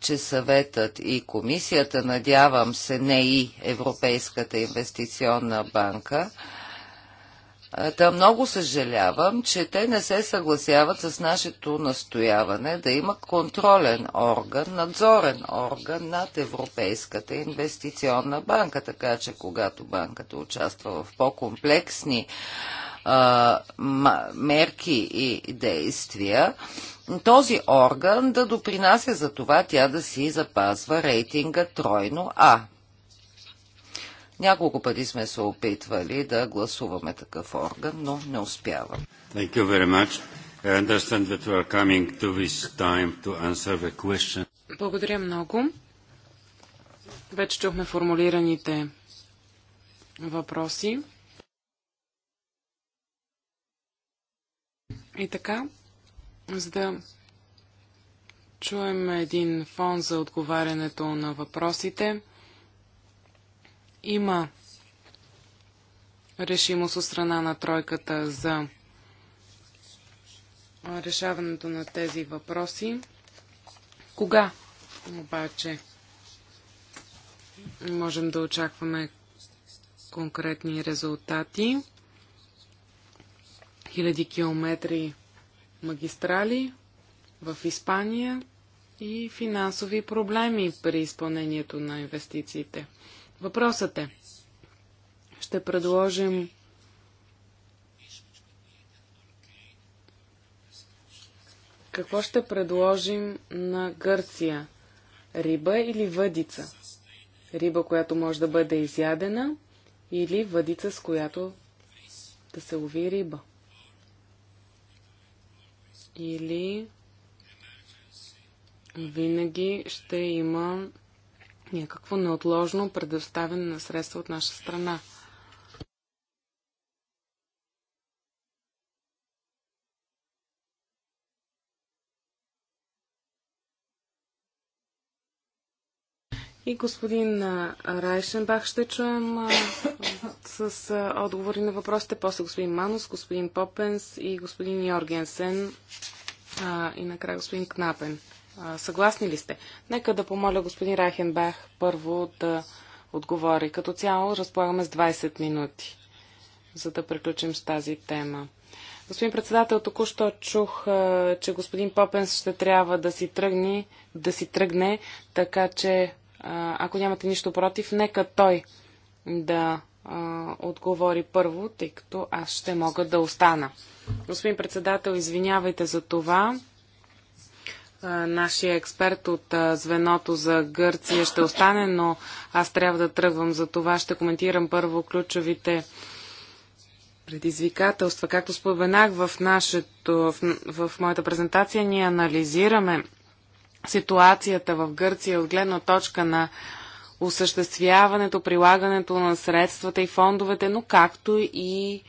че съветът и комисията, надявам се не и Европейската инвестиционна банка, да много съжалявам, че те не се съгласяват с нашето настояване да има контролен орган, надзорен орган над Европейската инвестиционна банка, така че когато банката участва в по-комплексни мерки и действия, този орган да допринася за това тя да си запазва рейтинга тройно А. Няколко пъти сме се опитвали да гласуваме такъв орган, но не успявам. Thank you very much. I understand that we are coming to this time to answer the question. Благодаря много. Вече чухме формулираните въпроси. И така, за да чуем един фон за отговарянето на въпросите, има решимост от страна на тройката за решаването на тези въпроси. Кога обаче можем да очакваме конкретни резултати? хиляди километри магистрали в Испания и финансови проблеми при изпълнението на инвестициите. Въпросът е, ще предложим какво ще предложим на Гърция? Риба или въдица? Риба, която може да бъде изядена или въдица, с която да се лови риба? или винаги ще има някакво неотложно предоставяне на средства от наша страна. И господин Райшенбах ще чуем с отговори на въпросите. После господин Манус, господин Попенс и господин Йоргенсен а, и накрая господин Кнапен. Съгласни ли сте? Нека да помоля господин Райхенбах първо да отговори. Като цяло разполагаме с 20 минути, за да приключим с тази тема. Господин председател, току-що чух, че господин Попенс ще трябва да си тръгне, да си тръгне така че ако нямате нищо против, нека той да а, отговори първо, тъй като аз ще мога да остана. Господин председател, извинявайте за това. А, нашия експерт от а, звеното за Гърция ще остане, но аз трябва да тръгвам за това. Ще коментирам първо ключовите предизвикателства. Както споменах в, нашето, в, в моята презентация, ние анализираме ситуацията в Гърция от гледна точка на осъществяването, прилагането на средствата и фондовете, но както и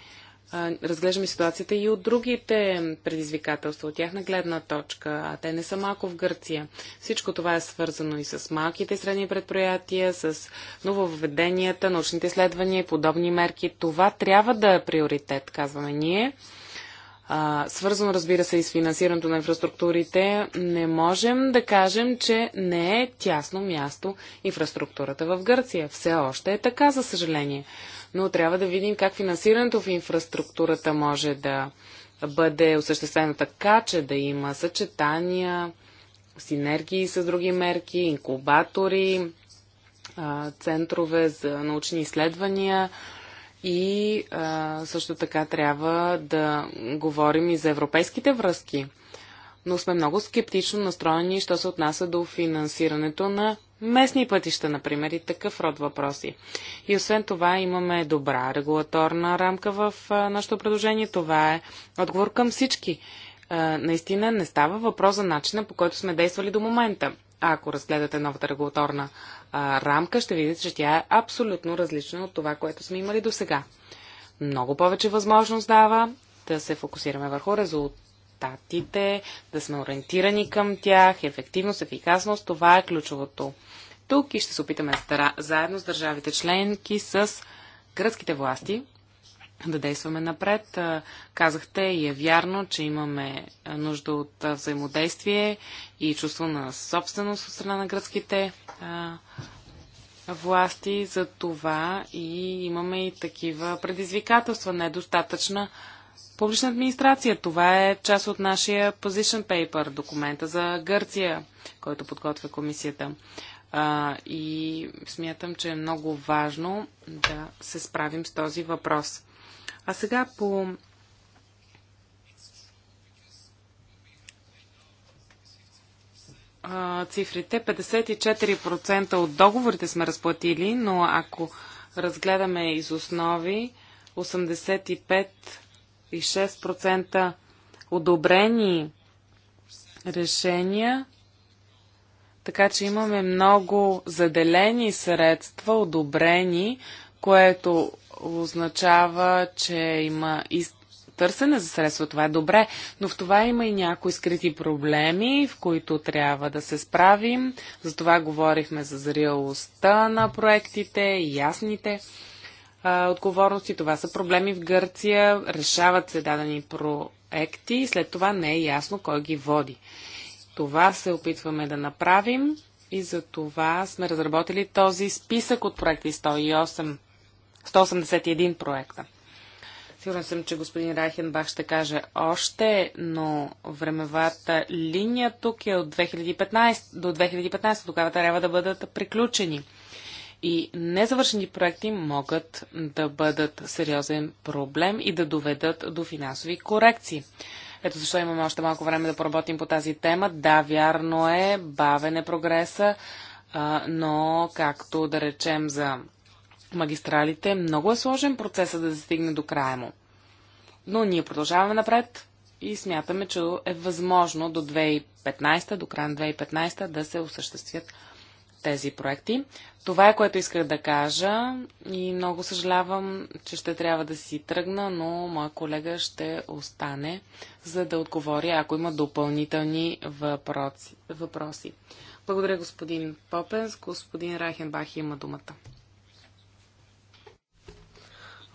а, разглеждаме ситуацията и от другите предизвикателства, от тяхна гледна точка, а те не са малко в Гърция. Всичко това е свързано и с малките и средни предприятия, с нововведенията, научните изследвания и подобни мерки. Това трябва да е приоритет, казваме ние а, свързано, разбира се, и с финансирането на инфраструктурите, не можем да кажем, че не е тясно място инфраструктурата в Гърция. Все още е така, за съжаление. Но трябва да видим как финансирането в инфраструктурата може да бъде осъществено така, че да има съчетания, синергии с други мерки, инкубатори, центрове за научни изследвания, и а, също така трябва да говорим и за европейските връзки. Но сме много скептично настроени, що се отнася до финансирането на местни пътища, например, и такъв род въпроси. И освен това имаме добра регулаторна рамка в а, нашето предложение. Това е отговор към всички. А, наистина не става въпрос за начина по който сме действали до момента ако разгледате новата регулаторна а, рамка, ще видите, че тя е абсолютно различна от това, което сме имали до сега. Много повече възможност дава да се фокусираме върху резултатите, да сме ориентирани към тях, ефективност, ефикасност. Това е ключовото. Тук и ще се опитаме заедно с държавите членки, с гръцките власти да действаме напред. Казахте и е вярно, че имаме нужда от взаимодействие и чувство на собственост от страна на гръцките власти. За това и имаме и такива предизвикателства. Недостатъчна публична администрация. Това е част от нашия position paper, документа за Гърция, който подготвя комисията. и смятам, че е много важно да се справим с този въпрос. А сега по цифрите. 54% от договорите сме разплатили, но ако разгледаме из основи, 85,6% одобрени решения, така че имаме много заделени средства, одобрени, което означава, че има и търсене за средства. Това е добре, но в това има и някои скрити проблеми, в които трябва да се справим. За това говорихме за зрелостта на проектите, ясните а, отговорности. Това са проблеми в Гърция. Решават се дадени проекти и след това не е ясно кой ги води. Това се опитваме да направим и за това сме разработили този списък от проекти 108 181 проекта. Сигурен съм, че господин Райхенбах ще каже още, но времевата линия тук е от 2015 до 2015. Тогава трябва да бъдат приключени. И незавършени проекти могат да бъдат сериозен проблем и да доведат до финансови корекции. Ето защо имаме още малко време да поработим по тази тема. Да, вярно е, бавен е прогреса, но както да речем за магистралите, много е сложен процесът да се стигне до края му. Но ние продължаваме напред и смятаме, че е възможно до 2015, до края на 2015 да се осъществят тези проекти. Това е което исках да кажа и много съжалявам, че ще трябва да си тръгна, но моя колега ще остане, за да отговори, ако има допълнителни въпроси. Благодаря, господин Попенс. Господин Райхенбах има думата.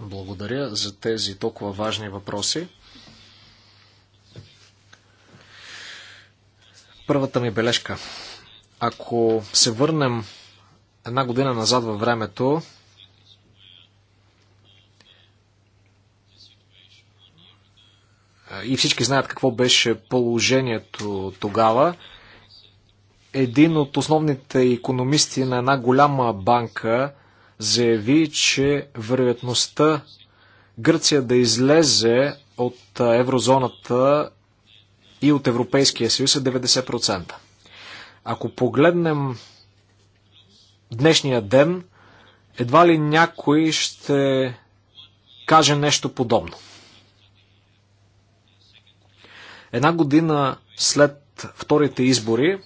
Благодаря за тези толкова важни въпроси. Първата ми бележка. Ако се върнем една година назад във времето, и всички знаят какво беше положението тогава, един от основните економисти на една голяма банка заяви, че вероятността Гърция да излезе от еврозоната и от Европейския съюз е 90%. Ако погледнем днешния ден, едва ли някой ще каже нещо подобно. Една година след вторите избори,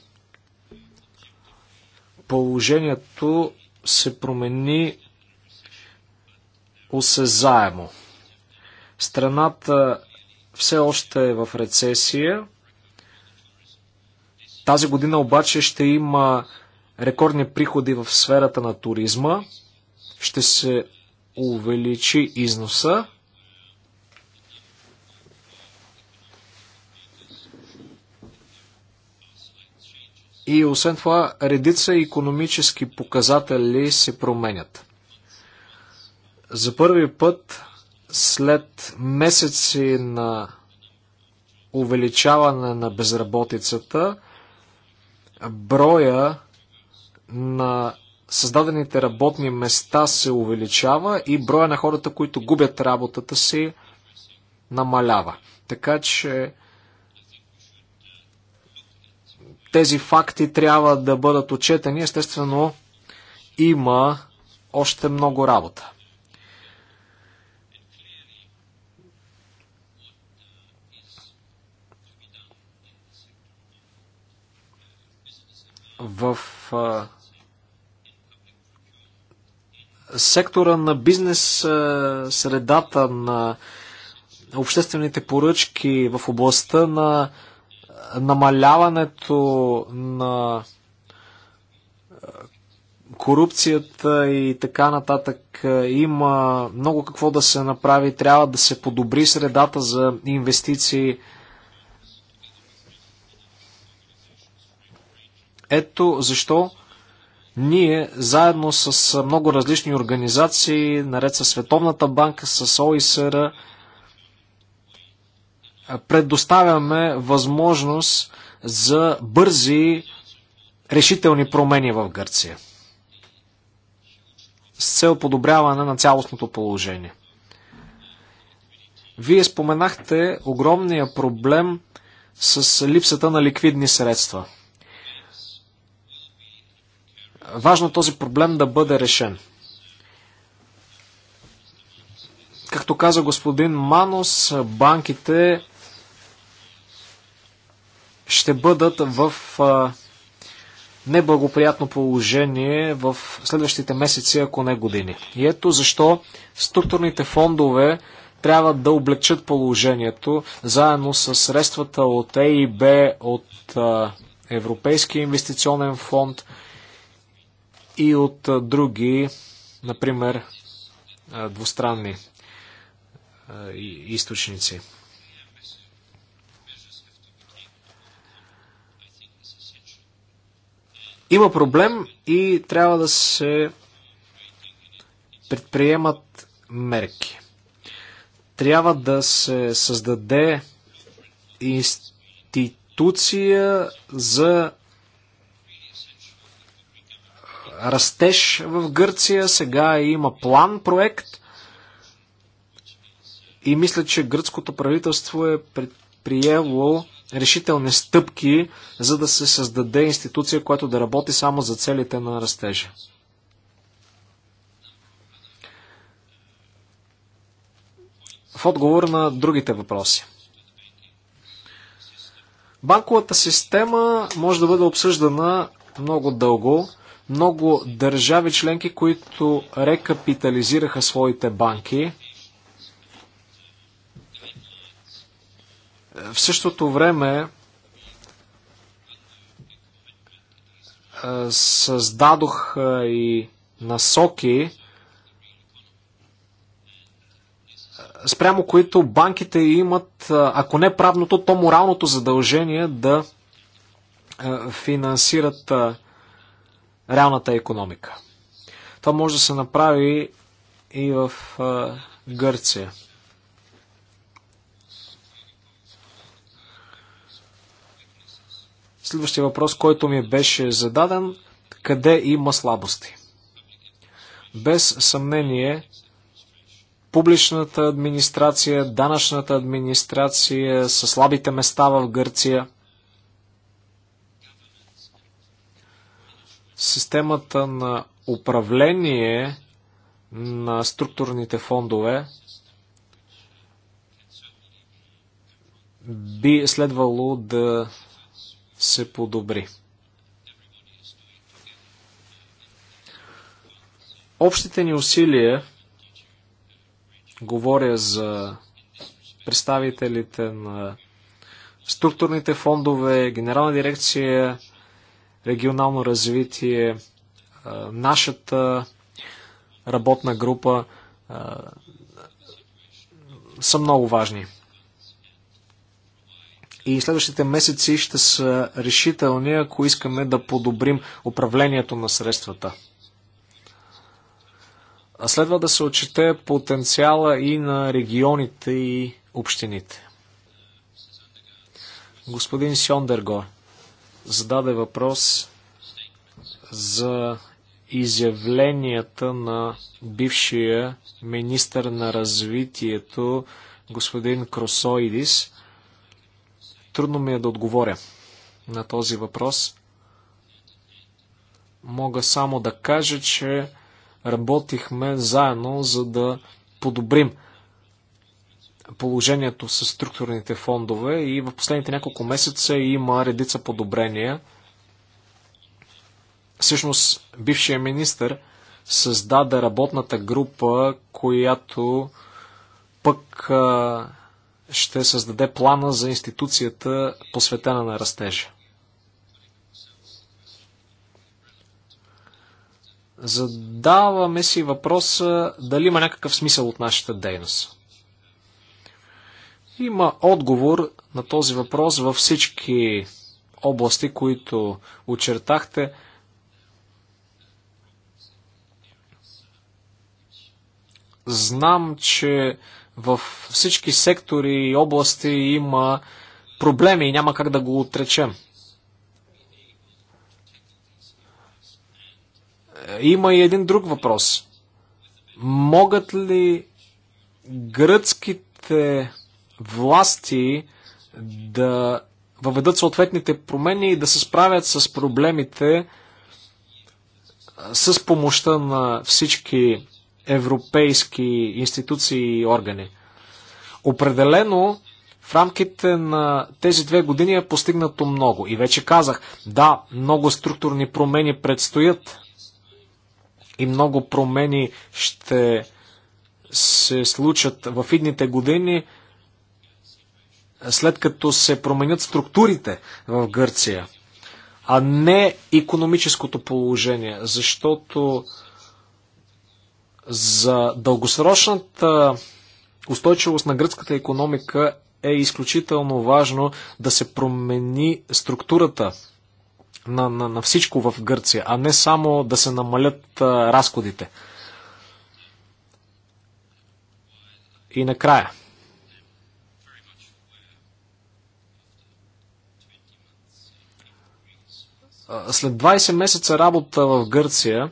положението се промени осезаемо. Страната все още е в рецесия. Тази година обаче ще има рекордни приходи в сферата на туризма. Ще се увеличи износа. И освен това, редица економически показатели се променят. За първи път, след месеци на увеличаване на безработицата, броя на създадените работни места се увеличава и броя на хората, които губят работата си, намалява. Така че Тези факти трябва да бъдат отчетени. Естествено, има още много работа. в а, сектора на бизнес, а, средата на обществените поръчки в областта на намаляването на корупцията и така нататък има много какво да се направи. Трябва да се подобри средата за инвестиции. Ето защо ние заедно с много различни организации, наред с Световната банка, с ОИСР, предоставяме възможност за бързи решителни промени в Гърция с цел подобряване на цялостното положение. Вие споменахте огромния проблем с липсата на ликвидни средства. Важно е този проблем да бъде решен. Както каза господин Манос, банките ще бъдат в неблагоприятно положение в следващите месеци, ако не години. И ето защо структурните фондове трябва да облегчат положението заедно с средствата от ЕИБ, от Европейския инвестиционен фонд и от други, например, двустранни източници. Има проблем и трябва да се предприемат мерки. Трябва да се създаде институция за растеж в Гърция. Сега има план, проект и мисля, че гръцкото правителство е предприело решителни стъпки, за да се създаде институция, която да работи само за целите на растежа. В отговор на другите въпроси. Банковата система може да бъде обсъждана много дълго. Много държави членки, които рекапитализираха своите банки, В същото време създадох и насоки, спрямо които банките имат, ако не правното, то моралното задължение да финансират реалната економика. Това може да се направи и в Гърция. Следващия въпрос, който ми беше зададен, къде има слабости? Без съмнение, публичната администрация, данъчната администрация са слабите места в Гърция. Системата на управление на структурните фондове би следвало да се подобри. Общите ни усилия, говоря за представителите на структурните фондове, Генерална дирекция, регионално развитие, нашата работна група са много важни и следващите месеци ще са решителни, ако искаме да подобрим управлението на средствата. Следва да се отчете потенциала и на регионите и общините. Господин Сьондерго зададе въпрос за изявленията на бившия министър на развитието господин Кросоидис – Трудно ми е да отговоря на този въпрос. Мога само да кажа, че работихме заедно, за да подобрим положението с структурните фондове и в последните няколко месеца има редица подобрения. Всъщност, бившия министр създаде работната група, която пък ще създаде плана за институцията посветена на растежа. Задаваме си въпроса дали има някакъв смисъл от нашата дейност. Има отговор на този въпрос във всички области, които очертахте. Знам, че в всички сектори и области има проблеми и няма как да го отречем. Има и един друг въпрос. Могат ли гръцките власти да въведат съответните промени и да се справят с проблемите с помощта на всички европейски институции и органи. Определено в рамките на тези две години е постигнато много. И вече казах, да, много структурни промени предстоят и много промени ще се случат в идните години, след като се променят структурите в Гърция, а не економическото положение, защото за дългосрочната устойчивост на гръцката економика е изключително важно да се промени структурата на, на, на всичко в Гърция, а не само да се намалят а, разходите. И накрая. След 20 месеца работа в Гърция,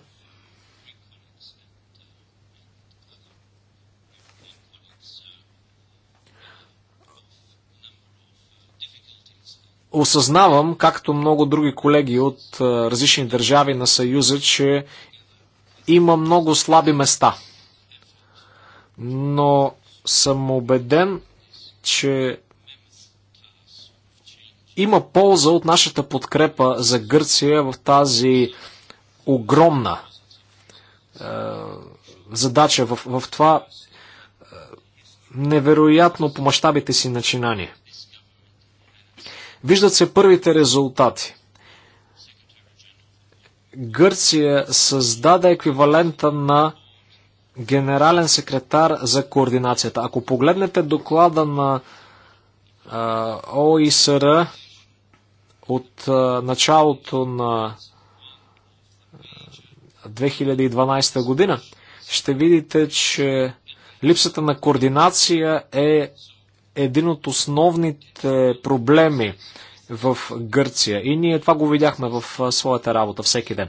Осъзнавам, както много други колеги от различни държави на Съюза, че има много слаби места. Но съм убеден, че има полза от нашата подкрепа за Гърция в тази огромна е, задача, в, в това е, невероятно по мащабите си начинание. Виждат се първите резултати. Гърция създаде еквивалента на генерален секретар за координацията. Ако погледнете доклада на ОИСР от началото на 2012 година, ще видите, че липсата на координация е един от основните проблеми в Гърция. И ние това го видяхме в своята работа всеки ден.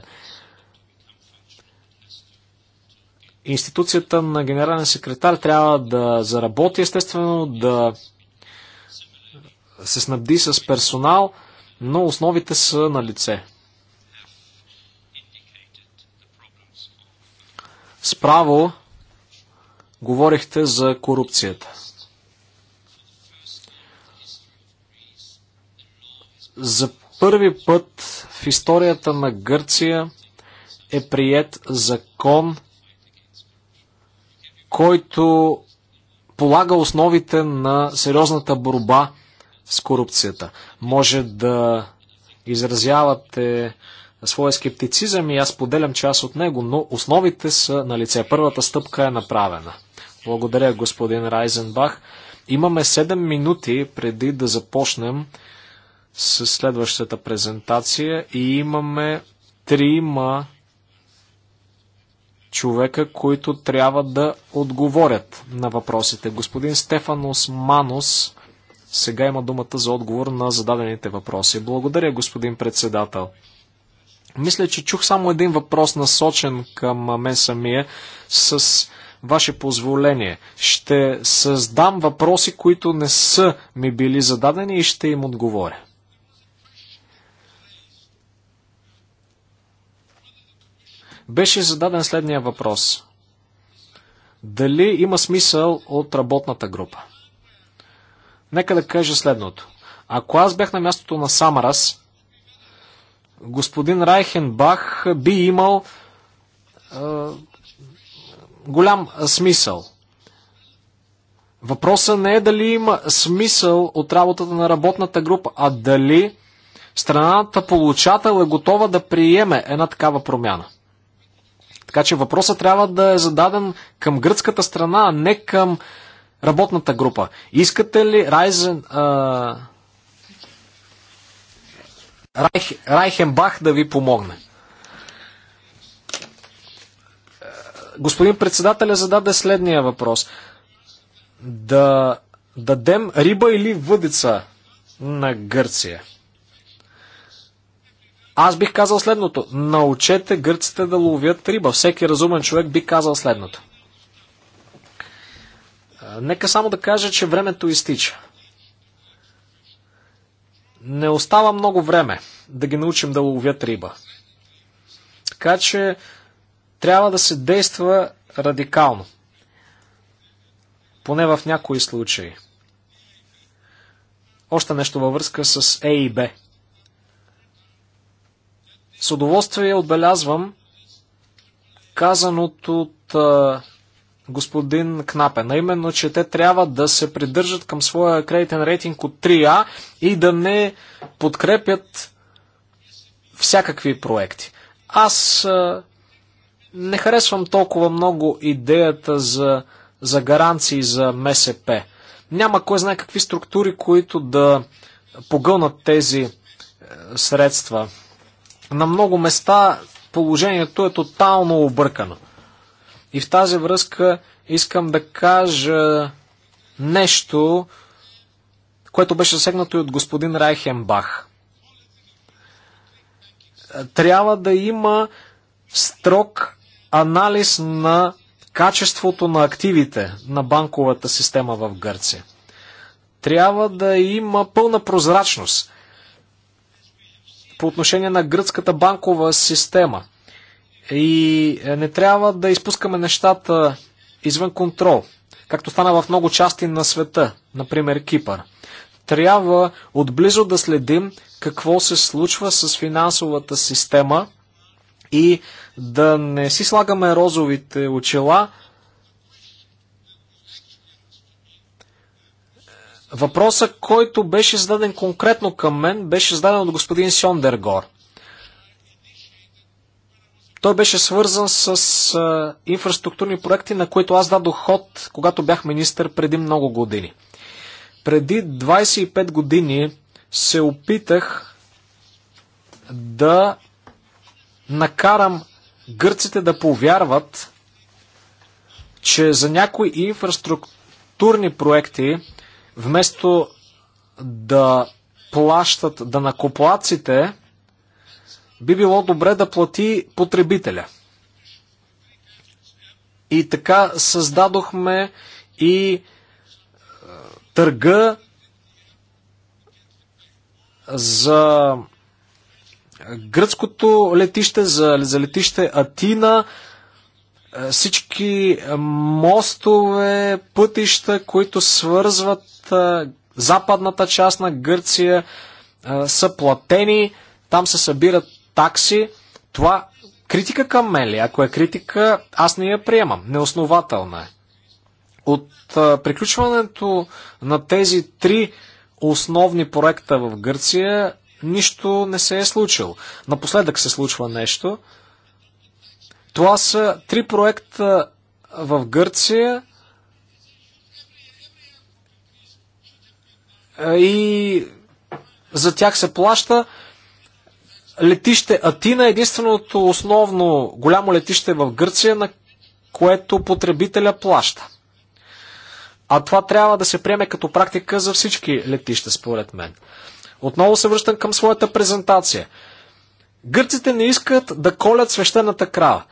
Институцията на генерален секретар трябва да заработи, естествено, да се снабди с персонал, но основите са на лице. Справо говорихте за корупцията. За първи път в историята на Гърция е прият закон, който полага основите на сериозната борба с корупцията. Може да изразявате своя скептицизъм и аз поделям част от него, но основите са на лице. Първата стъпка е направена. Благодаря, господин Райзенбах. Имаме 7 минути преди да започнем с следващата презентация и имаме трима човека, които трябва да отговорят на въпросите. Господин Стефанос Манос сега има думата за отговор на зададените въпроси. Благодаря, господин председател. Мисля, че чух само един въпрос насочен към мен самия с ваше позволение. Ще създам въпроси, които не са ми били зададени и ще им отговоря. беше зададен следния въпрос. Дали има смисъл от работната група? Нека да кажа следното. Ако аз бях на мястото на Самарас, господин Райхенбах би имал е, голям смисъл. Въпросът не е дали има смисъл от работата на работната група, а дали страната получател е готова да приеме една такава промяна. Така че въпросът трябва да е зададен към гръцката страна, а не към работната група. Искате ли Райзен... А... Райх, Райхенбах да ви помогне? Господин председателя зададе следния въпрос. Да дадем риба или въдица на Гърция? Аз бих казал следното. Научете гърците да ловят риба. Всеки разумен човек би казал следното. Нека само да кажа, че времето изтича. Не остава много време да ги научим да ловят риба. Така че трябва да се действа радикално. Поне в някои случаи. Още нещо във връзка с Е и Б. С удоволствие отбелязвам казаното от господин Кнапен, а именно, че те трябва да се придържат към своя кредитен рейтинг от 3А и да не подкрепят всякакви проекти. Аз не харесвам толкова много идеята за, за гаранции за МСП. Няма кой знае какви структури, които да погълнат тези е, средства на много места положението е тотално объркано. И в тази връзка искам да кажа нещо, което беше засегнато и от господин Райхенбах. Трябва да има строг анализ на качеството на активите на банковата система в Гърция. Трябва да има пълна прозрачност по отношение на гръцката банкова система. И е, не трябва да изпускаме нещата извън контрол, както стана в много части на света, например Кипър. Трябва отблизо да следим какво се случва с финансовата система и да не си слагаме розовите очила, Въпросът, който беше зададен конкретно към мен, беше зададен от господин Сьондергор. Той беше свързан с а, инфраструктурни проекти, на които аз дадох ход, когато бях министър преди много години. Преди 25 години се опитах да накарам гърците да повярват, че за някои инфраструктурни проекти Вместо да плащат данакоплаците, би било добре да плати потребителя. И така създадохме и е, търга за гръцкото летище, за, за летище Атина всички мостове, пътища, които свързват западната част на Гърция, са платени, там се събират такси. Това критика към мен ли? Ако е критика, аз не я приемам. Неоснователна е. От приключването на тези три основни проекта в Гърция нищо не се е случило. Напоследък се случва нещо. Това са три проекта в Гърция и за тях се плаща. Летище Атина единственото основно голямо летище в Гърция, на което потребителя плаща. А това трябва да се приеме като практика за всички летища, според мен. Отново се връщам към своята презентация. Гърците не искат да колят свещената крава.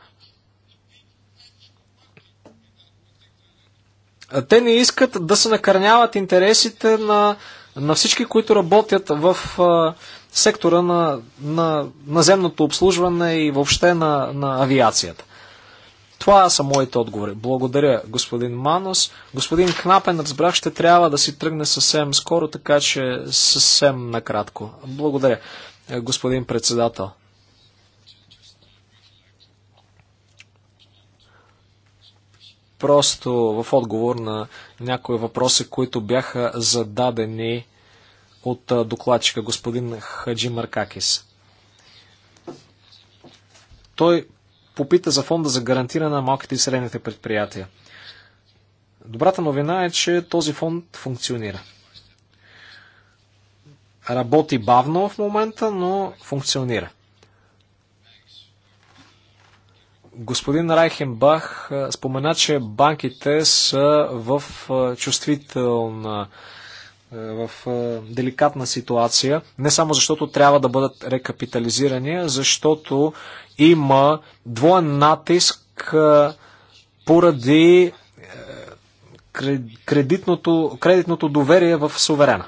Те не искат да се накърняват интересите на, на всички, които работят в а, сектора на, на наземното обслужване и въобще на, на авиацията. Това са моите отговори. Благодаря, господин Манос. Господин Кнапен, разбрах, ще трябва да си тръгне съвсем скоро, така че съвсем накратко. Благодаря, господин председател. Просто в отговор на някои въпроси, които бяха зададени от докладчика господин Хаджи Маркакис. Той попита за фонда за гарантиране на малките и средните предприятия. Добрата новина е, че този фонд функционира. Работи бавно в момента, но функционира. Господин Райхенбах спомена, че банките са в чувствителна, в деликатна ситуация, не само защото трябва да бъдат рекапитализирани, защото има двоен натиск поради кредитното, кредитното доверие в суверена.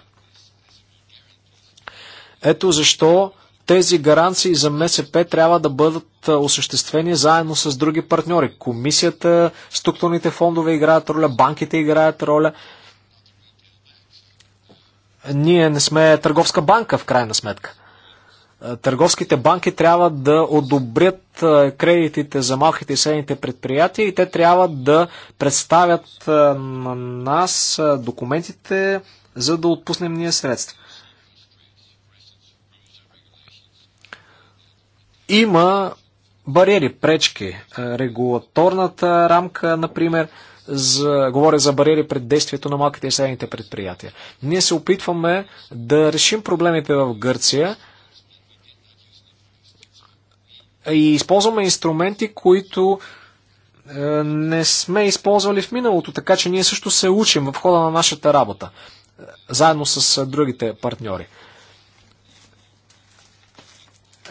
Ето защо тези гаранции за МСП трябва да бъдат осъществени заедно с други партньори. Комисията, структурните фондове играят роля, банките играят роля. Ние не сме търговска банка в крайна сметка. Търговските банки трябва да одобрят кредитите за малките и средните предприятия и те трябва да представят на нас документите, за да отпуснем ние средства. Има бариери, пречки. Е, регулаторната рамка, например, за, говоря за бариери пред действието на малките и средните предприятия. Ние се опитваме да решим проблемите в Гърция и използваме инструменти, които е, не сме използвали в миналото, така че ние също се учим в хода на нашата работа, заедно с е, другите партньори.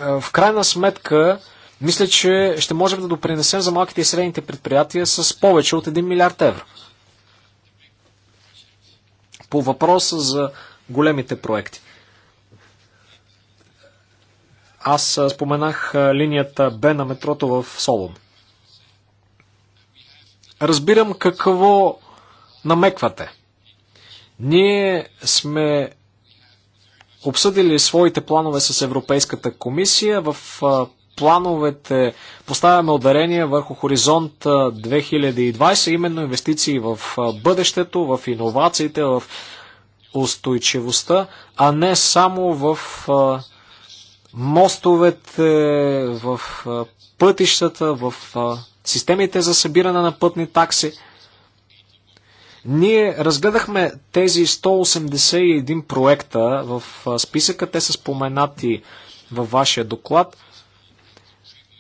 Е, в крайна сметка, мисля, че ще можем да допринесем за малките и средните предприятия с повече от 1 милиард евро. По въпроса за големите проекти. Аз е, споменах е, линията Б на метрото в Солон. Разбирам какво намеквате. Ние сме обсъдили своите планове с Европейската комисия. В плановете поставяме ударение върху хоризонт 2020, именно инвестиции в бъдещето, в иновациите, в устойчивостта, а не само в мостовете, в пътищата, в системите за събиране на пътни такси. Ние разгледахме тези 181 проекта в списъка, те са споменати във вашия доклад.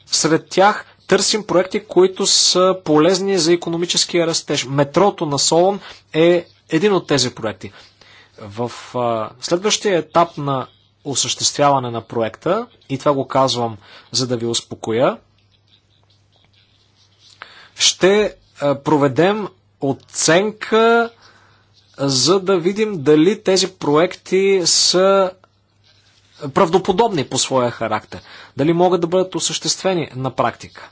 Сред тях търсим проекти, които са полезни за економическия растеж. Метрото на Солон е един от тези проекти. В следващия етап на осъществяване на проекта, и това го казвам за да ви успокоя, ще проведем оценка, за да видим дали тези проекти са правдоподобни по своя характер. Дали могат да бъдат осъществени на практика.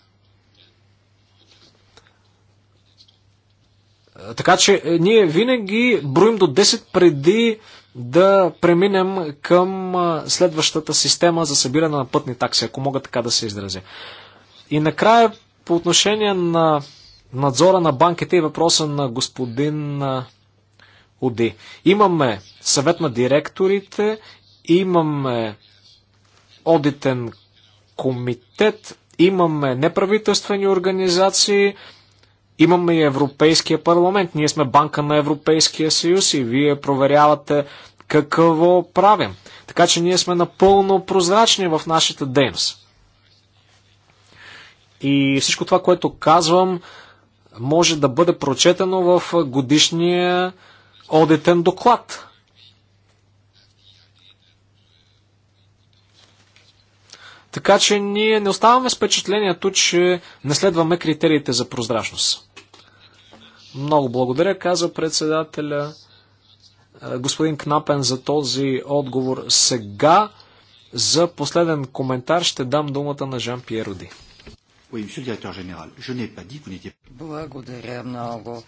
Така че е, ние винаги броим до 10 преди да преминем към следващата система за събиране на пътни такси, ако мога така да се изразя. И накрая по отношение на надзора на банките и въпроса на господин Оди. Имаме съвет на директорите, имаме одитен комитет, имаме неправителствени организации, имаме и Европейския парламент. Ние сме банка на Европейския съюз и вие проверявате какво правим. Така че ние сме напълно прозрачни в нашата дейност. И всичко това, което казвам, може да бъде прочетено в годишния одитен доклад. Така че ние не оставаме с впечатлението, че не следваме критериите за прозрачност. Много благодаря, каза председателя е, господин Кнапен за този отговор. Сега за последен коментар ще дам думата на Жан Пьероди. Благодаря много.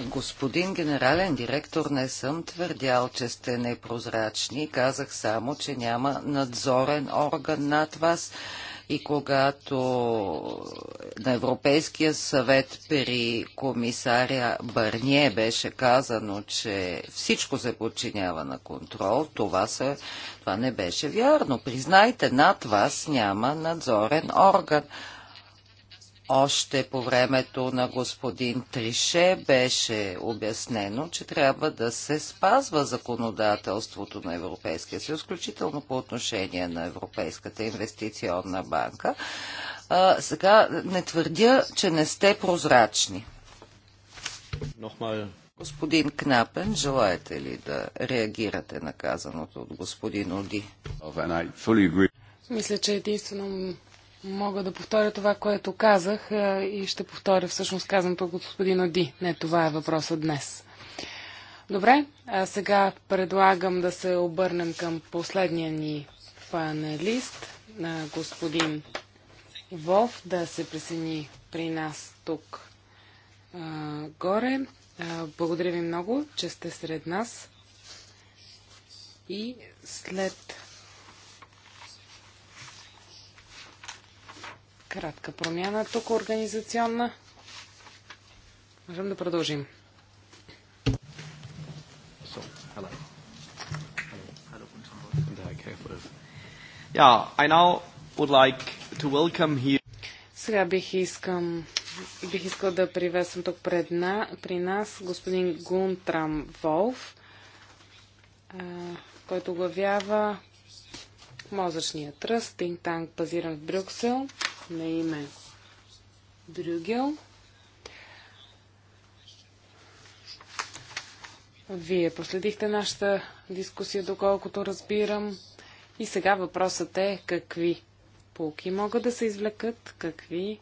Господин генерален директор, не съм твърдял, че сте непрозрачни. Казах само, че няма надзорен орган над вас. И когато на Европейския съвет при комисаря Бърние беше казано, че всичко се подчинява на контрол, това, се, това не беше вярно. Признайте, над вас няма надзорен орган. Още по времето на господин Трише беше обяснено, че трябва да се спазва законодателството на Европейския съюз, включително по отношение на Европейската инвестиционна банка. А, сега не твърдя, че не сте прозрачни. Господин Кнапен, желаете ли да реагирате на казаното от господин Оди? Мисля, че единствено Мога да повторя това, което казах и ще повторя всъщност казаното от господин Оди. Не, това е въпросът днес. Добре, а сега предлагам да се обърнем към последния ни панелист, господин Вов, да се присъедини при нас тук а, горе. А, благодаря ви много, че сте сред нас. И след Кратка промяна тук, организационна. Можем да продължим. Yeah, I now would like to welcome here. Сега бих, искам, бих искал да приветствам тук пред на, при нас господин Гунтрам Волф, а, който главява мозъчния тръст, think tank, базиран в Брюксел на име Брюгел. Вие последихте нашата дискусия, доколкото разбирам. И сега въпросът е какви полки могат да се извлекат, какви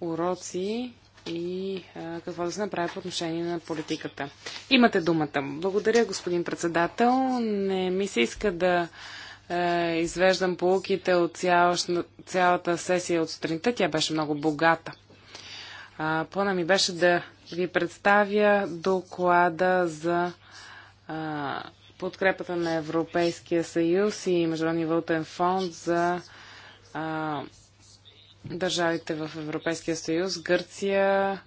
уроци и а, какво да се направи по отношение на политиката. Имате думата. Благодаря, господин председател. Не ми се иска да е, извеждам полуките от цялата сесия от сутринта. Тя беше много богата. А, плана ми беше да ви представя доклада за а, подкрепата на Европейския съюз и Международния валутен фонд за а, държавите в Европейския съюз. Гърция,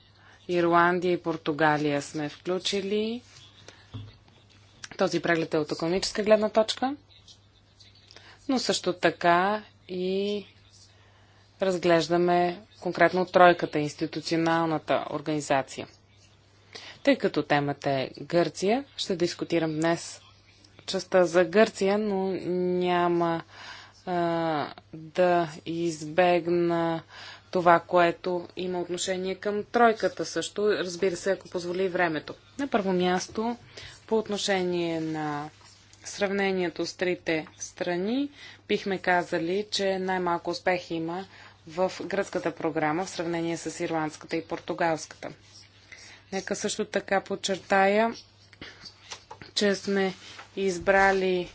Ирландия и Португалия сме включили. Този преглед е от економическа гледна точка но също така и разглеждаме конкретно тройката, институционалната организация. Тъй като темата е Гърция, ще дискутирам днес частта за Гърция, но няма а, да избегна това, което има отношение към тройката също, разбира се, ако позволи времето. На първо място, по отношение на сравнението с трите страни, бихме казали, че най-малко успех има в гръцката програма в сравнение с ирландската и португалската. Нека също така подчертая, че сме избрали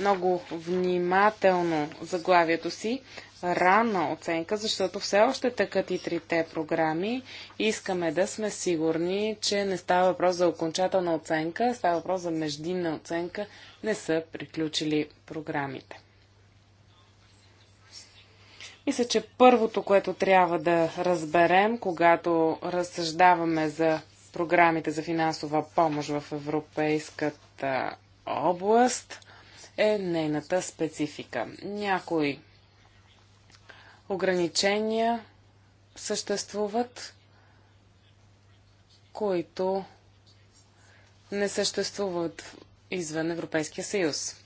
много внимателно заглавието си, ранна оценка, защото все още тъкат и трите програми. Искаме да сме сигурни, че не става въпрос за окончателна оценка, става въпрос за междинна оценка. Не са приключили програмите. Мисля, че първото, което трябва да разберем, когато разсъждаваме за програмите за финансова помощ в Европейската област, е нейната специфика. Някои ограничения съществуват, които не съществуват извън Европейския съюз.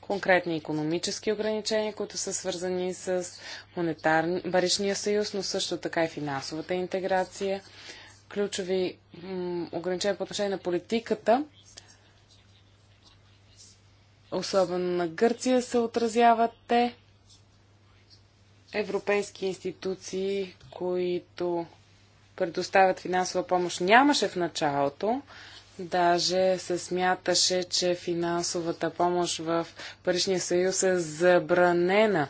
Конкретни економически ограничения, които са свързани с монетар... баричния съюз, но също така и финансовата интеграция, ключови ограничения по отношение на политиката, особено на Гърция се отразяват те европейски институции, които предоставят финансова помощ, нямаше в началото. Даже се смяташе, че финансовата помощ в Паричния съюз е забранена,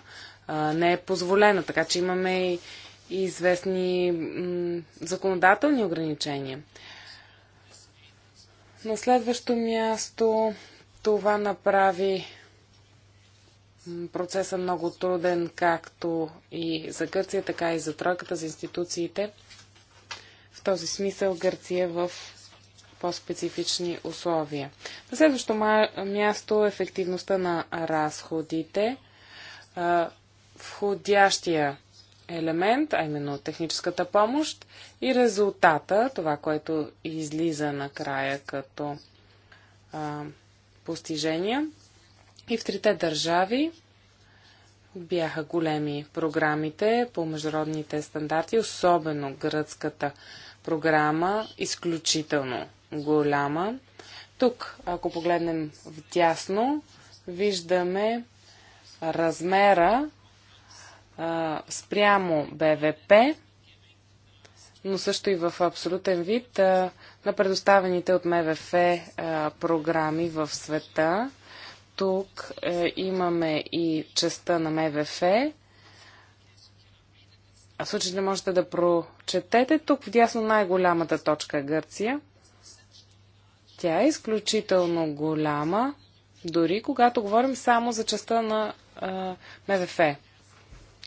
не е позволена, така че имаме и известни законодателни ограничения. На следващо място това направи Процесът е много труден, както и за Гърция, така и за тройката, за институциите. В този смисъл Гърция е в по-специфични условия. На следващо място е ефективността на разходите. Входящия елемент, а именно техническата помощ и резултата, това, което излиза накрая като а, постижения. И в трите държави бяха големи програмите по международните стандарти, особено гръцката програма, изключително голяма. Тук, ако погледнем тясно, виждаме размера а, спрямо БВП, но също и в абсолютен вид а, на предоставените от МВФ а, програми в света тук е, имаме и частта на МВФ. А в случай, че можете да прочетете, тук вдясно най-голямата точка е Гърция. Тя е изключително голяма, дори когато говорим само за частта на е, МВФ,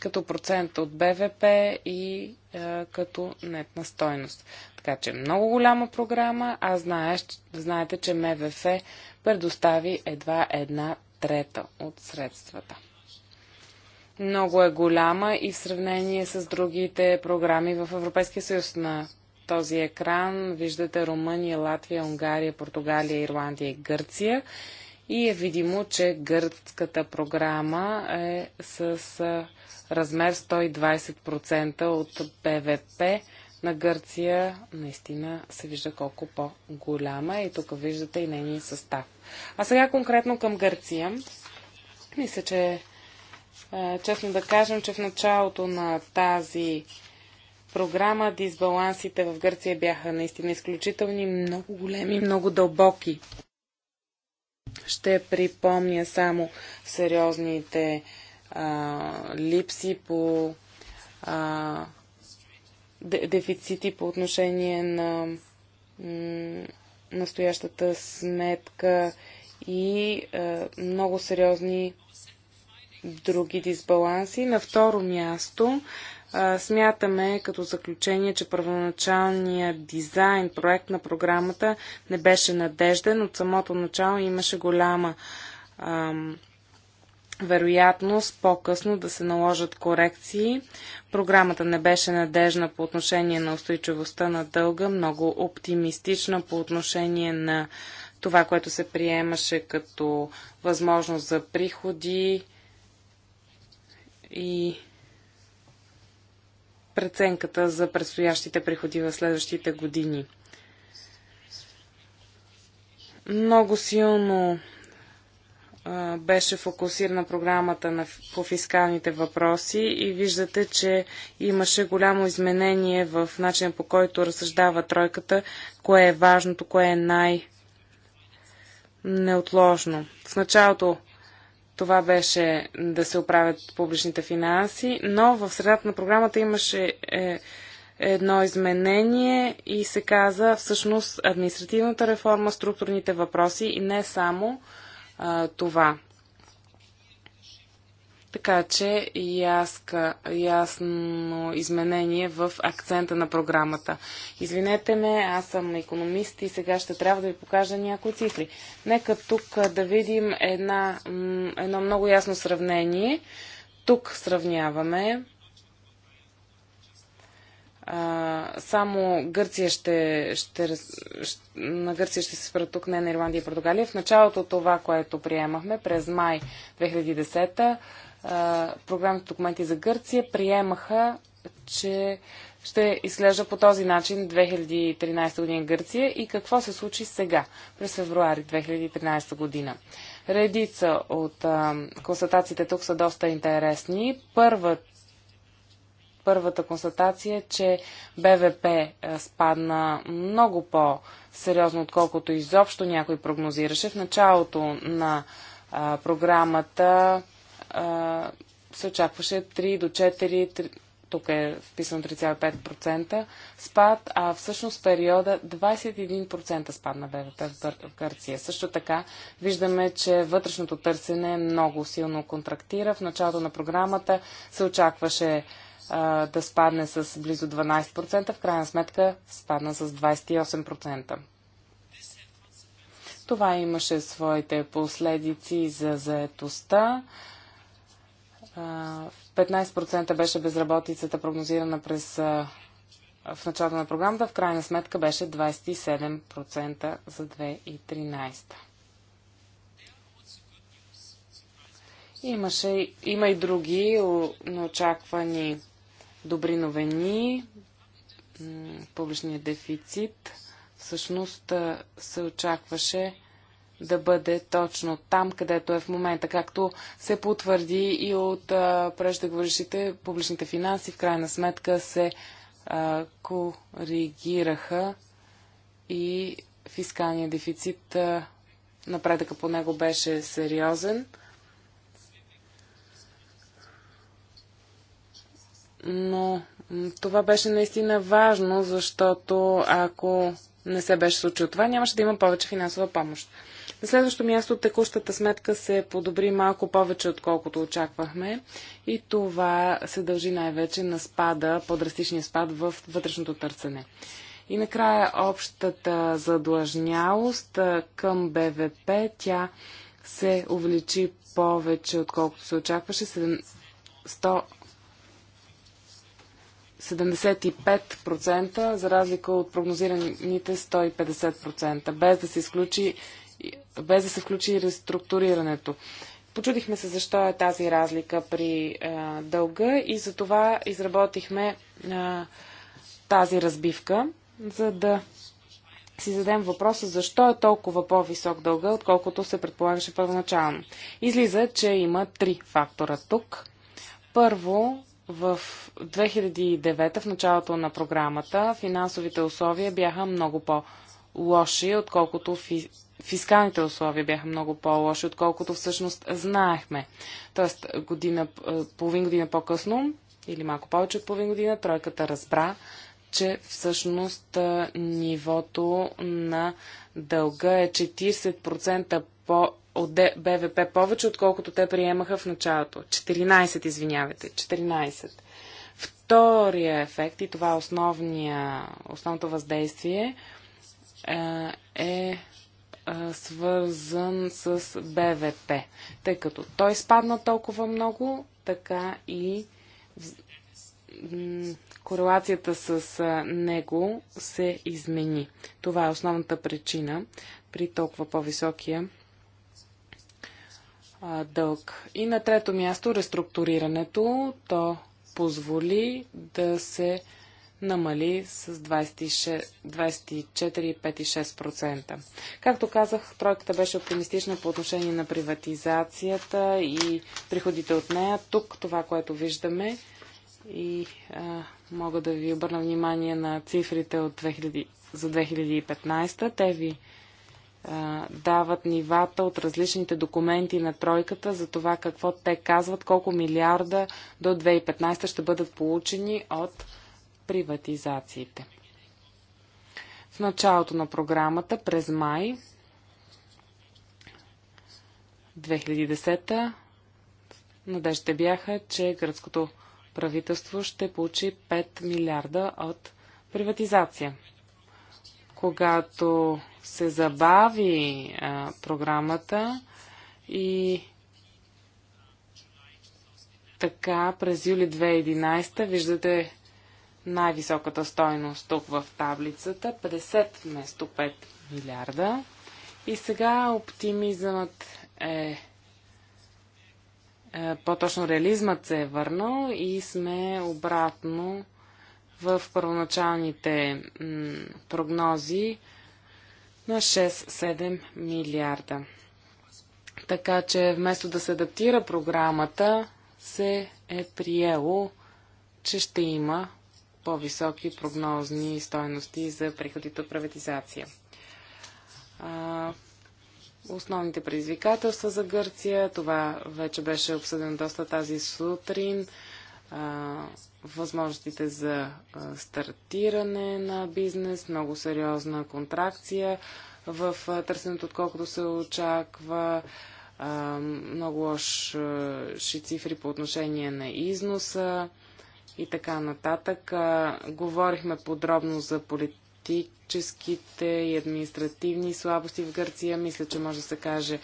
като процент от БВП и е, като нетна стойност. Така че е много голяма програма, а знаеш, знаете, че МВФ предостави едва една трета от средствата. Много е голяма и в сравнение с другите програми в Европейския съюз на този екран виждате Румъния, Латвия, Унгария, Португалия, Ирландия и Гърция. И е видимо, че гръцката програма е с размер 120% от ПВП на Гърция наистина се вижда колко по-голяма и тук виждате и нейния състав. А сега конкретно към Гърция. Мисля, че е, честно да кажем, че в началото на тази програма дисбалансите в Гърция бяха наистина изключителни, много големи, много дълбоки. Ще припомня само сериозните а, липси по а, дефицити по отношение на настоящата сметка и много сериозни други дисбаланси. На второ място смятаме като заключение, че първоначалният дизайн, проект на програмата не беше надежден. От самото начало имаше голяма вероятност по-късно да се наложат корекции. Програмата не беше надежна по отношение на устойчивостта на дълга, много оптимистична по отношение на това, което се приемаше като възможност за приходи и преценката за предстоящите приходи в следващите години. Много силно беше фокусирана програмата на, по фискалните въпроси и виждате, че имаше голямо изменение в начина по който разсъждава тройката, кое е важното, кое е най- неотложно. В началото това беше да се оправят публичните финанси, но в средата на програмата имаше е, едно изменение и се каза всъщност административната реформа, структурните въпроси и не само, а, това. Така че яска, ясно изменение в акцента на програмата. Извинете ме, аз съм економист и сега ще трябва да ви покажа някои цифри. Нека тук да видим една, едно много ясно сравнение. Тук сравняваме а, само Гърция ще, ще, ще, на Гърция ще се спра тук, не на Ирландия и Португалия. В началото това, което приемахме през май 2010 та програмните документи за Гърция приемаха, че ще изглежда по този начин 2013 година Гърция и какво се случи сега, през февруари 2013 година. Редица от а, констатациите тук са доста интересни. Първата първата констатация е, че БВП е, спадна много по-сериозно, отколкото изобщо някой прогнозираше. В началото на а, програмата а, се очакваше 3 до 4, 3, тук е вписано 3,5% спад, а всъщност в периода 21% спад на БВП в Гърция. Също така виждаме, че вътрешното търсене много силно контрактира. В началото на програмата се очакваше да спадне с близо 12%, в крайна сметка спадна с 28%. Това имаше своите последици за заетостта. 15% беше безработицата прогнозирана през в началото на програмата, в крайна сметка беше 27% за 2013. Имаше, има и други неочаквани добри новини. Публичният дефицит всъщност се очакваше да бъде точно там, където е в момента, както се потвърди и от преждеговорящите публичните финанси, в крайна сметка се а, коригираха и фискалният дефицит, а, напредъка по него беше сериозен. Но това беше наистина важно, защото ако не се беше случило това, нямаше да има повече финансова помощ. На следващо място текущата сметка се подобри малко повече, отколкото очаквахме. И това се дължи най-вече на спада, по-драстичния спад в вътрешното търсене. И накрая общата задлъжнялост към БВП, тя се увеличи повече, отколкото се очакваше. 75% за разлика от прогнозираните 150%, без да се, изключи, без да се включи реструктурирането. Почудихме се защо е тази разлика при а, дълга и за това изработихме а, тази разбивка, за да си зададем въпроса защо е толкова по-висок дълга, отколкото се предполагаше първоначално. Излиза, че има три фактора тук. Първо, в 2009, в началото на програмата, финансовите условия бяха много по-лоши, отколкото фи... фискалните условия бяха много по-лоши, отколкото всъщност знаехме. Тоест, година, е, половин година по-късно, или малко повече от половин година, тройката разбра, че всъщност е, нивото на дълга е 40% по от БВП повече, отколкото те приемаха в началото. 14, извинявайте, 14. Втория ефект, и това е основния, основното въздействие, е, е, е свързан с БВП. Тъй като той спадна толкова много, така и корелацията с него се измени. Това е основната причина при толкова по-високия дълг. И на трето място реструктурирането. То позволи да се намали с 24,5-6%. Както казах, тройката беше оптимистична по отношение на приватизацията и приходите от нея. Тук това, което виждаме и а, мога да ви обърна внимание на цифрите от 2000, за 2015. Те ви дават нивата от различните документи на тройката за това какво те казват, колко милиарда до 2015 ще бъдат получени от приватизациите. В началото на програмата през май 2010 надежда бяха, че гръцкото правителство ще получи 5 милиарда от приватизация. Когато се забави а, програмата и така през юли 2011 виждате най-високата стойност тук в таблицата 50 вместо 5 милиарда. И сега оптимизъмът е, е по-точно реализмът се е върнал и сме обратно в първоначалните прогнози на 6-7 милиарда. Така че вместо да се адаптира програмата, се е приело, че ще има по-високи прогнозни стоености за приходите от приватизация. основните предизвикателства за Гърция, това вече беше обсъдено доста тази сутрин възможностите за стартиране на бизнес, много сериозна контракция в търсенето, отколкото се очаква, много лоши цифри по отношение на износа и така нататък. Говорихме подробно за политическите и административни слабости в Гърция. Мисля, че може да се каже,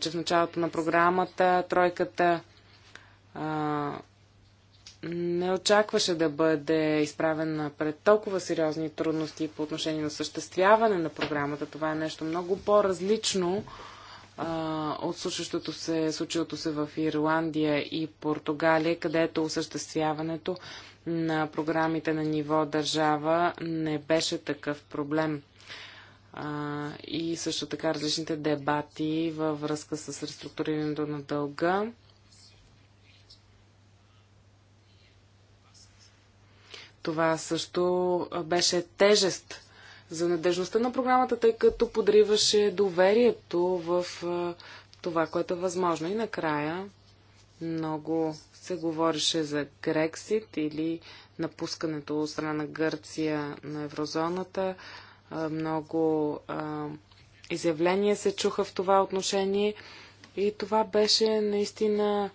че в началото на програмата тройката не очакваше да бъде изправена пред толкова сериозни трудности по отношение на съществяване на програмата. Това е нещо много по-различно от случващото се, случилото се в Ирландия и Португалия, където осъществяването на програмите на ниво държава не беше такъв проблем. А, и също така различните дебати във връзка с реструктурирането на дълга Това също беше тежест за надежността на програмата, тъй като подриваше доверието в това, което е възможно. И накрая много се говореше за Грексит или напускането от страна на Гърция на еврозоната. Много изявления се чуха в това отношение и това беше наистина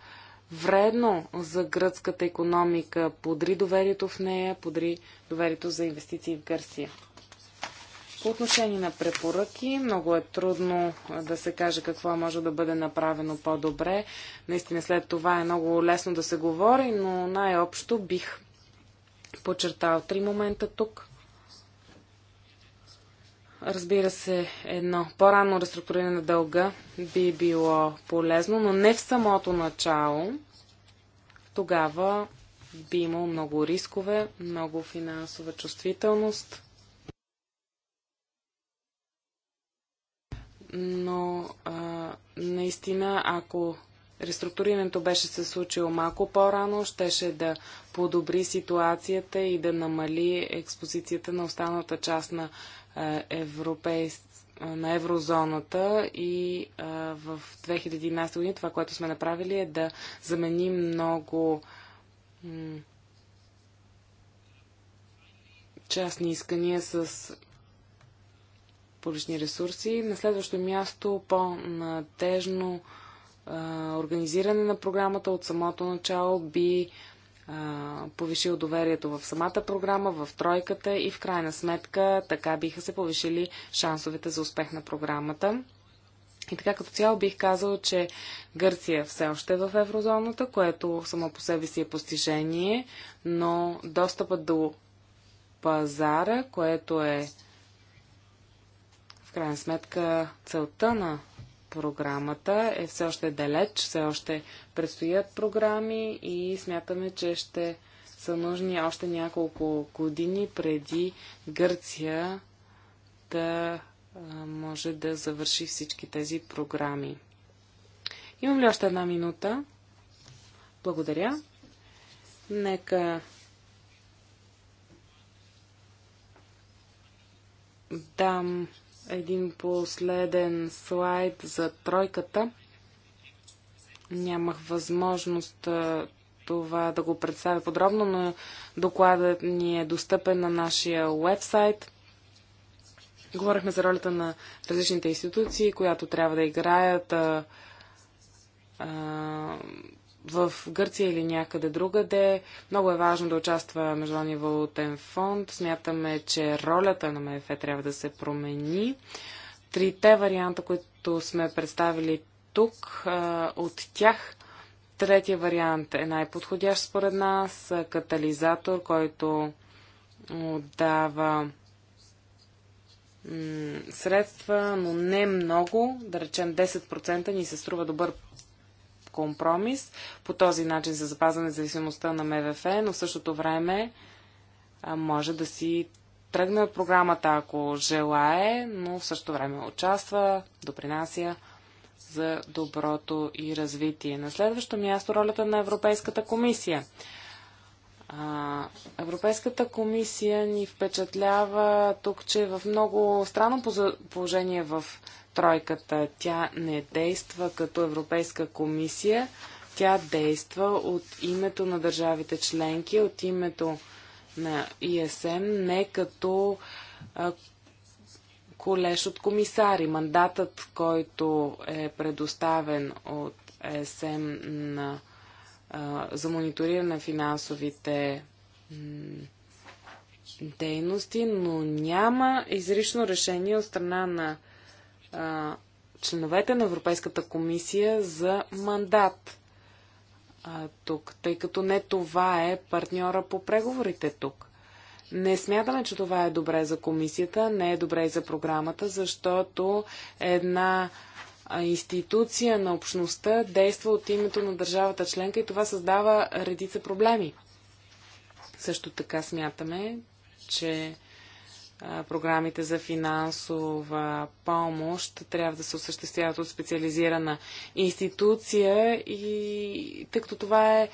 вредно за гръцката економика, подри доверието в нея, подри доверието за инвестиции в Гърсия. По отношение на препоръки, много е трудно да се каже какво може да бъде направено по-добре. Наистина след това е много лесно да се говори, но най-общо бих подчертал три момента тук. Разбира се, едно по-рано реструктуриране на дълга би било полезно, но не в самото начало. Тогава би имало много рискове, много финансова чувствителност. Но а, наистина, ако Реструктурирането беше се случило малко по-рано, щеше да подобри ситуацията и да намали експозицията на останалата част на, е, европейс... на еврозоната и е, в 2011 година това, което сме направили е да заменим много частни искания с публични ресурси. На следващо място по-надежно организиране на програмата от самото начало би повишил доверието в самата програма, в тройката и в крайна сметка така биха се повишили шансовете за успех на програмата. И така като цяло бих казал, че Гърция все още е в еврозоната, което само по себе си е постижение, но достъпът до пазара, което е в крайна сметка целта на програмата е все още далеч, все още предстоят програми и смятаме, че ще са нужни още няколко години преди Гърция да може да завърши всички тези програми. Имам ли още една минута? Благодаря. Нека дам един последен слайд за тройката. Нямах възможност това да го представя подробно, но докладът ни е достъпен на нашия вебсайт. Говорихме за ролята на различните институции, която трябва да играят а, а, в Гърция или някъде другаде. Много е важно да участва Международния валутен фонд. Смятаме, че ролята на МФ трябва да се промени. Трите варианта, които сме представили тук, от тях третия вариант е най-подходящ според нас. Катализатор, който дава средства, но не много, да речем 10% ни се струва добър компромис. По този начин се запазва независимостта на МВФ, но в същото време може да си тръгне от програмата, ако желае, но в същото време участва, допринася за доброто и развитие. На следващо място ролята на Европейската комисия. Европейската комисия ни впечатлява тук, че е в много странно положение в тройката. Тя не действа като Европейска комисия, тя действа от името на държавите членки, от името на ИСМ, не като а, колеж от комисари. Мандатът, който е предоставен от ЕСМ на, а, за мониториране на финансовите дейности, но няма изрично решение от страна на членовете на Европейската комисия за мандат а, тук, тъй като не това е партньора по преговорите тук. Не смятаме, че това е добре за комисията, не е добре и за програмата, защото една институция на общността действа от името на държавата членка и това създава редица проблеми. Също така смятаме, че програмите за финансова помощ трябва да се осъществяват от специализирана институция и тъй като това е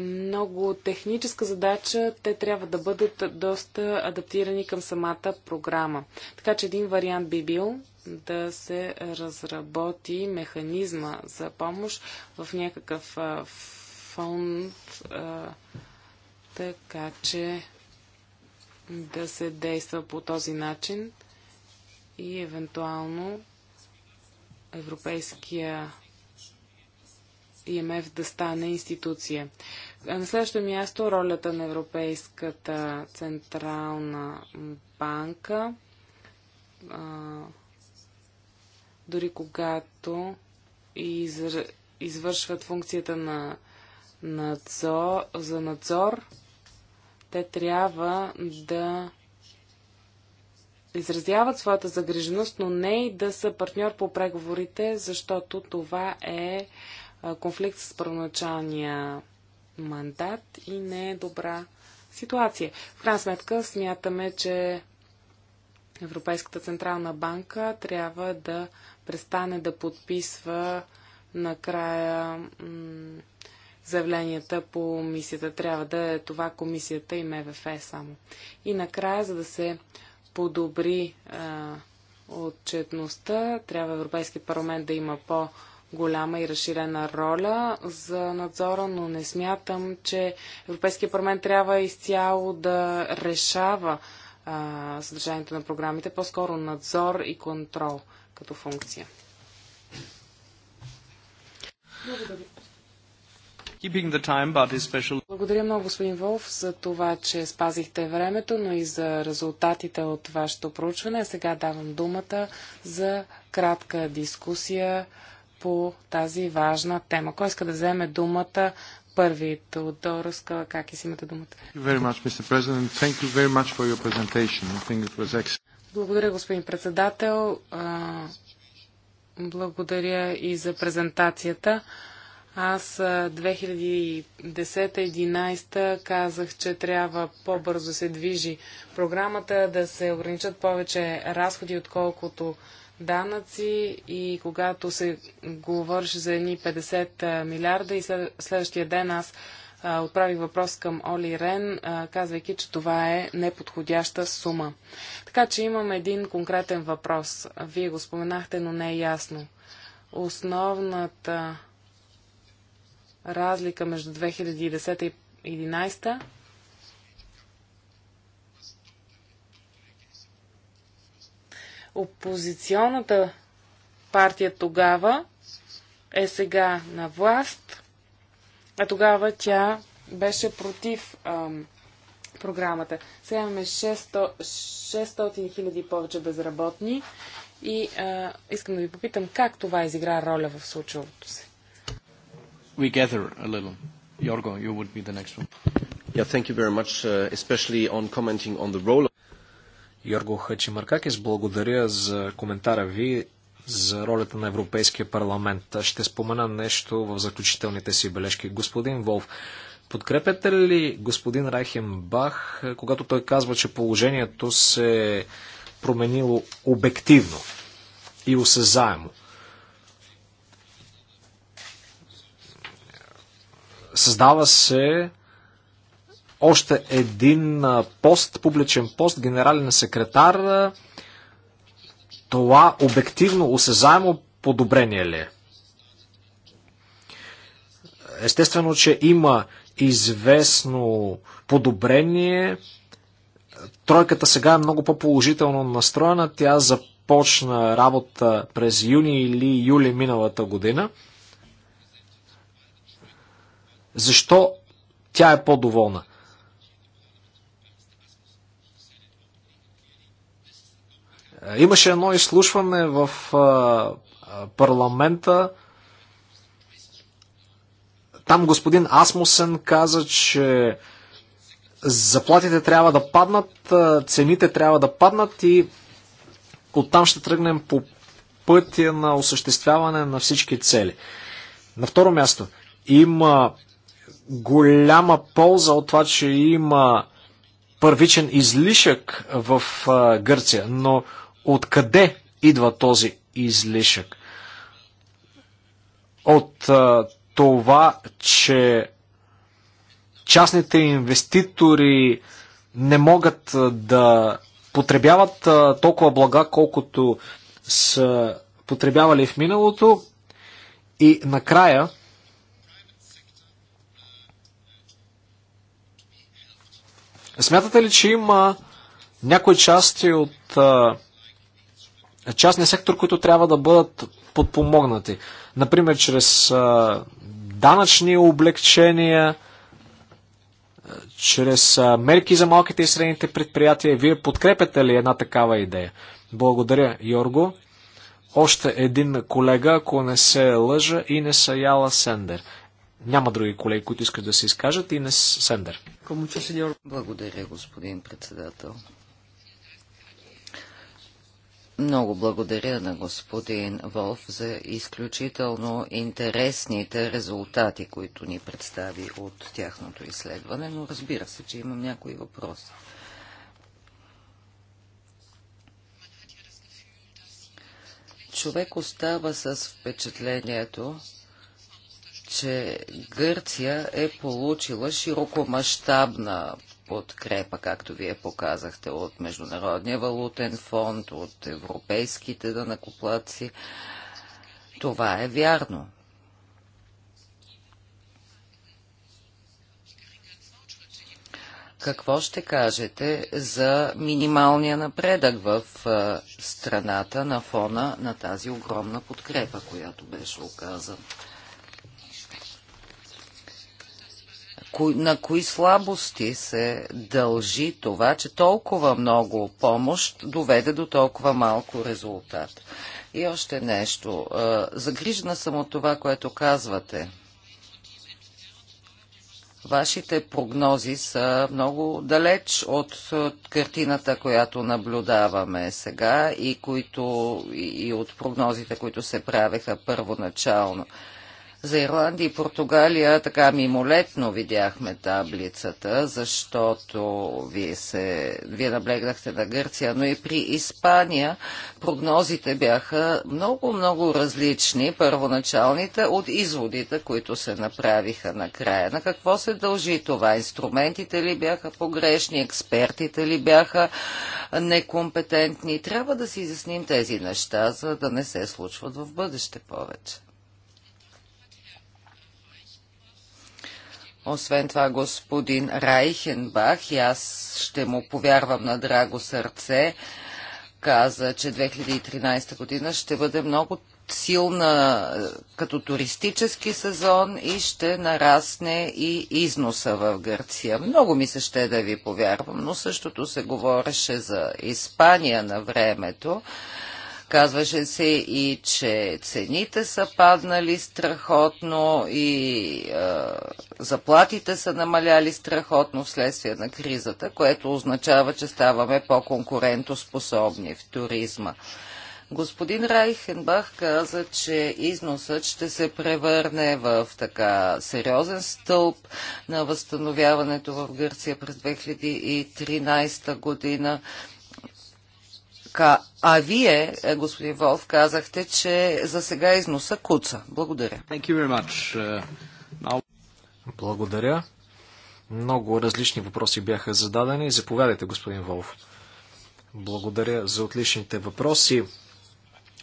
много техническа задача, те трябва да бъдат доста адаптирани към самата програма. Така че един вариант би бил да се разработи механизма за помощ в някакъв фонд, така че да се действа по този начин и евентуално Европейския ИМФ да стане институция. На следващото място ролята на Европейската централна банка. дори когато извършват функцията на надзор, за надзор, те трябва да изразяват своята загриженост, но не и да са партньор по преговорите, защото това е конфликт с първоначалния мандат и не е добра ситуация. В крайна сметка смятаме, че Европейската централна банка трябва да престане да подписва накрая заявленията по мисията. Трябва да е това комисията и МВФ само. И накрая, за да се подобри а, отчетността, трябва Европейски парламент да има по- голяма и разширена роля за надзора, но не смятам, че Европейския парламент трябва изцяло да решава а, съдържанието на програмите, по-скоро надзор и контрол като функция. Благодаря. Благодаря много, господин Волф, за това, че спазихте времето, но и за резултатите от вашето проучване. Сега давам думата за кратка дискусия по тази важна тема. Кой иска да вземе думата първи? Теодор Скала, как и си имате думата? Благодаря, господин председател. Благодаря и за презентацията. Аз 2010-2011 казах, че трябва по-бързо се движи програмата, да се ограничат повече разходи, отколкото данъци и когато се говореше за едни 50 милиарда и следващия ден аз отправих въпрос към Оли Рен, казвайки, че това е неподходяща сума. Така че имам един конкретен въпрос. Вие го споменахте, но не е ясно. Основната разлика между 2010 и 2011. Опозиционната партия тогава е сега на власт, а тогава тя беше против ам, програмата. Сега имаме 600, 600 хиляди повече безработни и а, искам да ви попитам как това изигра роля в случилото се we gather a little. Jorgo, you would be the next one. Yeah, thank you very much, uh, especially on commenting on the role. Йорго Хачимаркакис, благодаря за коментара ви за ролята на Европейския парламент. Ще спомена нещо в заключителните си бележки. Господин Волф, подкрепяте ли господин Бах, когато той казва, че положението се е променило обективно и осезаемо? Създава се още един пост, публичен пост, генерален секретар. Това обективно, осезаемо подобрение ли е? Естествено, че има известно подобрение. Тройката сега е много по-положително настроена. Тя започна работа през юни или юли миналата година. Защо тя е по-доволна? Е, имаше едно изслушване в е, е, парламента. Там господин Асмусен каза, че заплатите трябва да паднат, цените трябва да паднат и оттам ще тръгнем по пътя на осъществяване на всички цели. На второ място, има голяма полза от това, че има първичен излишък в а, Гърция, но откъде идва този излишък? От а, това, че частните инвеститори не могат да потребяват а, толкова блага, колкото са потребявали в миналото. И накрая, Смятате ли, че има някои части от частния сектор, които трябва да бъдат подпомогнати? Например, чрез данъчни облегчения, чрез мерки за малките и средните предприятия. Вие подкрепяте ли една такава идея? Благодаря, Йорго. Още един колега, ако не се лъжа, и не са Яла Сендер. Няма други колеги, които искат да се изкажат и не Сендер. Благодаря, господин председател. Много благодаря на господин Волф за изключително интересните резултати, които ни представи от тяхното изследване, но разбира се, че имам някои въпроси. Човек остава с впечатлението, че Гърция е получила широкомащабна подкрепа, както вие показахте, от Международния валутен фонд, от европейските данакоплаци. Това е вярно. Какво ще кажете за минималния напредък в страната на фона на тази огромна подкрепа, която беше оказана? на кои слабости се дължи това, че толкова много помощ доведе до толкова малко резултат. И още нещо. Загрижена съм от това, което казвате. Вашите прогнози са много далеч от картината, която наблюдаваме сега и, които, и от прогнозите, които се правеха първоначално. За Ирландия и Португалия така мимолетно видяхме таблицата, защото вие, се, вие наблегнахте на Гърция, но и при Испания прогнозите бяха много-много различни, първоначалните, от изводите, които се направиха накрая. На какво се дължи това? Инструментите ли бяха погрешни, експертите ли бяха некомпетентни? Трябва да си изясним тези неща, за да не се случват в бъдеще повече. Освен това, господин Райхенбах, и аз ще му повярвам на драго сърце, каза, че 2013 година ще бъде много силна е, като туристически сезон и ще нарасне и износа в Гърция. Много ми се ще да ви повярвам, но същото се говореше за Испания на времето. Казваше се и, че цените са паднали страхотно и е, заплатите са намаляли страхотно вследствие на кризата, което означава, че ставаме по-конкурентоспособни в туризма. Господин Райхенбах каза, че износът ще се превърне в така сериозен стълб на възстановяването в Гърция през 2013 година. Така, а вие, е, господин Волф, казахте, че за сега износа куца. Благодаря. Uh, now... Благодаря. Много различни въпроси бяха зададени. Заповядайте, господин Волф. Благодаря за отличните въпроси.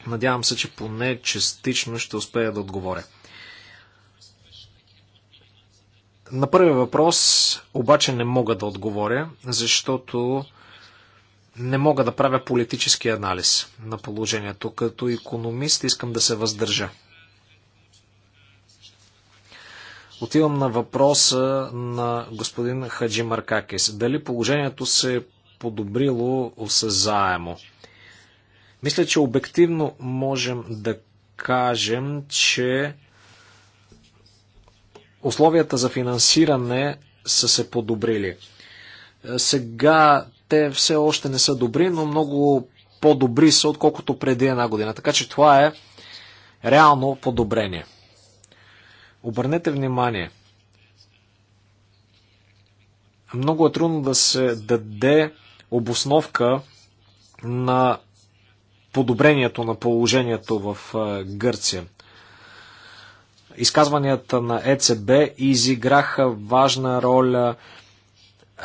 Надявам се, че поне частично ще успея да отговоря. На първия въпрос обаче не мога да отговоря, защото не мога да правя политически анализ на положението. Като економист искам да се въздържа. Отивам на въпроса на господин Хаджи Маркакис. Дали положението се е подобрило осезаемо? Мисля, че обективно можем да кажем, че условията за финансиране са се подобрили. Сега те все още не са добри, но много по-добри са, отколкото преди една година. Така че това е реално подобрение. Обърнете внимание. Много е трудно да се даде обосновка на подобрението на положението в Гърция. Изказванията на ЕЦБ изиграха важна роля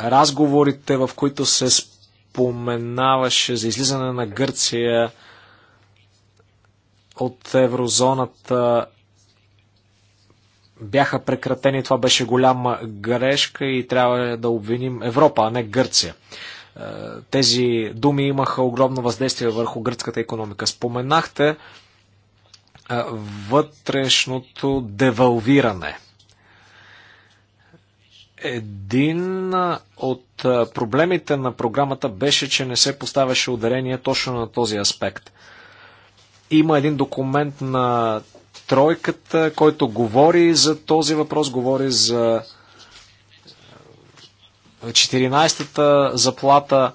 разговорите, в които се споменаваше за излизане на Гърция от еврозоната, бяха прекратени. Това беше голяма грешка и трябва да обвиним Европа, а не Гърция. Е, тези думи имаха огромно въздействие върху гръцката економика. Споменахте е, вътрешното девалвиране – един от проблемите на програмата беше, че не се поставяше ударение точно на този аспект. Има един документ на тройката, който говори за този въпрос, говори за 14-та заплата.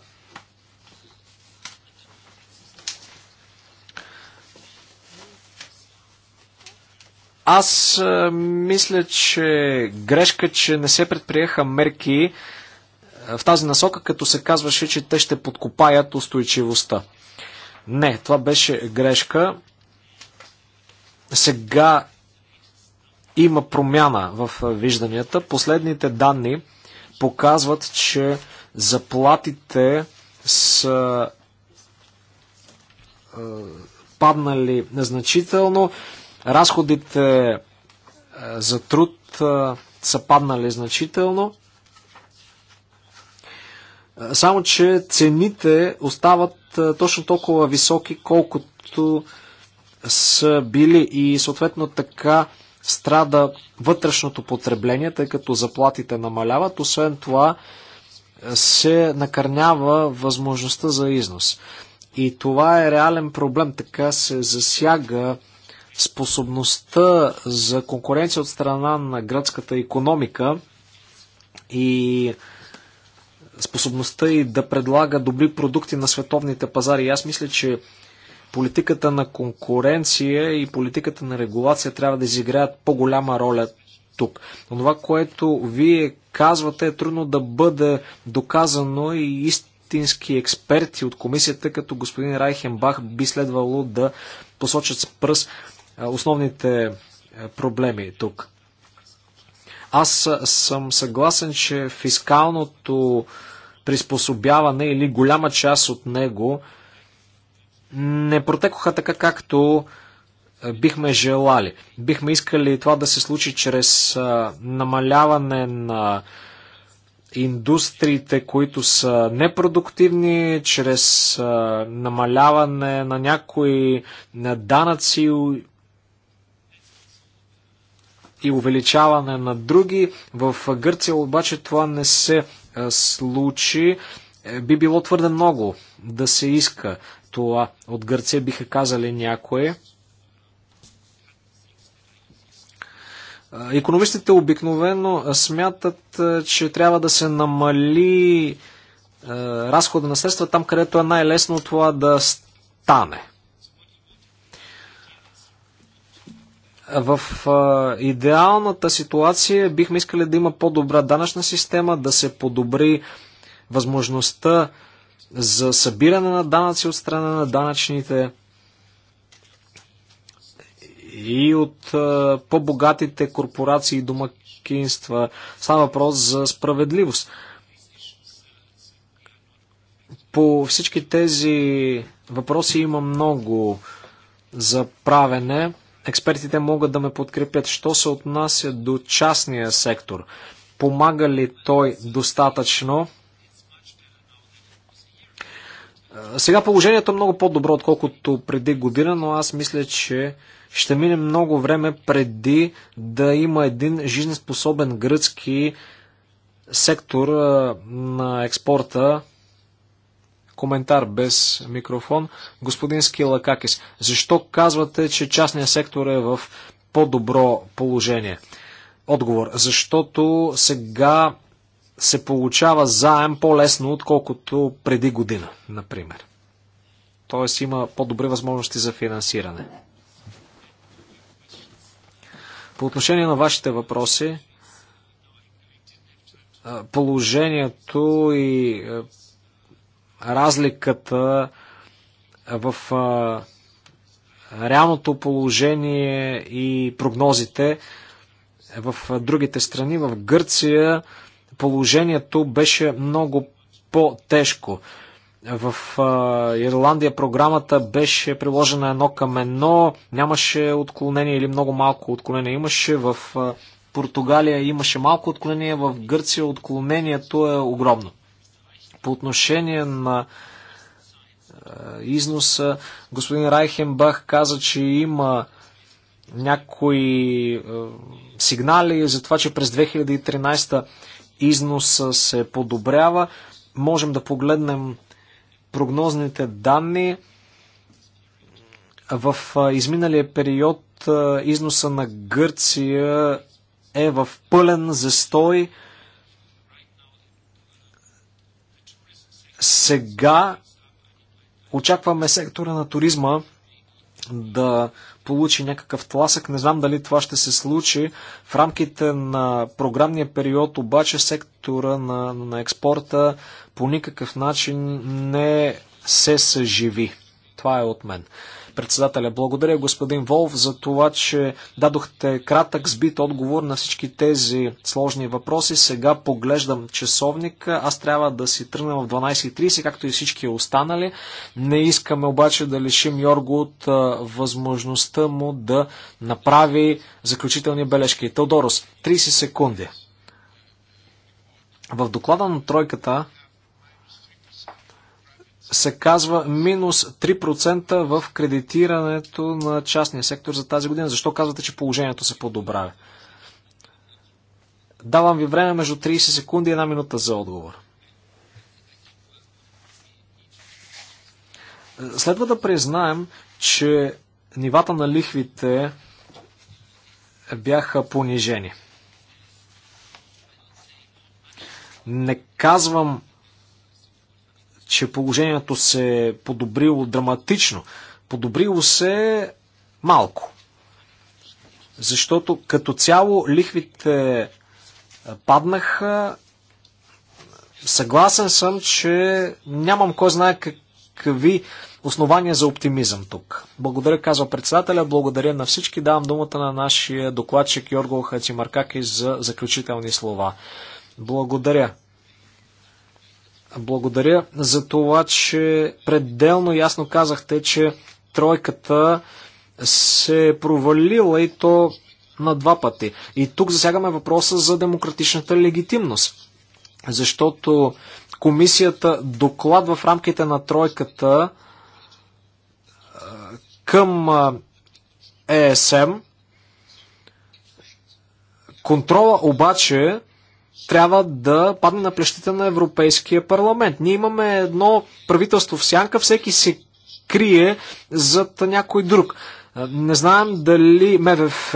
Аз а, мисля, че грешка, че не се предприеха мерки в тази насока, като се казваше, че те ще подкопаят устойчивостта. Не, това беше грешка. Сега има промяна в вижданията. Последните данни показват, че заплатите са паднали незначително. Разходите е, за труд е, са паднали значително. Е, само, че цените остават точно толкова високи, колкото са били и съответно така страда вътрешното потребление, тъй като заплатите намаляват. Освен това се накърнява възможността за износ. И това е реален проблем. Така се засяга способността за конкуренция от страна на гръцката економика и способността и да предлага добри продукти на световните пазари. И аз мисля, че политиката на конкуренция и политиката на регулация трябва да изиграят по-голяма роля тук. Но това, което вие казвате, е трудно да бъде доказано и истински експерти от комисията, като господин Райхенбах, би следвало да посочат с пръст основните проблеми тук. Аз съм съгласен, че фискалното приспособяване или голяма част от него не протекоха така, както бихме желали. Бихме искали това да се случи чрез намаляване на индустриите, които са непродуктивни, чрез намаляване на някои данъци и увеличаване на други. В Гърция обаче това не се е, случи. Е, би било твърде много да се иска това от Гърция, биха казали някои. Е, економистите обикновено смятат, че трябва да се намали разхода на средства там, където е най-лесно това да стане. В идеалната ситуация бихме искали да има по-добра данъчна система, да се подобри възможността за събиране на данъци от страна на данъчните и от по-богатите корпорации и домакинства. Става въпрос за справедливост. По всички тези въпроси има много за правене експертите могат да ме подкрепят. Що се отнася до частния сектор? Помага ли той достатъчно? Е, сега положението е много по-добро, отколкото преди година, но аз мисля, че ще мине много време преди да има един жизнеспособен гръцки сектор е, на експорта Коментар без микрофон. Господин Скилакакис, защо казвате, че частният сектор е в по-добро положение? Отговор. Защото сега се получава заем по-лесно, отколкото преди година, например. Тоест има по-добри възможности за финансиране. По отношение на вашите въпроси, положението и разликата в реалното положение и прогнозите в другите страни. В Гърция положението беше много по-тежко. В Ирландия програмата беше приложена едно към едно, нямаше отклонение или много малко отклонение имаше. В Португалия имаше малко отклонение, в Гърция отклонението е огромно. По отношение на е, износа, господин Райхенбах каза, че има някои е, сигнали за това, че през 2013 износа се подобрява. Можем да погледнем прогнозните данни. В е, изминалия период износа на Гърция е в пълен застой. Сега очакваме сектора на туризма да получи някакъв тласък. Не знам дали това ще се случи. В рамките на програмния период обаче сектора на, на експорта по никакъв начин не се съживи. Това е от мен. Председателя, благодаря господин Волф за това, че дадохте кратък сбит отговор на всички тези сложни въпроси. Сега поглеждам часовника. Аз трябва да си тръгна в 12.30, както и всички останали. Не искаме обаче да лишим Йорго от възможността му да направи заключителни бележки. Теодорос, 30 секунди. В доклада на тройката се казва минус 3% в кредитирането на частния сектор за тази година. Защо казвате, че положението се подобрява? Давам ви време между 30 секунди и една минута за отговор. Следва да признаем, че нивата на лихвите бяха понижени. Не казвам че положението се е подобрило драматично. Подобрило се малко. Защото като цяло лихвите паднаха. Съгласен съм, че нямам кой знае какви основания за оптимизъм тук. Благодаря, казва председателя, благодаря на всички. Давам думата на нашия докладчик Йорго Хацимаркаки за заключителни слова. Благодаря, благодаря за това, че пределно ясно казахте, че тройката се е провалила и то на два пъти. И тук засягаме въпроса за демократичната легитимност. Защото комисията докладва в рамките на тройката към ЕСМ. Контрола обаче трябва да падне на плещите на Европейския парламент. Ние имаме едно правителство в сянка, всеки се крие зад някой друг. Не знаем дали МВФ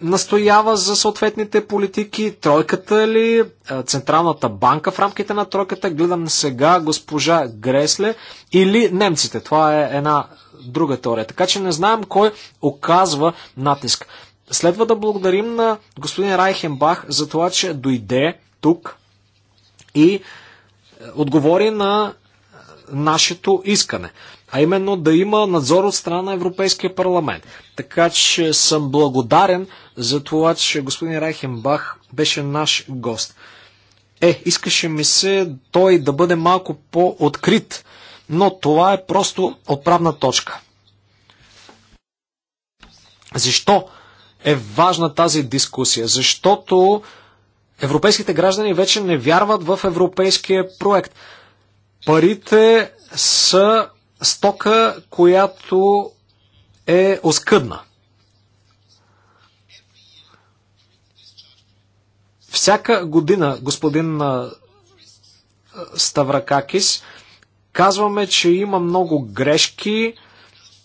настоява за съответните политики, тройката ли, Централната банка в рамките на тройката, гледам сега госпожа Гресле или немците. Това е една друга теория. Така че не знаем кой оказва натиск. Следва да благодарим на господин Райхенбах за това, че дойде тук и е, отговори на е, нашето искане, а именно да има надзор от страна на Европейския парламент. Така че съм благодарен за това, че господин Райхенбах беше наш гост. Е, искаше ми се той да бъде малко по-открит, но това е просто отправна точка. Защо е важна тази дискусия, защото европейските граждани вече не вярват в европейския проект. Парите са стока, която е оскъдна. Всяка година, господин Ставракакис, казваме, че има много грешки,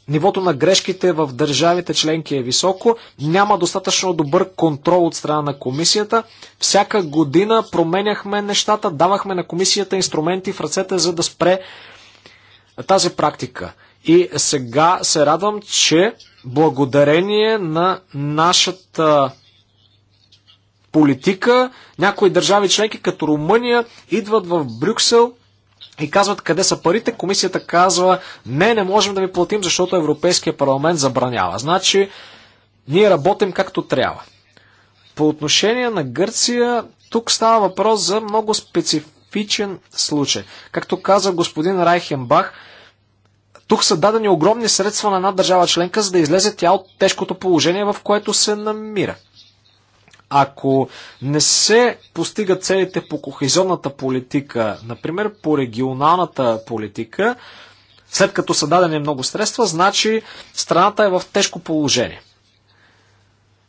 нивото на грешките в държавите членки е високо, няма достатъчно добър контрол от страна на комисията. Всяка година променяхме нещата, давахме на комисията инструменти в ръцете, за да спре тази практика. И сега се радвам, че благодарение на нашата политика, някои държави членки, като Румъния, идват в Брюксел и казват къде са парите, комисията казва не, не можем да ви платим, защото Европейския парламент забранява. Значи, ние работим както трябва. По отношение на Гърция, тук става въпрос за много специфичен случай. Както каза господин Райхенбах, тук са дадени огромни средства на една държава членка, за да излезе тя от тежкото положение, в което се намира. Ако не се постигат целите по кохезионната политика, например по регионалната политика, след като са дадени много средства, значи страната е в тежко положение.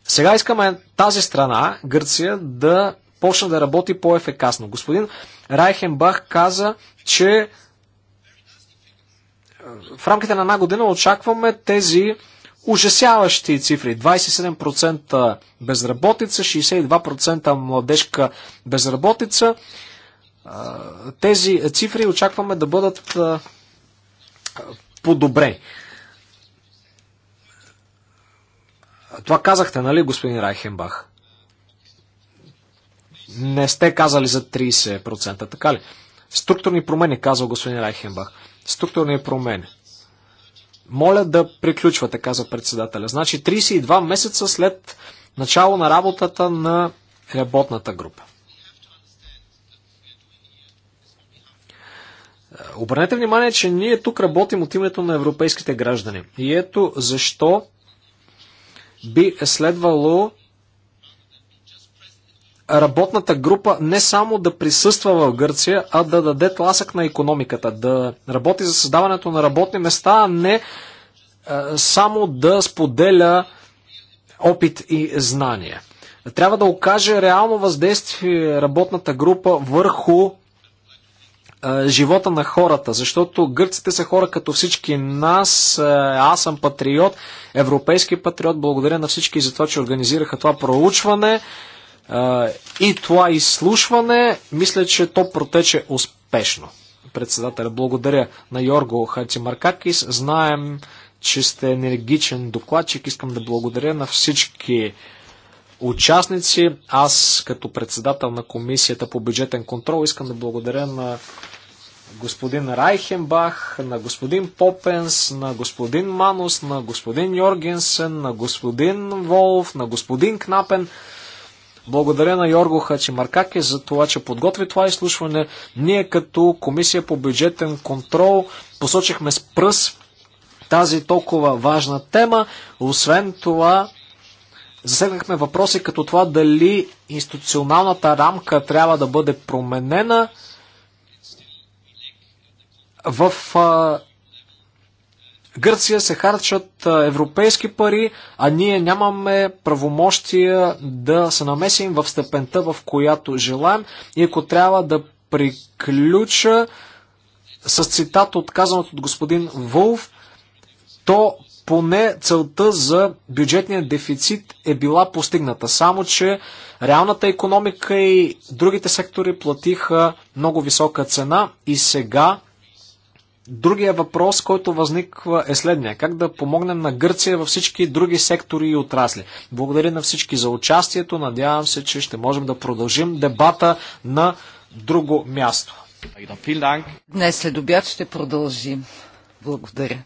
Сега искаме тази страна, Гърция, да почне да работи по-ефекасно. Господин Райхенбах каза, че в рамките на една година очакваме тези ужасяващи цифри. 27% безработица, 62% младежка безработица. Тези цифри очакваме да бъдат по-добре. Това казахте, нали, господин Райхенбах? Не сте казали за 30%, така ли? Структурни промени, казал господин Райхенбах. Структурни промени. Моля да приключвате, каза председателя. Значи 32 месеца след начало на работата на работната група. Обърнете внимание, че ние тук работим от името на европейските граждани. И ето защо би следвало работната група не само да присъства в Гърция, а да даде тласък на економиката, да работи за създаването на работни места, а не е, само да споделя опит и знания. Трябва да окаже реално въздействие работната група върху е, живота на хората, защото гърците са хора като всички нас. Е, аз съм патриот, европейски патриот. Благодаря на всички за това, че организираха това проучване и това изслушване, мисля, че то протече успешно. Председателя, благодаря на Йорго Хатимаркакис. Знаем, че сте енергичен докладчик. Искам да благодаря на всички участници. Аз, като председател на Комисията по бюджетен контрол, искам да благодаря на господин Райхенбах, на господин Попенс, на господин Манус, на господин Йоргенсен, на господин Волф, на господин Кнапен. Благодаря на Йорго Хачимаркаке за това, че подготви това изслушване. Ние като Комисия по бюджетен контрол посочихме с пръст тази толкова важна тема. Освен това, засегнахме въпроси като това дали институционалната рамка трябва да бъде променена. В Гърция се харчат европейски пари, а ние нямаме правомощия да се намесим в степента, в която желаем. И ако трябва да приключа с цитат от казаното от господин Вулф, то поне целта за бюджетния дефицит е била постигната. Само, че реалната економика и другите сектори платиха много висока цена и сега Другия въпрос, който възниква е следния. Как да помогнем на Гърция във всички други сектори и отрасли? Благодаря на всички за участието. Надявам се, че ще можем да продължим дебата на друго място. Днес след обяд ще продължим. Благодаря.